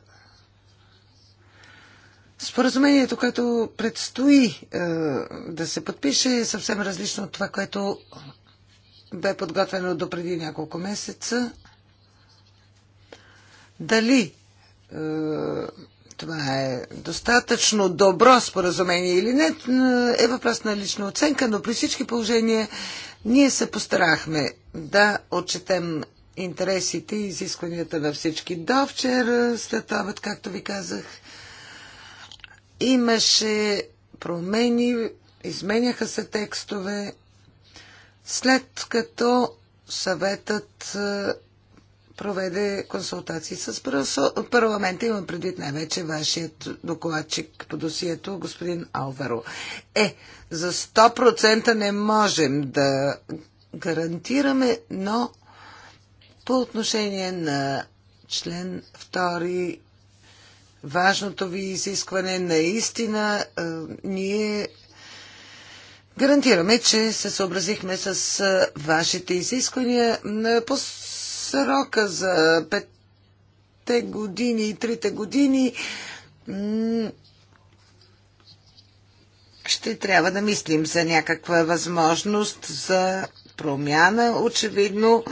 Споразумението, което предстои е, да се подпише, е съвсем различно от това, което бе подготвено до преди няколко месеца. Дали е, това е достатъчно добро споразумение или не, е въпрос на лична оценка, но при всички положения ние се постарахме да отчетем интересите и изискванията на всички. До вчера, е, след обед, както ви казах, имаше промени, изменяха се текстове, след като съветът е, проведе консултации с парламента. Имам предвид най-вече вашият докладчик по досието, господин Алваро. Е, за 100% не можем да гарантираме, но по отношение на член 2, важното ви изискване, наистина е, ние гарантираме, че се съобразихме с е, вашите изисквания е, по срока за 5 години и 3 години ще трябва да мислим за някаква възможност за промяна. Очевидно,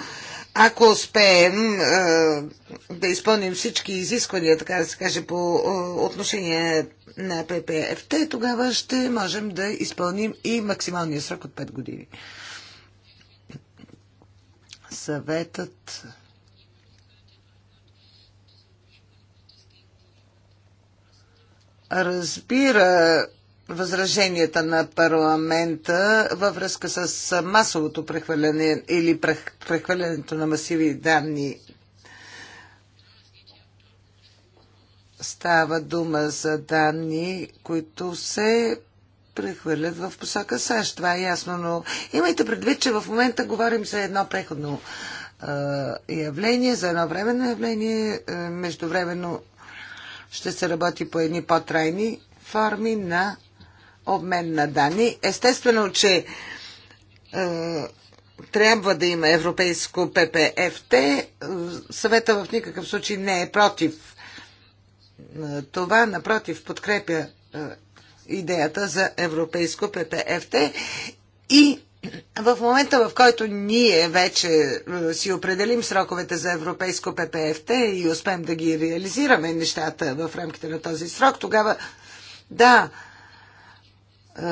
ако успеем а, е, да изпълним всички изисквания, така да се каже, по е, отношение на ППФТ, тогава ще можем да изпълним и максималния срок от 5 години. Съветът разбира възраженията на парламента във връзка с масовото прехвърляне или прехвърлянето на масиви данни. Става дума за данни, които се прехвърлят в посока САЩ. Това е ясно, но имайте предвид, че в момента говорим за едно преходно е, явление, за едно временно явление. Е, междувременно ще се работи по едни по-трайни форми на обмен на данни. Естествено, че е, трябва да има европейско ППФТ. Е, съвета в никакъв случай не е против е, това, напротив, подкрепя идеята за европейско ППФТ и в момента, в който ние вече си определим сроковете за европейско ППФТ и успеем да ги реализираме нещата в рамките на този срок, тогава да, е,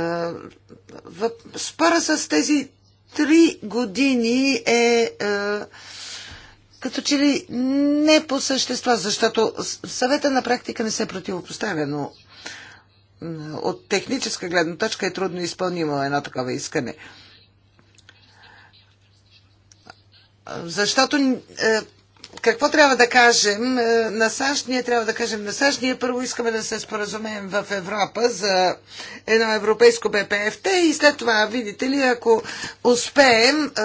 спора с тези три години е, е като че ли не по същество, защото съвета на практика не се противопоставя, но е, от техническа гледна точка е трудно изпълнимо едно такова искане. Е, защото е, какво трябва да кажем е, на САЩ? Ние трябва да кажем на САЩ. Ние първо искаме да се споразумеем в Европа за едно европейско БПФТ и след това, видите ли, ако успеем е, е,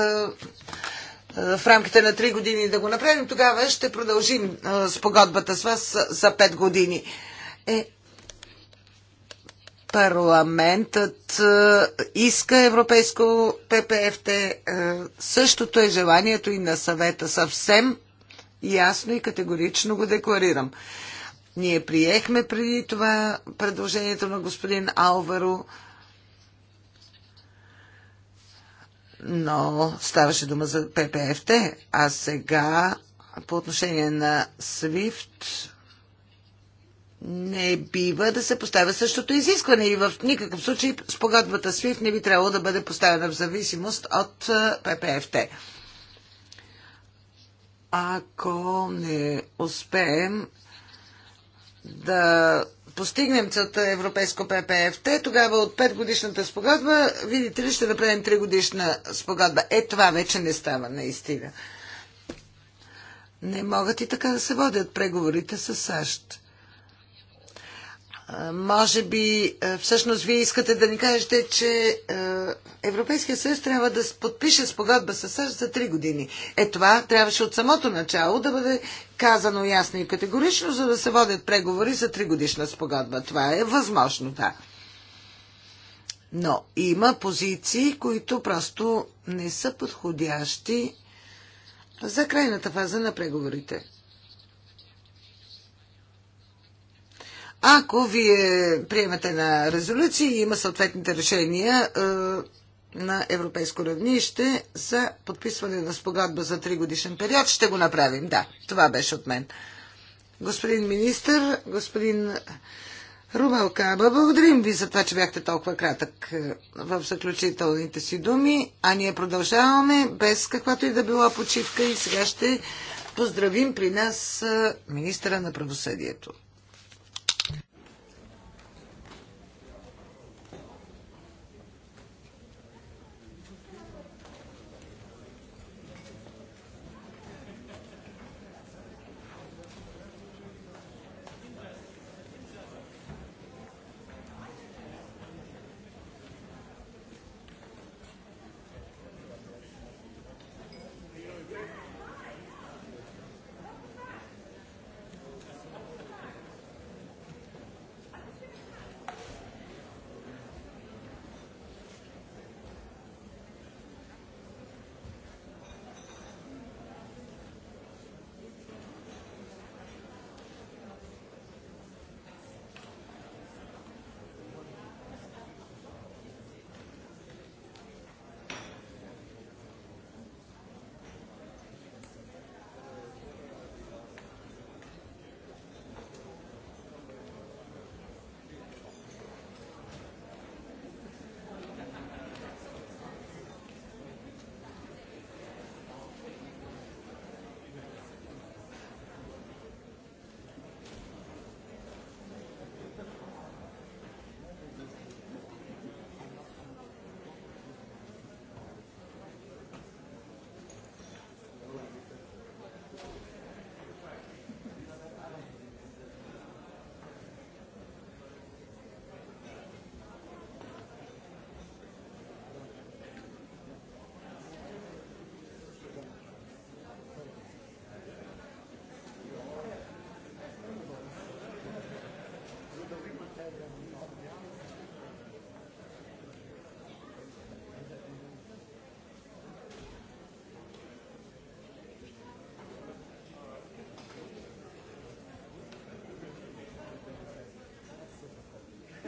в рамките на 3 години да го направим, тогава ще продължим с погодбата с вас за 5 години. Е, парламентът иска европейско ППФТ. Същото е желанието и на съвета. Съвсем ясно и категорично го декларирам. Ние приехме преди това предложението на господин Алваро, но ставаше дума за ППФТ, а сега по отношение на Свифт не бива да се поставя същото изискване и в никакъв случай спогадбата Свифт не би трябвало да бъде поставена в зависимост от ППФТ ако не успеем да постигнем целта Европейско ППФТ, тогава от 5 годишната спогадба, видите ли, ще направим 3 годишна спогадба. Е, това вече не става наистина. Не могат и така да се водят преговорите с САЩ. Може би, е, всъщност, вие искате да ни кажете, че е, Европейския съюз трябва да подпише спогодба с САЩ за 3 години. Е това трябваше от самото начало да бъде казано ясно и категорично, за да се водят преговори за 3 годишна спогодба. Това е възможно, да. Но има позиции, които просто не са подходящи за крайната фаза на преговорите. Ако вие приемате на резолюции и има съответните решения е, на европейско равнище за подписване на спогадба за 3 годишен период, ще го направим. Да, това беше от мен. Господин министр, господин Румел Каба, благодарим ви за това, че бяхте толкова кратък е, в заключителните си думи, а ние продължаваме без каквато и да била почивка и сега ще поздравим при нас е, министра на правосъдието.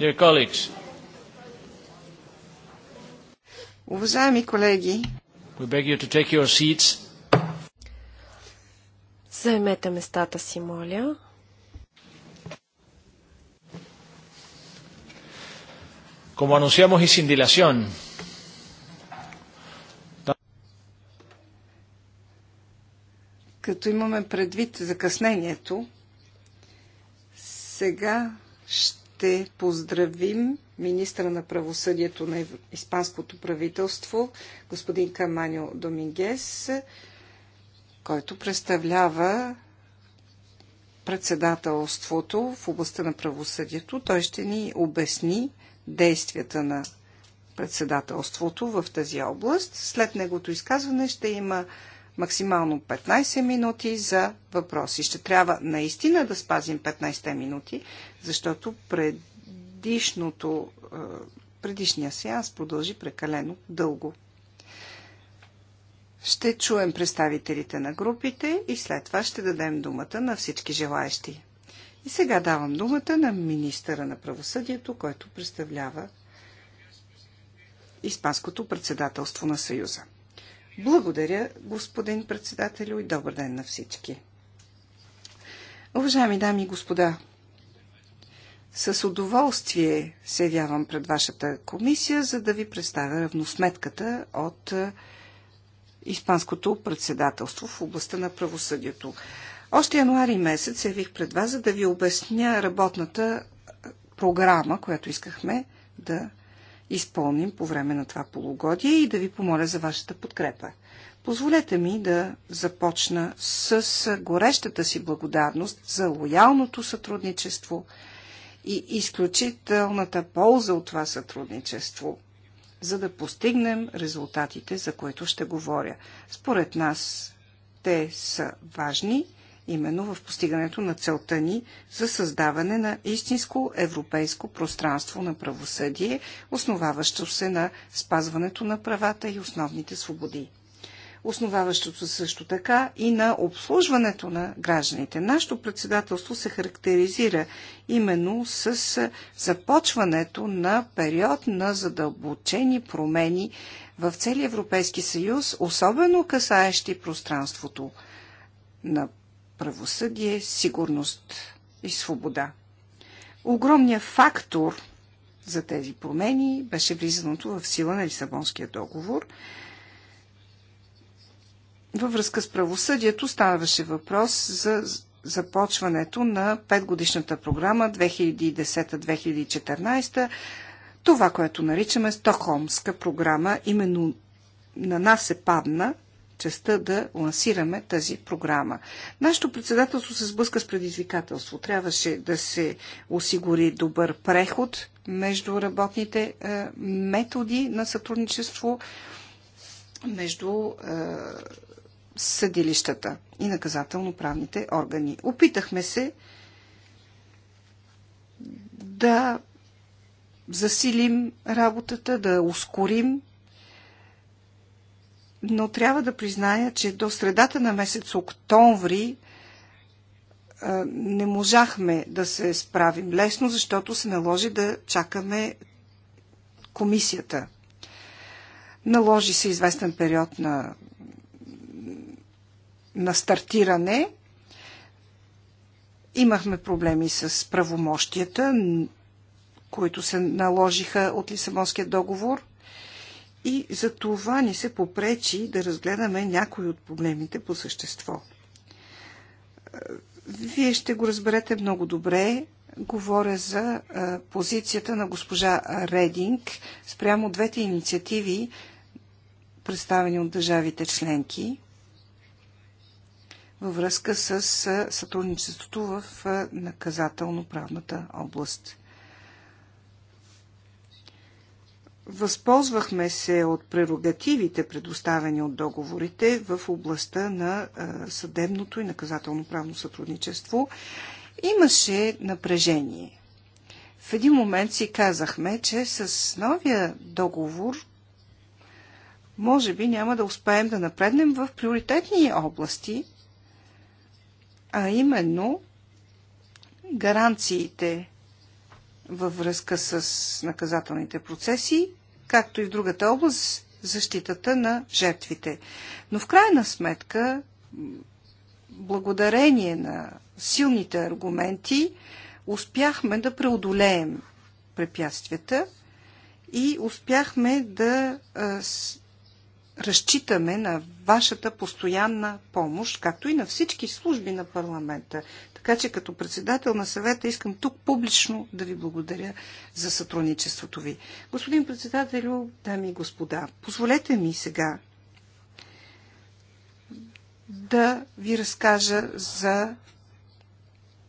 Dear colleagues, Уважаеми колеги, we beg you to take your seats. Займете местата си, моля. Como anunciamos y sin dilación, като имаме предвид закъснението, сега ще поздравим министра на правосъдието на Испанското правителство, господин Каманио Домингес, който представлява председателството в областта на правосъдието. Той ще ни обясни действията на председателството в тази област. След негото изказване ще има максимално 15 минути за въпроси. Ще трябва наистина да спазим 15 минути, защото предишното, е, предишния сеанс продължи прекалено дълго. Ще чуем представителите на групите и след това ще дадем думата на всички желаящи. И сега давам думата на министъра на правосъдието, който представлява Испанското председателство на Съюза. Благодаря, господин председателю, и добър ден на всички. Уважаеми дами и господа, с удоволствие се явявам пред вашата комисия, за да ви представя равносметката от е, Испанското председателство в областта на правосъдието. Още януари месец се явих пред вас, за да ви обясня работната е, програма, която искахме да изпълним по време на това полугодие и да ви помоля за вашата подкрепа. Позволете ми да започна с горещата си благодарност за лоялното сътрудничество и изключителната полза от това сътрудничество, за да постигнем резултатите, за които ще говоря. Според нас те са важни именно в постигането на целта ни за създаване на истинско европейско пространство на правосъдие, основаващо се на спазването на правата и основните свободи. Основаващото също така и на обслужването на гражданите. Нашето председателство се характеризира именно с започването на период на задълбочени промени в целия Европейски съюз, особено касаещи пространството на правосъдие, сигурност и свобода. Огромният фактор за тези промени беше влизаното в сила на Лисабонския договор. Във връзка с правосъдието ставаше въпрос за започването на петгодишната програма 2010-2014, това, което наричаме Стокхолмска програма, именно на нас се падна честа да лансираме тази програма. Нашето председателство се сблъска с предизвикателство. Трябваше да се осигури добър преход между работните е, методи на сътрудничество между е, съдилищата и наказателно-правните органи. Опитахме се да засилим работата, да ускорим но трябва да призная, че до средата на месец октомври е, не можахме да се справим лесно, защото се наложи да чакаме комисията. Наложи се известен период на, на стартиране. Имахме проблеми с правомощията, които се наложиха от Лисабонския договор – и за това ни се попречи да разгледаме някои от проблемите по същество. Вие ще го разберете много добре. Говоря за позицията на госпожа Рединг спрямо двете инициативи, представени от държавите членки във връзка с сътрудничеството в наказателно-правната област. Възползвахме се от прерогативите, предоставени от договорите в областта на съдебното и наказателно-правно сътрудничество. Имаше напрежение. В един момент си казахме, че с новия договор може би няма да успеем да напреднем в приоритетни области, а именно гаранциите във връзка с наказателните процеси, както и в другата област защитата на жертвите. Но в крайна сметка, благодарение на силните аргументи, успяхме да преодолеем препятствията и успяхме да разчитаме на вашата постоянна помощ, както и на всички служби на парламента. Така че като председател на съвета искам тук публично да ви благодаря за сътрудничеството ви. Господин председателю, дами и господа, позволете ми сега да ви разкажа за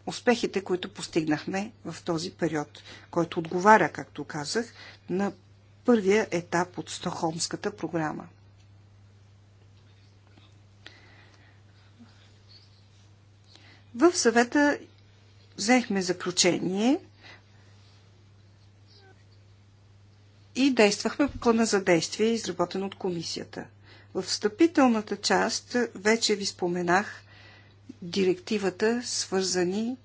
успехите, които постигнахме в този период, който отговаря, както казах, на първия етап от Стохолмската програма. В съвета взехме заключение и действахме по плана за действие, изработен от комисията. В встъпителната част вече ви споменах директивата, свързани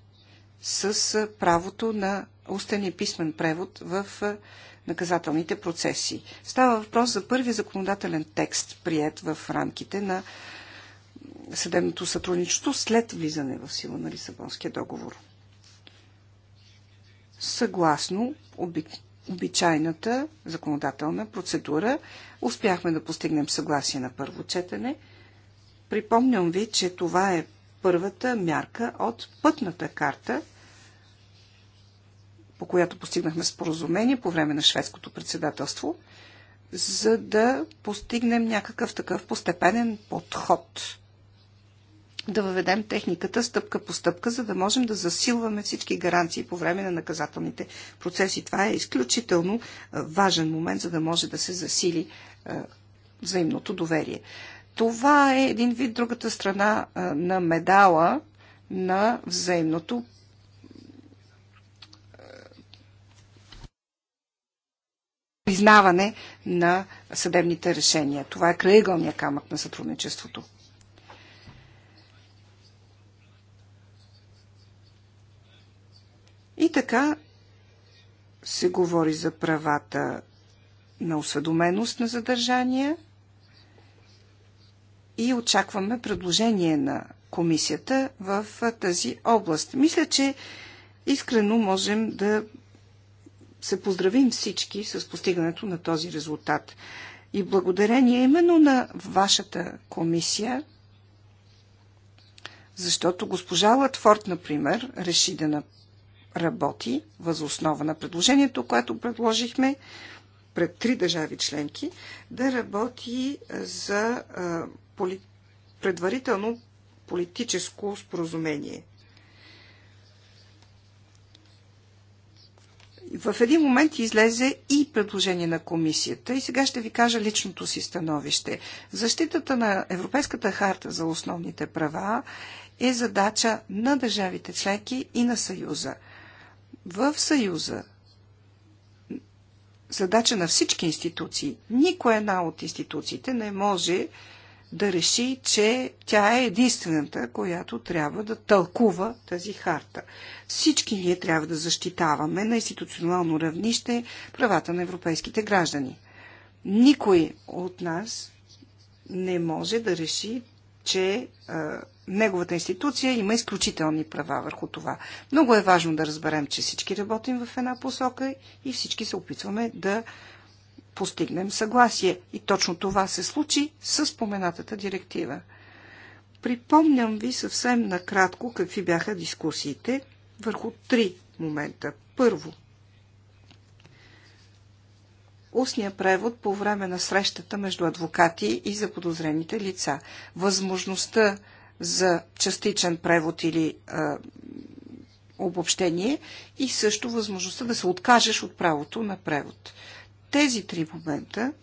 с правото на устен и писмен превод в наказателните процеси. Става въпрос за първи законодателен текст, прият в рамките на съдебното сътрудничество след влизане в сила на Лисабонския договор. Съгласно обичайната законодателна процедура, успяхме да постигнем съгласие на първо четене. Припомням ви, че това е първата мярка от пътната карта, по която постигнахме споразумение по време на шведското председателство, за да постигнем някакъв такъв постепенен подход да въведем техниката стъпка по стъпка, за да можем да засилваме всички гаранции по време на наказателните процеси. Това е изключително е, важен момент, за да може да се засили е, взаимното доверие. Това е един вид другата страна е, на медала на взаимното признаване на съдебните решения. Това е краъгълния камък на сътрудничеството. И така се говори за правата на осведоменост на задържания и очакваме предложение на комисията в тази област. Мисля, че искрено можем да се поздравим всички с постигането на този резултат. И благодарение именно на вашата комисия, защото госпожа Латфорд, например, реши да работи възоснова на предложението, което предложихме пред три държави членки, да работи за поли... предварително политическо споразумение. В един момент излезе и предложение на комисията и сега ще ви кажа личното си становище. Защитата на Европейската харта за основните права е задача на държавите членки и на Съюза – в Съюза задача на всички институции. Никоя една от институциите не може да реши, че тя е единствената, която трябва да тълкува тази харта. Всички ние трябва да защитаваме на институционално равнище правата на европейските граждани. Никой от нас не може да реши, че а, неговата институция има изключителни права върху това. Много е важно да разберем, че всички работим в една посока и всички се опитваме да постигнем съгласие. И точно това се случи с споменатата директива. Припомням ви съвсем накратко какви бяха дискусиите върху три момента. Първо, устния превод по време на срещата между адвокати и заподозрените лица. Възможността за частичен превод или а, обобщение и също възможността да се откажеш от правото на превод. Тези три момента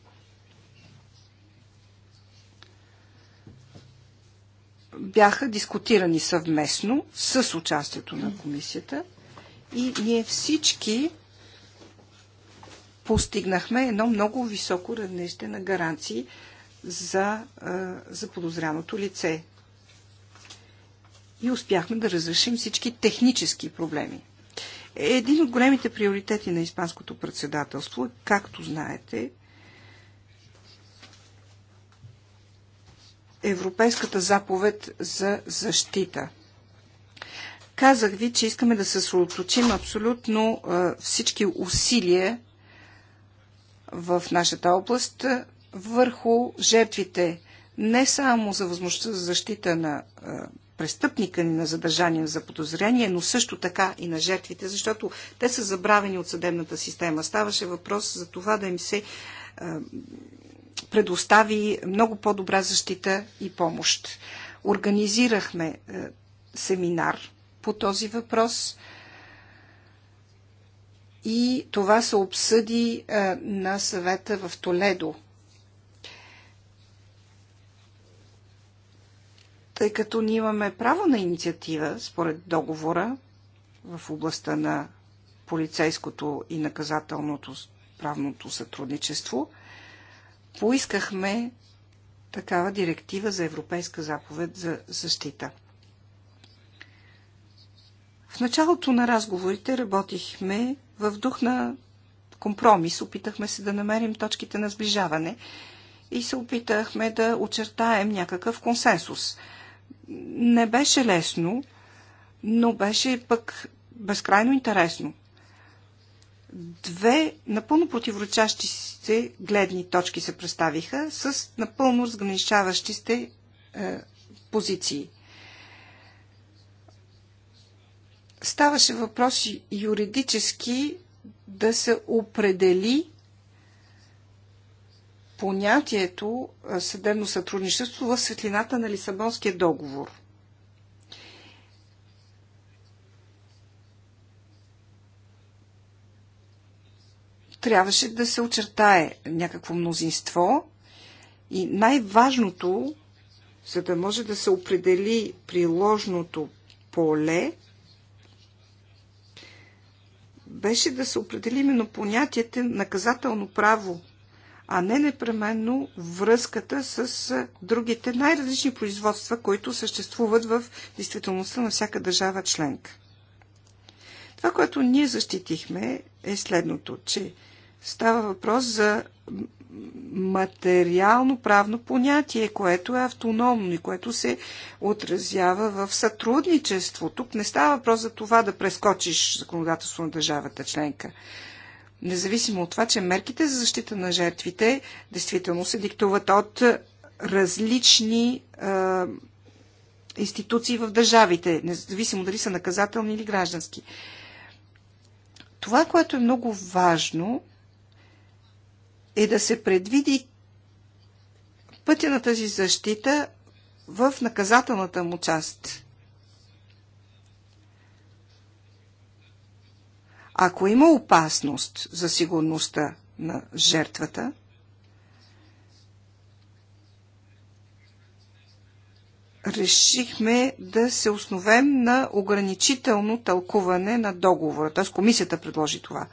бяха дискутирани съвместно с участието на комисията и ние всички постигнахме едно много високо равнище на гаранции за, за подозряното лице и успяхме да разрешим всички технически проблеми. Един от големите приоритети на Испанското председателство е, както знаете, Европейската заповед за защита. Казах ви, че искаме да се съсредоточим абсолютно всички усилия в нашата област върху жертвите не само за възможността за защита на престъпника, на задържания за подозрение, но също така и на жертвите, защото те са забравени от съдебната система. Ставаше въпрос за това да им се предостави много по-добра защита и помощ. Организирахме семинар по този въпрос и това се обсъди на съвета в Толедо – тъй като ние имаме право на инициатива според договора в областта на полицейското и наказателното правното сътрудничество, поискахме такава директива за Европейска заповед за защита. В началото на разговорите работихме в дух на компромис, опитахме се да намерим точките на сближаване и се опитахме да очертаем някакъв консенсус – не беше лесно, но беше пък безкрайно интересно. Две напълно противоречащи се гледни точки се представиха с напълно разграничаващи се е, позиции. Ставаше въпрос юридически да се определи понятието съдебно сътрудничество в светлината на Лисабонския договор. Трябваше да се очертае някакво мнозинство и най-важното, за да може да се определи приложното поле, беше да се определи именно понятието наказателно право а не непременно връзката с другите най-различни производства, които съществуват в действителността на всяка държава членка. Това, което ние защитихме е следното, че става въпрос за материално-правно понятие, което е автономно и което се отразява в сътрудничество. Тук не става въпрос за това да прескочиш законодателство на държавата членка независимо от това, че мерките за защита на жертвите действително се диктуват от различни е, институции в държавите, независимо дали са наказателни или граждански. Това, което е много важно, е да се предвиди пътя на тази защита в наказателната му част. Ако има опасност за сигурността на жертвата, решихме да се основем на ограничително тълкуване на договора. Т.е. комисията предложи това.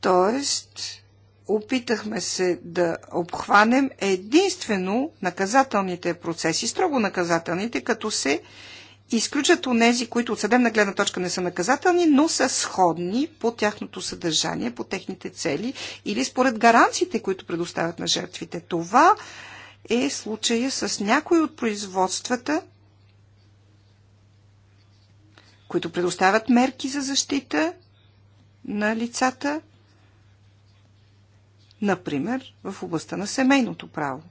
Тоест, опитахме се да обхванем единствено наказателните процеси, строго наказателните, като се изключат онези, които от съдебна гледна точка не са наказателни, но са сходни по тяхното съдържание, по техните цели или според гаранциите, които предоставят на жертвите. Това е случая с някои от производствата, които предоставят мерки за защита на лицата, например в областта на семейното право.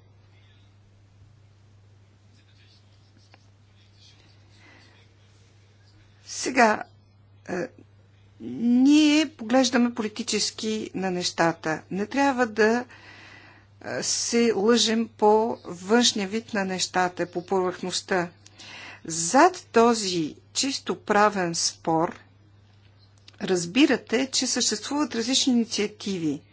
Сега, е, ние поглеждаме политически на нещата. Не трябва да е, се лъжем по външния вид на нещата, по повърхността. Зад този чисто правен спор разбирате, че съществуват различни инициативи –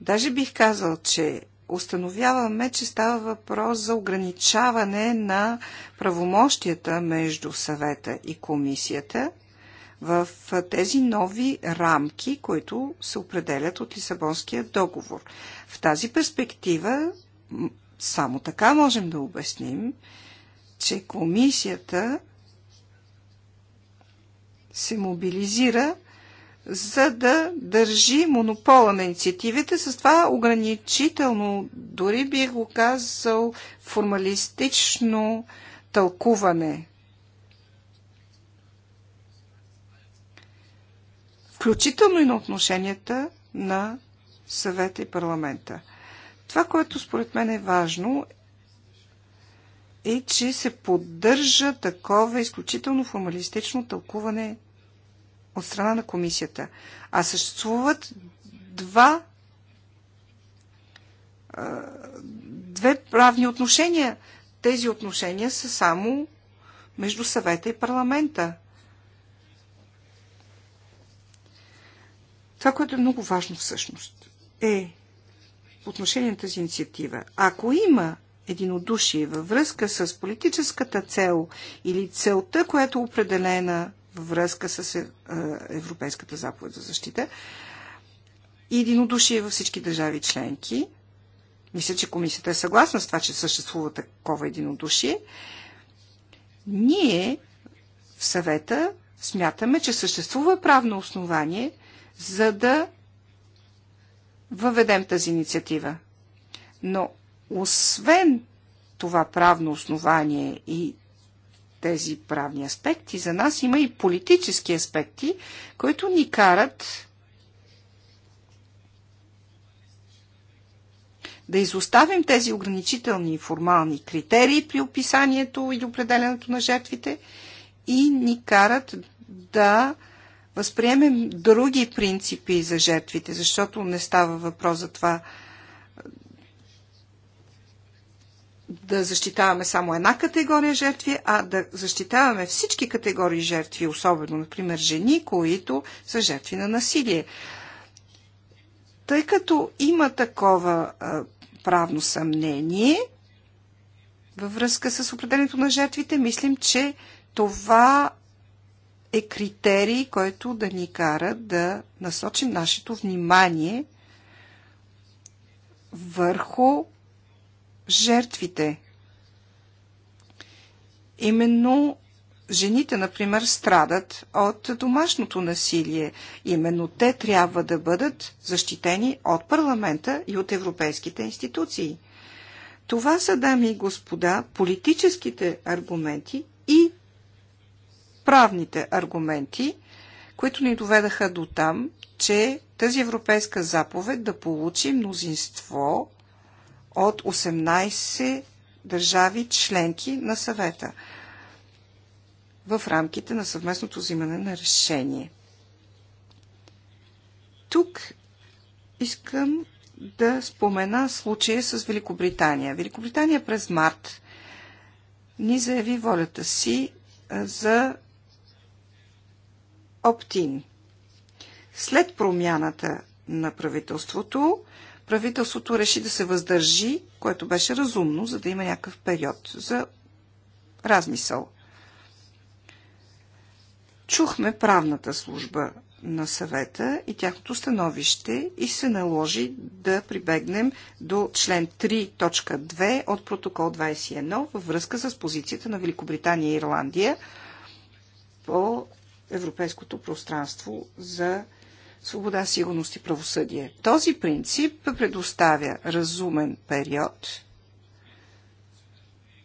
Даже бих казал, че установяваме, че става въпрос за ограничаване на правомощията между съвета и комисията в тези нови рамки, които се определят от Лисабонския договор. В тази перспектива само така можем да обясним, че комисията се мобилизира за да държи монопола на инициативите. С това ограничително, дори бих го казал, формалистично тълкуване. Включително и на отношенията на съвета и парламента. Това, което според мен е важно, е, че се поддържа такова изключително формалистично тълкуване от страна на комисията. А съществуват два две правни отношения. Тези отношения са само между съвета и парламента. Това, което е много важно всъщност, е отношение на тази инициатива. Ако има единодушие във връзка с политическата цел или целта, която е определена във връзка с е, Европейската заповед за защита. И единодушие във всички държави членки. Мисля, че комисията е съгласна с това, че съществува такова единодушие. Ние в съвета смятаме, че съществува правно основание, за да въведем тази инициатива. Но освен това правно основание и тези правни аспекти, за нас има и политически аспекти, които ни карат да изоставим тези ограничителни и формални критерии при описанието и определенето на жертвите и ни карат да възприемем други принципи за жертвите, защото не става въпрос за това да защитаваме само една категория жертви, а да защитаваме всички категории жертви, особено, например, жени, които са жертви на насилие. Тъй като има такова а, правно съмнение във връзка с определението на жертвите, мислим, че това е критерий, който да ни кара да насочим нашето внимание върху жертвите. Именно жените, например, страдат от домашното насилие. Именно те трябва да бъдат защитени от парламента и от европейските институции. Това са, дами и господа, политическите аргументи и правните аргументи, които ни доведаха до там, че тази европейска заповед да получи мнозинство от 18 държави членки на съвета в рамките на съвместното взимане на решение. Тук искам да спомена случая с Великобритания. Великобритания през март ни заяви волята си за оптин. След промяната на правителството, правителството реши да се въздържи, което беше разумно, за да има някакъв период за размисъл. Чухме правната служба на съвета и тяхното становище и се наложи да прибегнем до член 3.2 от протокол 21 във връзка с позицията на Великобритания и Ирландия по европейското пространство за свобода, сигурност и правосъдие. Този принцип предоставя разумен период,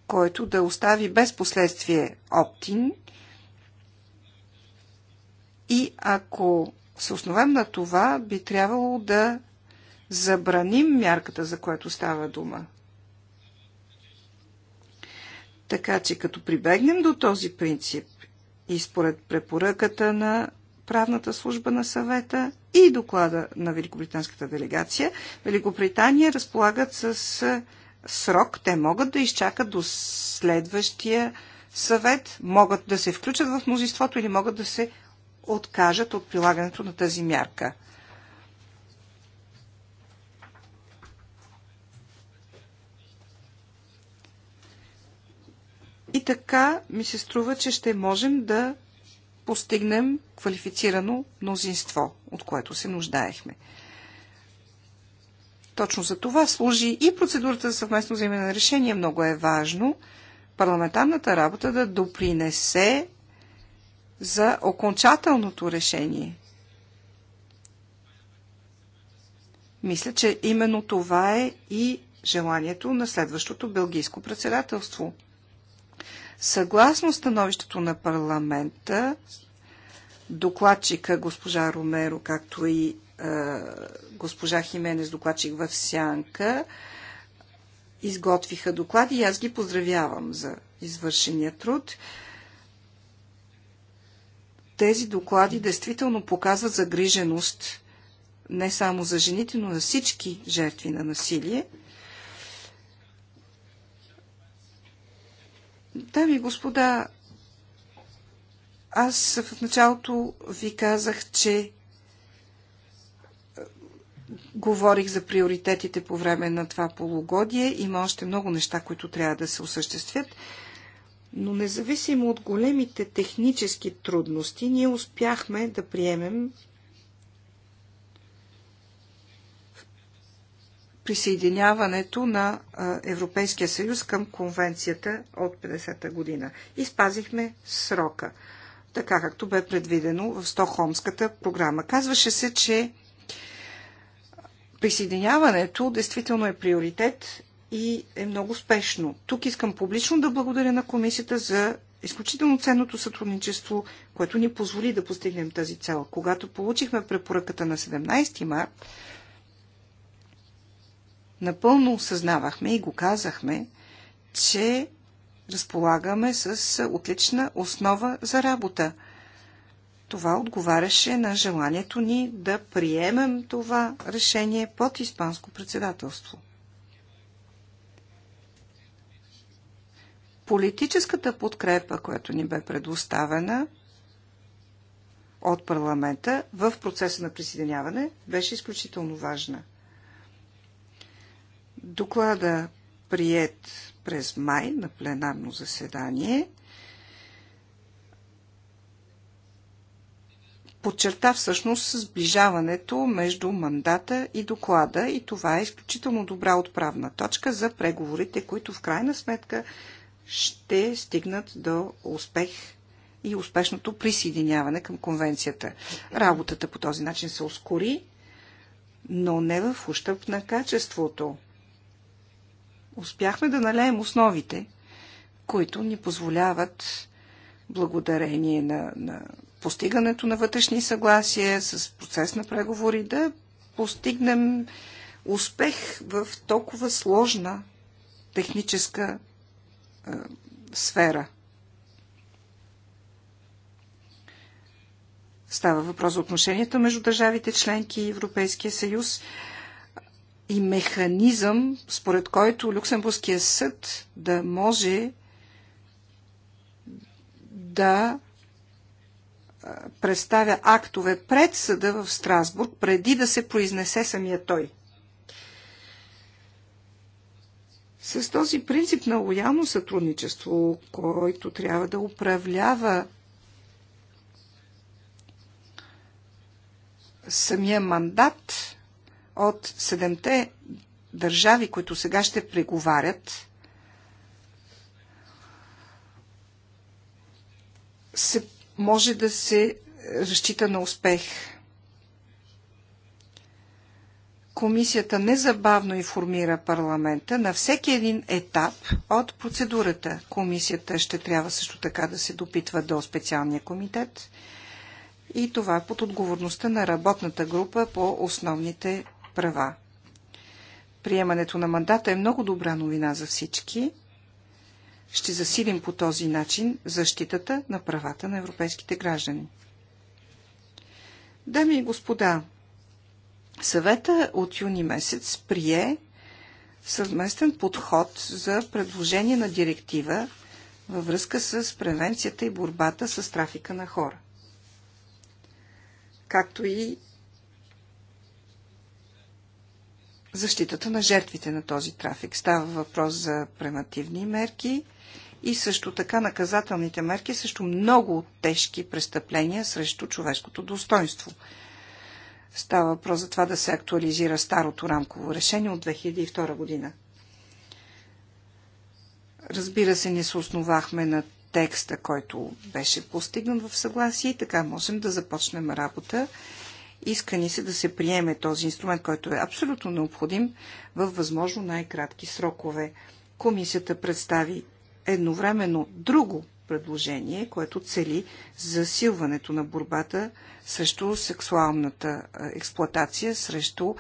който да остави без последствие оптин и ако се основем на това, би трябвало да забраним мярката, за която става дума. Така че като прибегнем до този принцип и според препоръката на правната служба на съвета и доклада на Великобританската делегация. Великобритания разполагат с срок. Те могат да изчакат до следващия съвет, могат да се включат в мнозинството или могат да се откажат от прилагането на тази мярка. И така ми се струва, че ще можем да постигнем квалифицирано мнозинство, от което се нуждаехме. Точно за това служи и процедурата за съвместно вземане на решение. Много е важно парламентарната работа да допринесе за окончателното решение. Мисля, че именно това е и желанието на следващото белгийско председателство. Съгласно становището на парламента, докладчика госпожа Ромеро, както и е, госпожа Хименес, докладчик в Сянка, изготвиха доклади и аз ги поздравявам за извършения труд. Тези доклади действително показват загриженост не само за жените, но за всички жертви на насилие – Дами и господа, аз в началото ви казах, че е, говорих за приоритетите по време на това полугодие. Има още много неща, които трябва да се осъществят. Но независимо от големите технически трудности, ние успяхме да приемем присъединяването на Европейския съюз към конвенцията от 50-та година. И спазихме срока, така както бе предвидено в Стохомската програма. Казваше се, че присъединяването действително е приоритет и е много спешно. Тук искам публично да благодаря на комисията за изключително ценното сътрудничество, което ни позволи да постигнем тази цел. Когато получихме препоръката на 17 март, напълно осъзнавахме и го казахме, че разполагаме с отлична основа за работа. Това отговаряше на желанието ни да приемем това решение под Испанско председателство. Политическата подкрепа, която ни бе предоставена от парламента в процеса на присъединяване, беше изключително важна – Доклада прият през май на пленарно заседание подчерта всъщност сближаването между мандата и доклада и това е изключително добра отправна точка за преговорите, които в крайна сметка ще стигнат до успех и успешното присъединяване към конвенцията. Работата по този начин се ускори, но не в ущъп на качеството успяхме да налеем основите, които ни позволяват благодарение на, на постигането на вътрешни съгласия, с процес на преговори, да постигнем успех в толкова сложна техническа е, сфера. Става въпрос за отношенията между държавите членки и Европейския съюз. Е, и механизъм, според който Люксембургския съд да може да представя актове пред съда в Страсбург, преди да се произнесе самия той. С този принцип на лоялно сътрудничество, който трябва да управлява самия мандат от седемте държави, които сега ще преговарят, се, може да се разчита на успех. Комисията незабавно информира парламента на всеки един етап от процедурата. Комисията ще трябва също така да се допитва до специалния комитет. И това под отговорността на работната група по основните права. Приемането на мандата е много добра новина за всички. Ще засилим по този начин защитата на правата на европейските граждани. Дами и господа, съвета от юни месец прие съвместен подход за предложение на директива във връзка с превенцията и борбата с трафика на хора, както и защитата на жертвите на този трафик. Става въпрос за премативни мерки и също така наказателните мерки също много тежки престъпления срещу човешкото достоинство. Става въпрос за това да се актуализира старото рамково решение от 2002 година. Разбира се, ние се основахме на текста, който беше постигнат в съгласие и така можем да започнем работа иска ни се да се приеме този инструмент, който е абсолютно необходим в възможно най-кратки срокове. Комисията представи едновременно друго предложение, което цели засилването на борбата срещу сексуалната експлоатация, срещу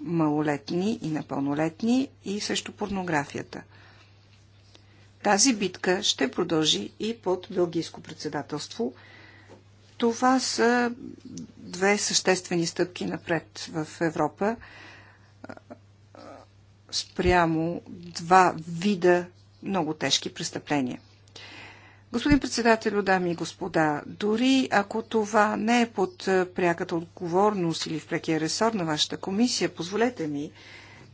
малолетни и напълнолетни и срещу порнографията. Тази битка ще продължи и под Белгийско председателство – това са две съществени стъпки напред в Европа спрямо два вида много тежки престъпления. Господин председател, дами и господа, дори ако това не е под пряката отговорност или в прекия ресор на вашата комисия, позволете ми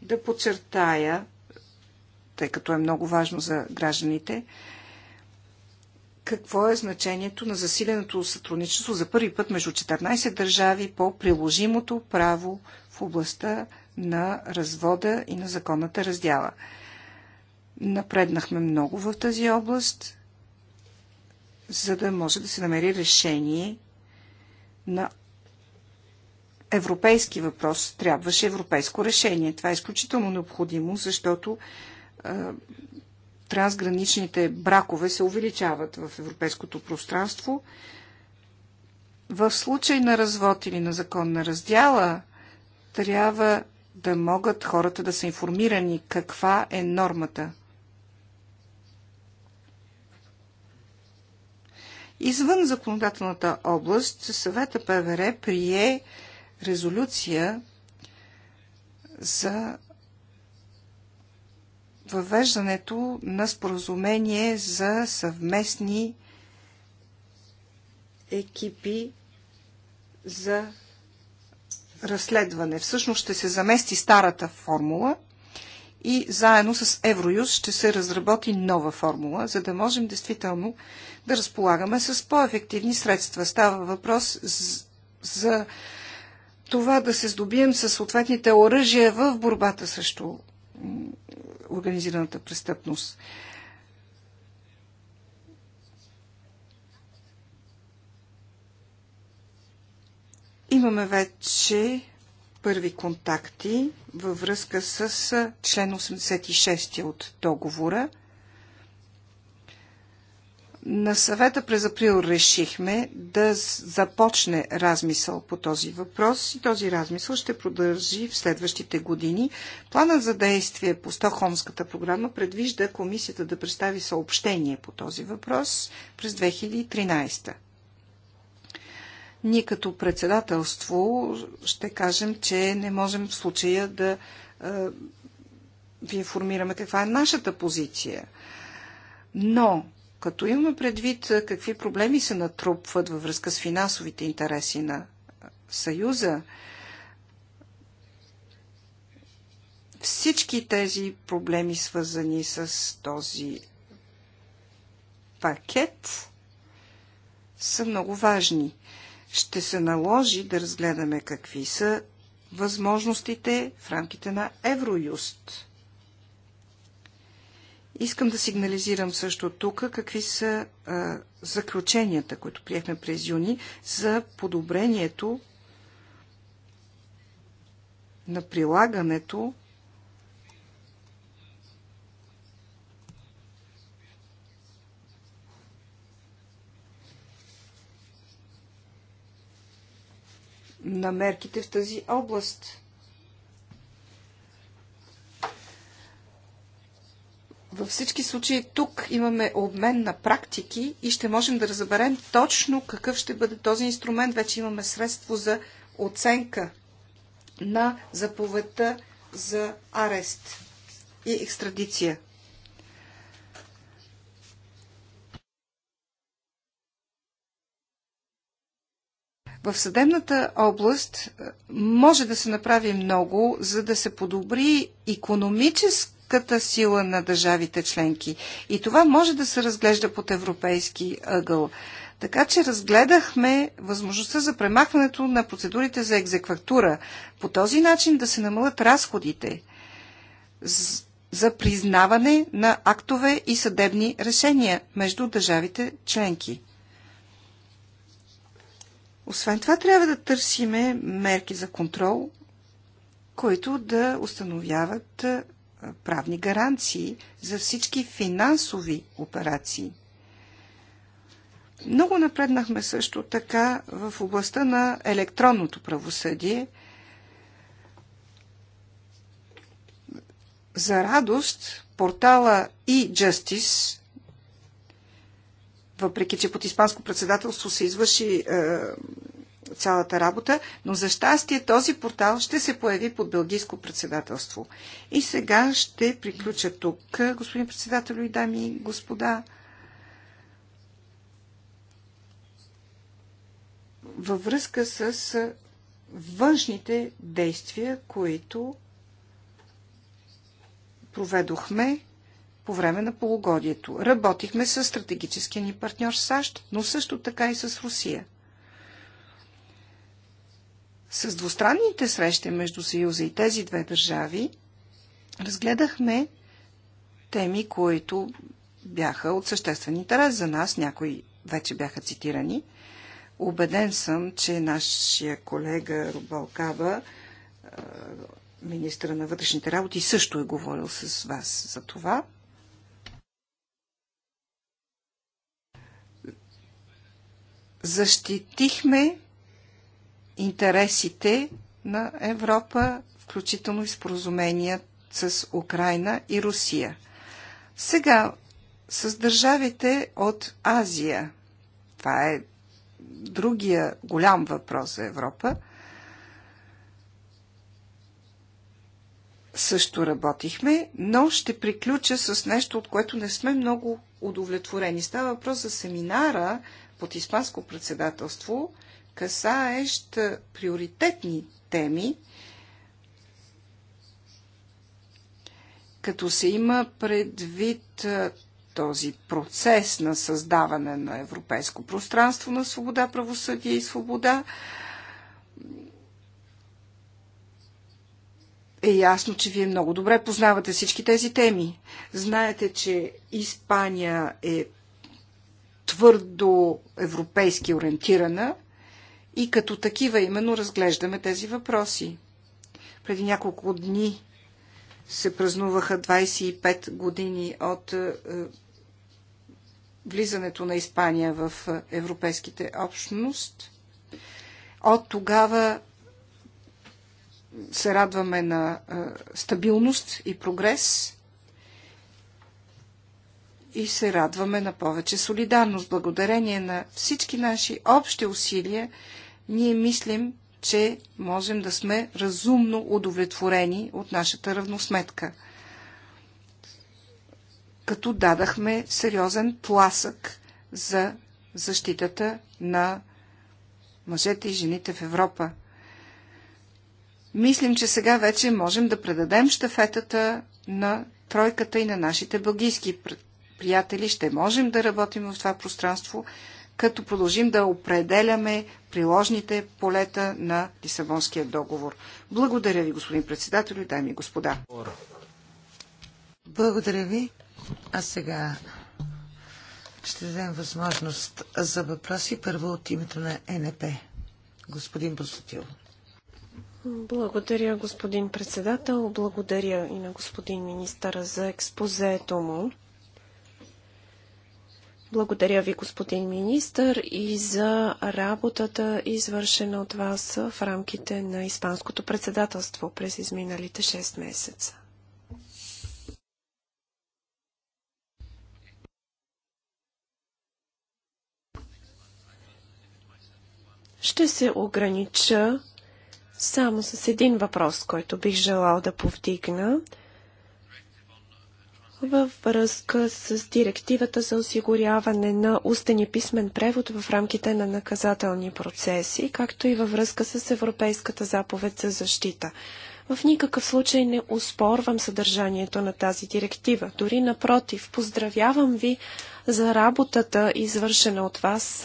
да подчертая, тъй като е много важно за гражданите, какво е значението на засиленото сътрудничество за първи път между 14 държави по приложимото право в областта на развода и на законната раздяла. Напреднахме много в тази област, за да може да се намери решение на европейски въпрос. Трябваше европейско решение. Това е изключително необходимо, защото трансграничните бракове се увеличават в европейското пространство. В случай на развод или на закон на раздяла, трябва да могат хората да са информирани каква е нормата. Извън законодателната област, съвета ПВР прие резолюция за въвеждането на споразумение за съвместни екипи за разследване. Всъщност ще се замести старата формула и заедно с Евроюз ще се разработи нова формула, за да можем действително да разполагаме с по-ефективни средства. Става въпрос за това да се здобием с съответните оръжия в борбата срещу организираната престъпност. Имаме вече първи контакти във връзка с член 86 от договора – на съвета през април решихме да започне размисъл по този въпрос и този размисъл ще продължи в следващите години. Планът за действие по Стокхолмската програма предвижда комисията да представи съобщение по този въпрос през 2013. Ние като председателство ще кажем, че не можем в случая да е, ви информираме каква е нашата позиция. Но като имаме предвид какви проблеми се натрупват във връзка с финансовите интереси на Съюза, всички тези проблеми, свързани с този пакет, са много важни. Ще се наложи да разгледаме какви са възможностите в рамките на Евроюст. Искам да сигнализирам също тук какви са а, заключенията, които приехме през юни за подобрението на прилагането на мерките в тази област. Във всички случаи тук имаме обмен на практики и ще можем да разберем точно какъв ще бъде този инструмент. Вече имаме средство за оценка на заповедта за арест и екстрадиция. В съдебната област е, може да се направи много, за да се подобри економически политическата сила на държавите членки. И това може да се разглежда под европейски ъгъл. Така че разгледахме възможността за премахването на процедурите за екзекватура. По този начин да се намалят разходите за признаване на актове и съдебни решения между държавите членки. Освен това, трябва да търсиме мерки за контрол, които да установяват правни гаранции за всички финансови операции. Много напреднахме също така в областта на електронното правосъдие. За радост, портала e-Justice, въпреки че под испанско председателство се извърши е, цялата работа, но за щастие този портал ще се появи под белгийско председателство. И сега ще приключа тук, господин председател и дами и господа. Във връзка с външните действия, които проведохме по време на полугодието. Работихме с стратегическия ни партньор САЩ, но също така и с Русия – с двустранните срещи между Съюза и тези две държави разгледахме теми, които бяха от съществен интерес за нас. Някои вече бяха цитирани. Обеден съм, че нашия колега Рубалкаба, министра на вътрешните работи, също е говорил с вас за това. Защитихме интересите на Европа, включително и споразумения с Украина и Русия. Сега с държавите от Азия. Това е другия голям въпрос за Европа. Също работихме, но ще приключа с нещо, от което не сме много удовлетворени. Става въпрос за семинара под Испанско председателство – касаещ приоритетни теми, като се има предвид този процес на създаване на европейско пространство на свобода, правосъдие и свобода, е ясно, че вие много добре познавате всички тези теми. Знаете, че Испания е твърдо европейски ориентирана и като такива именно разглеждаме тези въпроси. Преди няколко дни се празнуваха 25 години от е, влизането на Испания в е, европейските общност. От тогава се радваме на е, стабилност и прогрес и се радваме на повече солидарност, благодарение на всички наши общи усилия ние мислим, че можем да сме разумно удовлетворени от нашата равносметка. Като дадахме сериозен тласък за защитата на мъжете и жените в Европа. Мислим, че сега вече можем да предадем щафетата на тройката и на нашите бългийски приятели. Ще можем да работим в това пространство като продължим да определяме приложните полета на Лисабонския договор. Благодаря ви, господин председател и дами и господа. Благодаря ви. А сега ще дадем възможност за въпроси. Първо от името на НП. Господин Босотил. Благодаря, господин председател. Благодаря и на господин министъра за експозето му. Благодаря ви, господин министр, и за работата, извършена от вас в рамките на Испанското председателство през изминалите 6 месеца. Ще се огранича само с един въпрос, който бих желал да повдигна – във връзка с директивата за осигуряване на устен и писмен превод в рамките на наказателни процеси, както и във връзка с Европейската заповед за защита. В никакъв случай не успорвам съдържанието на тази директива. Дори напротив, поздравявам ви за работата, извършена от вас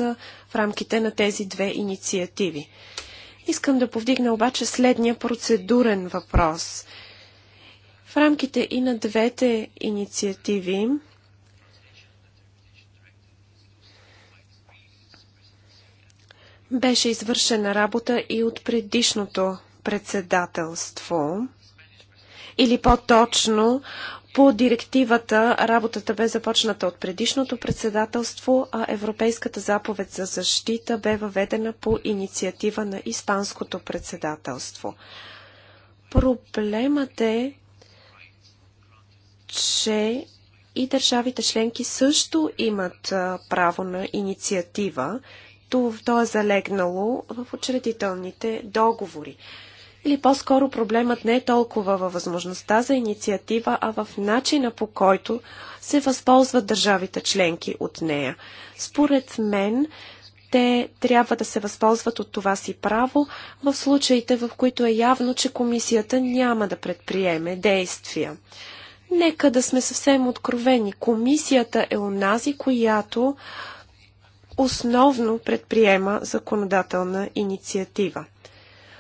в рамките на тези две инициативи. Искам да повдигна обаче следния процедурен въпрос – в рамките и на двете инициативи беше извършена работа и от предишното председателство, или по-точно по директивата работата бе започната от предишното председателство, а Европейската заповед за защита бе въведена по инициатива на Испанското председателство. Проблемът е, че и държавите членки също имат право на инициатива. То е залегнало в учредителните договори. Или по-скоро проблемът не е толкова във възможността за инициатива, а в начина по който се възползват държавите членки от нея. Според мен, те трябва да се възползват от това си право в случаите, в които е явно, че комисията няма да предприеме действия. Нека да сме съвсем откровени. Комисията е онази, която основно предприема законодателна инициатива.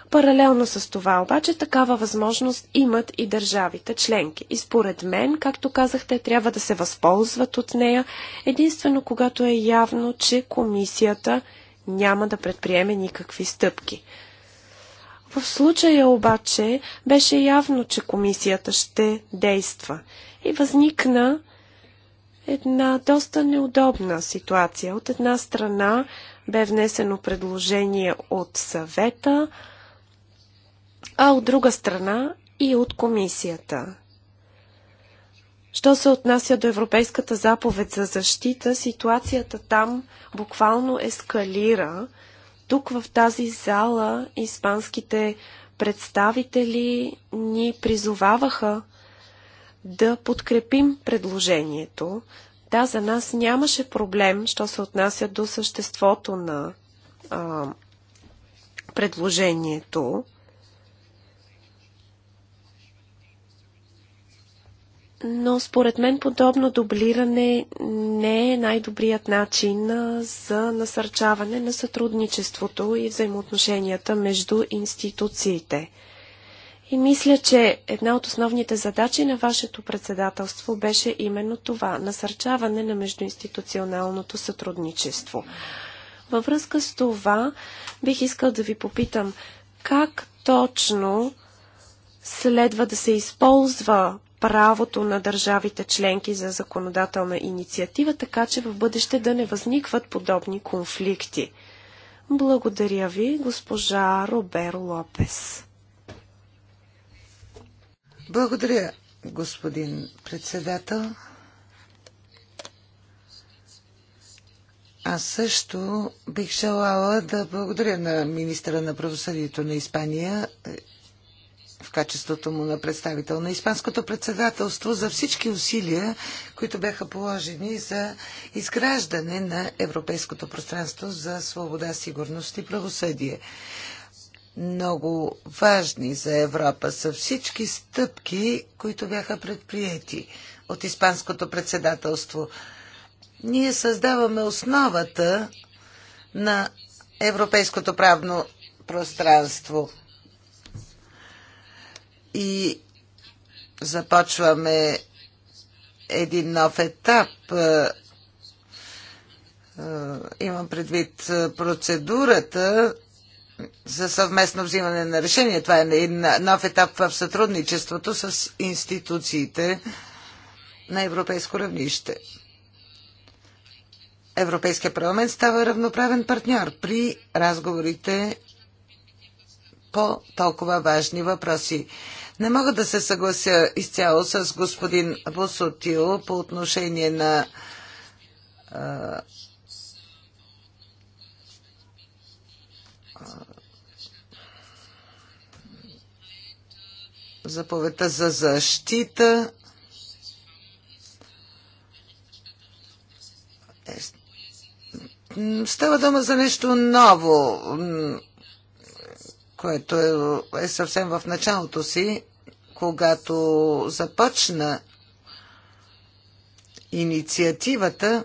Паралелно с това обаче такава възможност имат и държавите членки. И според мен, както казахте, трябва да се възползват от нея, единствено когато е явно, че комисията няма да предприеме никакви стъпки. В случая обаче беше явно, че комисията ще действа и възникна една доста неудобна ситуация. От една страна бе внесено предложение от съвета, а от друга страна и от комисията. Що се отнася до Европейската заповед за защита, ситуацията там буквално ескалира – тук в тази зала испанските представители ни призоваваха да подкрепим предложението. Да, за нас нямаше проблем, що се отнася до съществото на а, предложението. но според мен подобно дублиране не е най-добрият начин за насърчаване на сътрудничеството и взаимоотношенията между институциите. И мисля, че една от основните задачи на вашето председателство беше именно това – насърчаване на междуинституционалното сътрудничество. Във връзка с това бих искал да ви попитам как точно следва да се използва правото на държавите членки за законодателна инициатива, така че в бъдеще да не възникват подобни конфликти. Благодаря ви, госпожа Робер Лопес. Благодаря, господин председател. Аз също бих желала да благодаря на министра на правосъдието на Испания в качеството му на представител на Испанското председателство за всички усилия, които бяха положени за изграждане на Европейското пространство за свобода, сигурност и правосъдие. Много важни за Европа са всички стъпки, които бяха предприяти от Испанското председателство. Ние създаваме основата на европейското правно пространство – и започваме един нов етап. Е, е, имам предвид е, процедурата за съвместно взимане на решение. Това е един нов етап в сътрудничеството с институциите на европейско равнище. Европейския парламент става равноправен партньор при разговорите по толкова важни въпроси. Не мога да се съглася изцяло с господин Босотил по отношение на заповедта за защита. Е, става дума за нещо ново което е, е съвсем в началото си, когато започна инициативата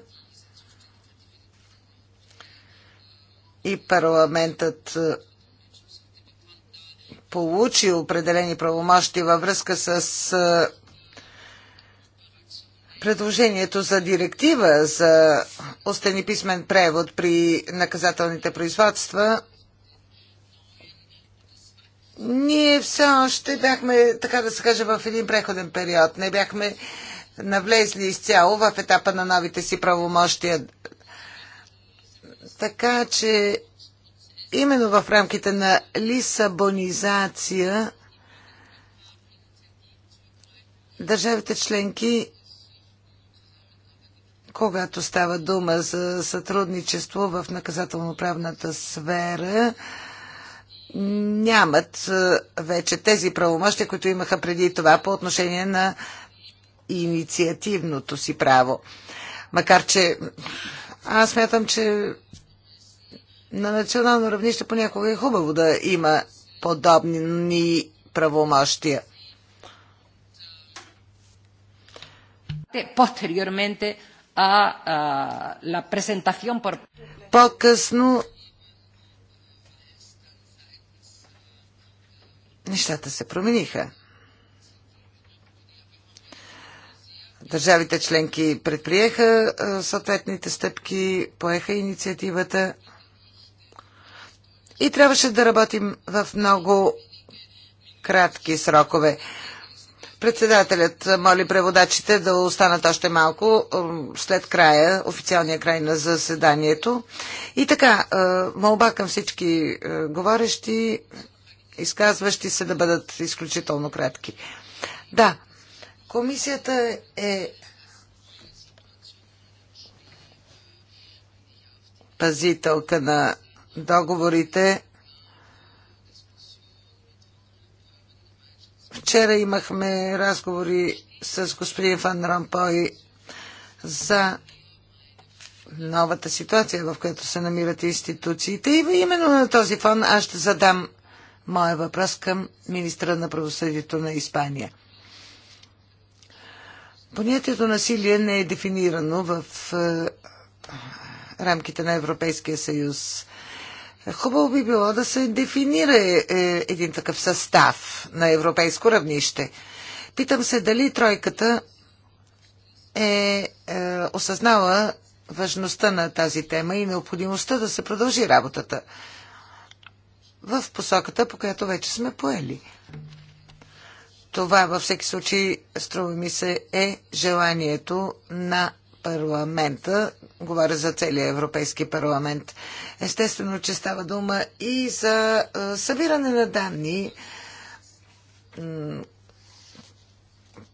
и парламентът е, получи определени правомощи във връзка с е, предложението за директива за устен и писмен превод при наказателните производства ние все още бяхме, така да се каже, в един преходен период. Не бяхме навлезли изцяло в етапа на новите си правомощия. Така че именно в рамките на лисабонизация държавите членки когато става дума за сътрудничество в наказателно-правната сфера, нямат е, вече тези правомощи, които имаха преди това по отношение на инициативното си право. Макар, че аз смятам, че на национално равнище понякога е хубаво да има подобни правомощия. По-късно нещата се промениха. Държавите членки предприеха съответните стъпки, поеха инициативата и трябваше да работим в много кратки срокове. Председателят моли преводачите да останат още малко след края, официалния край на заседанието. И така, молба към всички говорещи изказващи се да бъдат изключително кратки. Да, комисията е пазителка на договорите. Вчера имахме разговори с господин Фан Рампой за новата ситуация, в която се намират институциите. И именно на този фон аз ще задам моя въпрос към министра на правосъдието на Испания. Понятието насилие не е дефинирано в е, рамките на Европейския съюз. Хубаво би било да се дефинира е, е, един такъв състав на европейско равнище. Питам се дали тройката е, е осъзнала важността на тази тема и необходимостта да се продължи работата в посоката, по която вече сме поели. Това във всеки случай, струва ми се, е желанието на парламента. Говоря за целия Европейски парламент. Естествено, че става дума и за събиране на данни.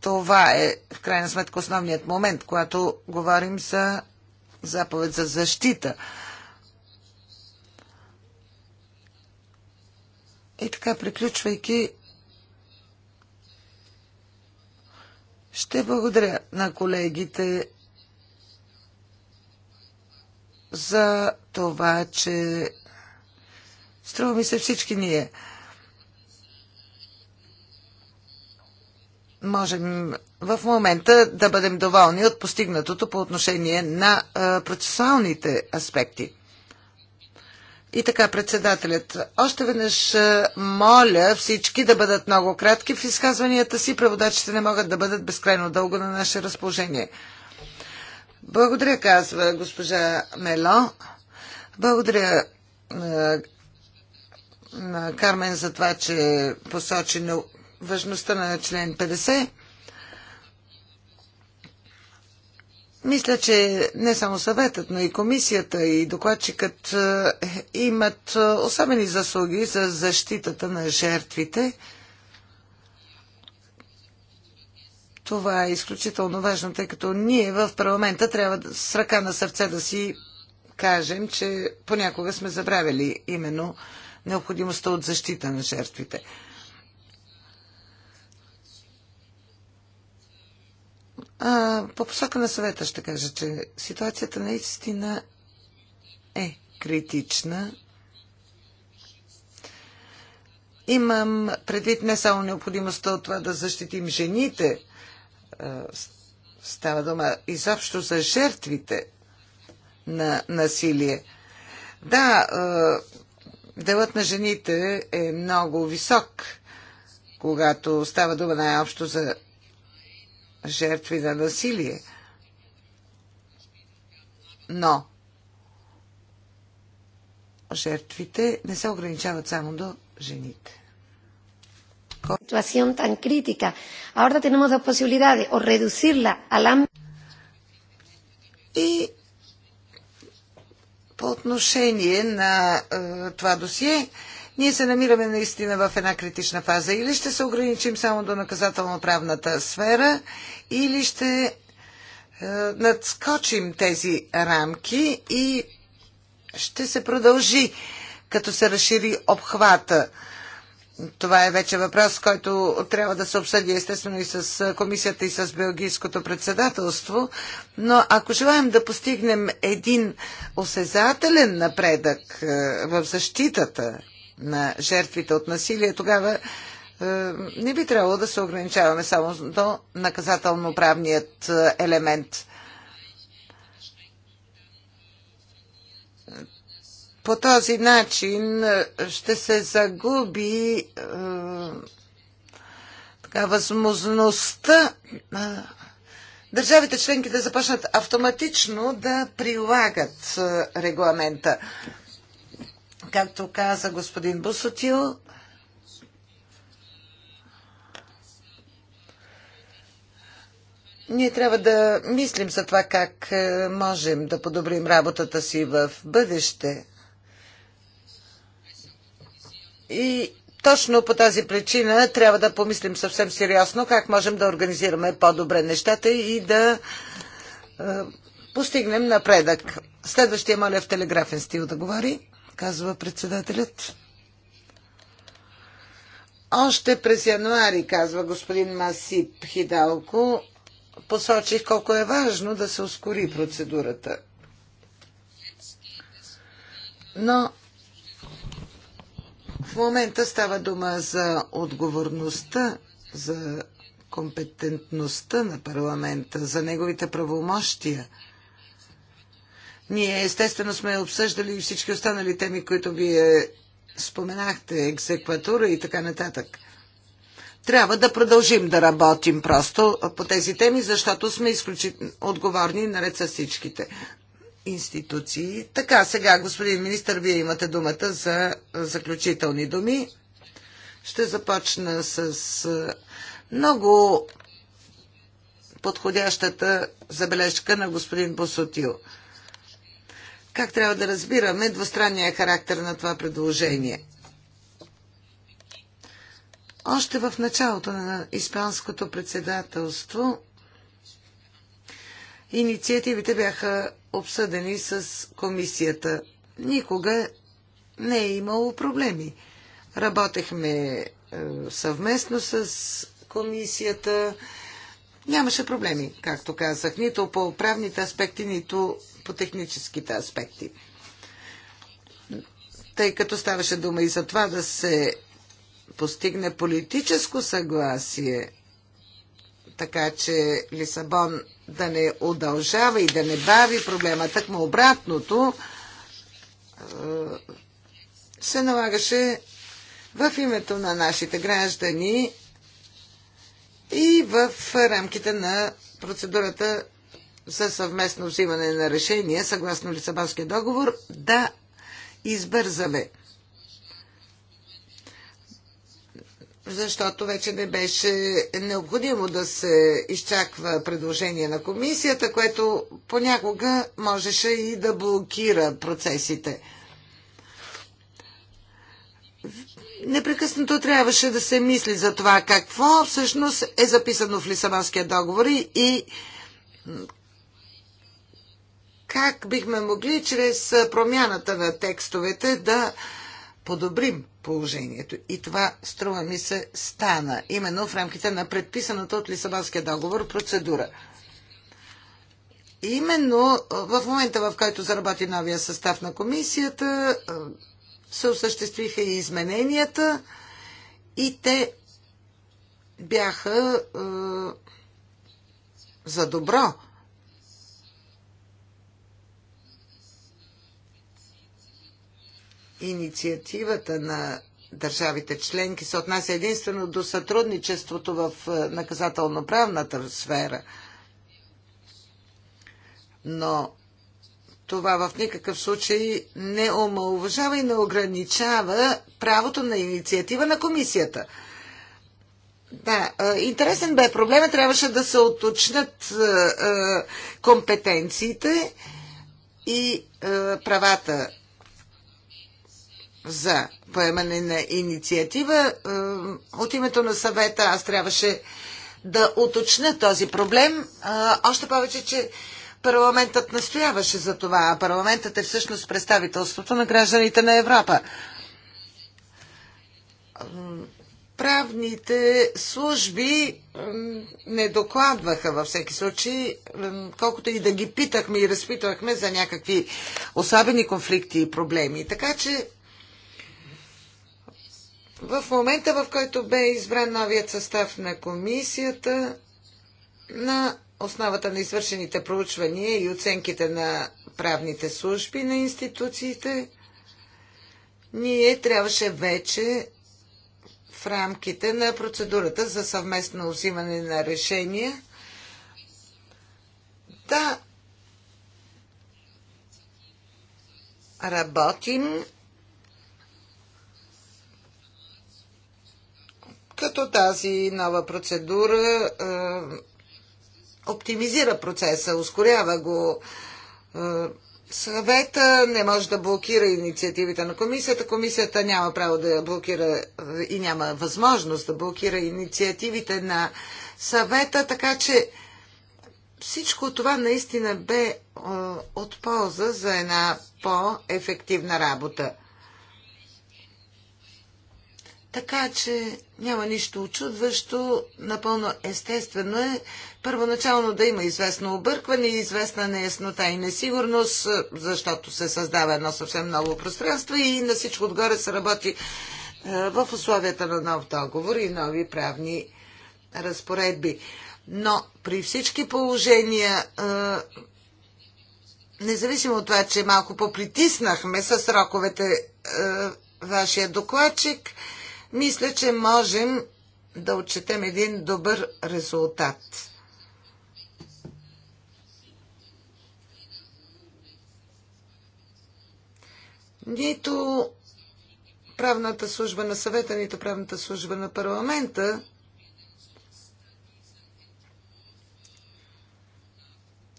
Това е, в крайна сметка, основният момент, когато говорим за заповед за защита. И така, приключвайки, ще благодаря на колегите за това, че струва ми се всички ние можем в момента да бъдем доволни от постигнатото по отношение на процесуалните аспекти. И така, председателят, още веднъж е, моля всички да бъдат много кратки в изказванията си. Преводачите не могат да бъдат безкрайно дълго на наше разположение. Благодаря, казва госпожа Мело. Благодаря е, на Кармен за това, че е посочи важността на член 50. Мисля, че не само съветът, но и комисията и докладчикът е, имат е, особени заслуги за защитата на жертвите. Това е изключително важно, тъй като ние в парламента трябва да, с ръка на сърце да си кажем, че понякога сме забравили именно необходимостта от защита на жертвите. А, по посока на съвета ще кажа, че ситуацията наистина е критична. Имам предвид не само необходимостта от това да защитим жените, става дума изобщо за жертвите на насилие. Да, делът на жените е много висок, когато става дума най-общо за жертви на насилие. Но жертвите не се ограничават само до жените. Ahora tenemos dos posibilidades, o reducirla al И по отношение на е, това досие, ние се намираме наистина в една критична фаза. Или ще се ограничим само до наказателно-правната сфера, или ще е, надскочим тези рамки и ще се продължи, като се разшири обхвата. Това е вече въпрос, който трябва да се обсъди естествено и с е, комисията и с Белгийското председателство, но ако желаем да постигнем един осезателен напредък е, в защитата на жертвите от насилие, тогава е, не би трябвало да се ограничаваме само до наказателно-правният е, елемент. По този начин е, ще се загуби е, така, възможността е, държавите членки да започнат автоматично да прилагат регламента. Както каза господин Бусотил, Ние трябва да мислим за това как е, можем да подобрим работата си в бъдеще. И точно по тази причина трябва да помислим съвсем сериозно как можем да организираме по-добре нещата и да е, постигнем напредък. Следващия моля в телеграфен стил да говори казва председателят. Още през януари, казва господин Масип Хидалко, посочих колко е важно да се ускори процедурата. Но в момента става дума за отговорността, за компетентността на парламента, за неговите правомощия – ние естествено сме обсъждали и всички останали теми, които вие споменахте, екзекватура и така нататък. Трябва да продължим да работим просто по тези теми, защото сме изключително отговорни наред с всичките институции. Така, сега, господин министр, вие имате думата за заключителни думи. Ще започна с много подходящата забележка на господин Босотил – как трябва да разбираме двустранния характер на това предложение. Още в началото на Испанското председателство инициативите бяха обсъдени с комисията. Никога не е имало проблеми. Работехме е, съвместно с комисията. Нямаше проблеми, както казах, нито по правните аспекти, нито по техническите аспекти. Тъй като ставаше дума и за това да се постигне политическо съгласие, така че Лисабон да не удължава и да не бави проблема, му обратното, е, се налагаше в името на нашите граждани и в рамките на процедурата за съвместно взимане на решение, съгласно Лисабонския договор, да избързаме. Защото вече не беше необходимо да се изчаква предложение на комисията, което понякога можеше и да блокира процесите. Непрекъснато трябваше да се мисли за това какво всъщност е записано в Лисабонския договор и как бихме могли чрез промяната на текстовете да подобрим положението. И това, струва ми се, стана именно в рамките на предписаната от Лисабонския договор процедура. Именно в момента, в който заработи новия състав на комисията, се осъществиха и измененията и те бяха за добро инициативата на държавите членки се отнася единствено до сътрудничеството в е, наказателно-правната сфера. Но това в никакъв случай не омалуважава и не ограничава правото на инициатива на комисията. Да, е, интересен бе проблема. Трябваше да се оточнят е, компетенциите и правата за поемане на инициатива. Е, от името на съвета аз трябваше да уточня този проблем, е, още повече, че парламентът настояваше за това, а парламентът е всъщност представителството на гражданите на Европа. Е, правните служби не докладваха във всеки случай, колкото и да ги питахме и разпитвахме за някакви особени конфликти и проблеми. Така че в момента, в който бе избран новият състав на комисията, на основата на извършените проучвания и оценките на правните служби на институциите, ние трябваше вече в рамките на процедурата за съвместно взимане на решения да работим като тази нова процедура е, оптимизира процеса, ускорява го. Е, съвета не може да блокира инициативите на комисията. Комисията няма право да блокира е, и няма възможност да блокира инициативите на съвета, така че всичко това наистина бе от полза за една по-ефективна работа. Така че няма нищо очудващо, напълно естествено е първоначално да има известно объркване и известна неяснота и несигурност, защото се създава едно съвсем ново пространство и на всичко отгоре се работи е, в условията на нов договор и нови правни разпоредби. Но при всички положения, е, независимо от това, че малко попритиснахме с сроковете е, вашия докладчик, мисля, че можем да отчетем един добър резултат. Нито правната служба на съвета, нито правната служба на парламента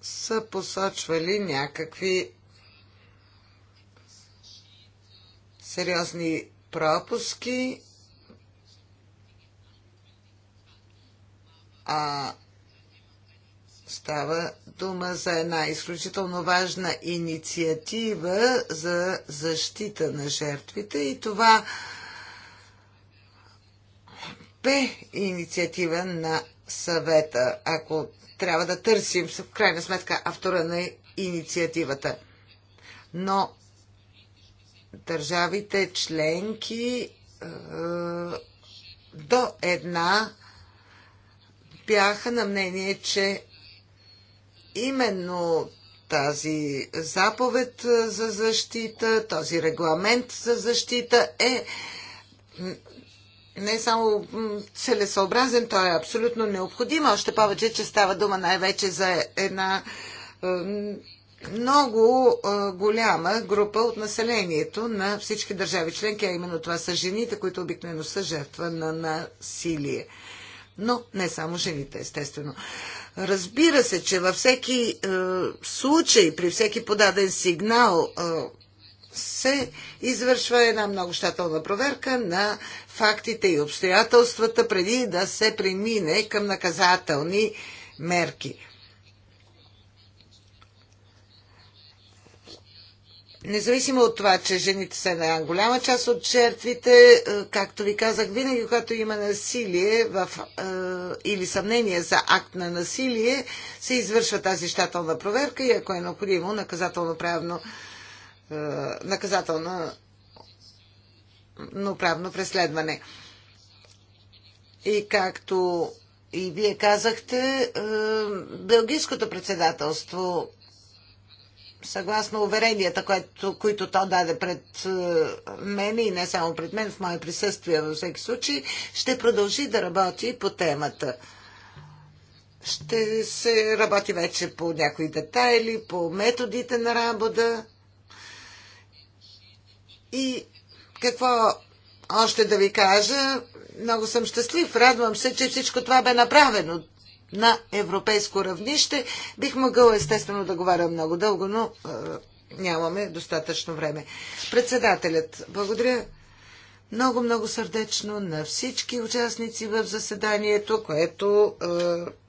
са посочвали някакви сериозни пропуски а става дума за една изключително важна инициатива за защита на жертвите и това бе инициатива на съвета, ако трябва да търсим в крайна сметка автора на инициативата. Но държавите членки е, до една бяха на мнение, че именно тази заповед за защита, този регламент за защита е не само целесообразен, той е абсолютно необходим, още повече, че става дума най-вече за една много голяма група от населението на всички държави членки, а именно това са жените, които обикновено са жертва на насилие но не само жените, естествено. Разбира се, че във всеки е, случай, при всеки подаден сигнал, е, се извършва една много щателна проверка на фактите и обстоятелствата преди да се премине към наказателни мерки. Независимо от това, че жените са една голяма част от жертвите, е, както ви казах, винаги, когато има насилие в, е, или съмнение за акт на насилие, се извършва тази щателна проверка и ако е необходимо, наказателно-правно е, наказателно но правно преследване. И както и вие казахте, е, Белгийското председателство съгласно уверенията, което, които то даде пред е, мен и не само пред мен, в мое присъствие във всеки случай, ще продължи да работи по темата. Ще се работи вече по някои детайли, по методите на работа. И какво още да ви кажа? Много съм щастлив. Радвам се, че всичко това бе направено на европейско равнище. Бих могъл естествено да говоря много дълго, но е, нямаме достатъчно време. Председателят, благодаря много-много сърдечно на всички участници в заседанието, което е,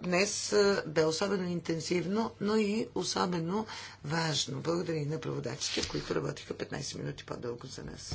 днес бе особено интензивно, но и особено важно. Благодаря и на проводачите, които работиха 15 минути по-дълго за нас.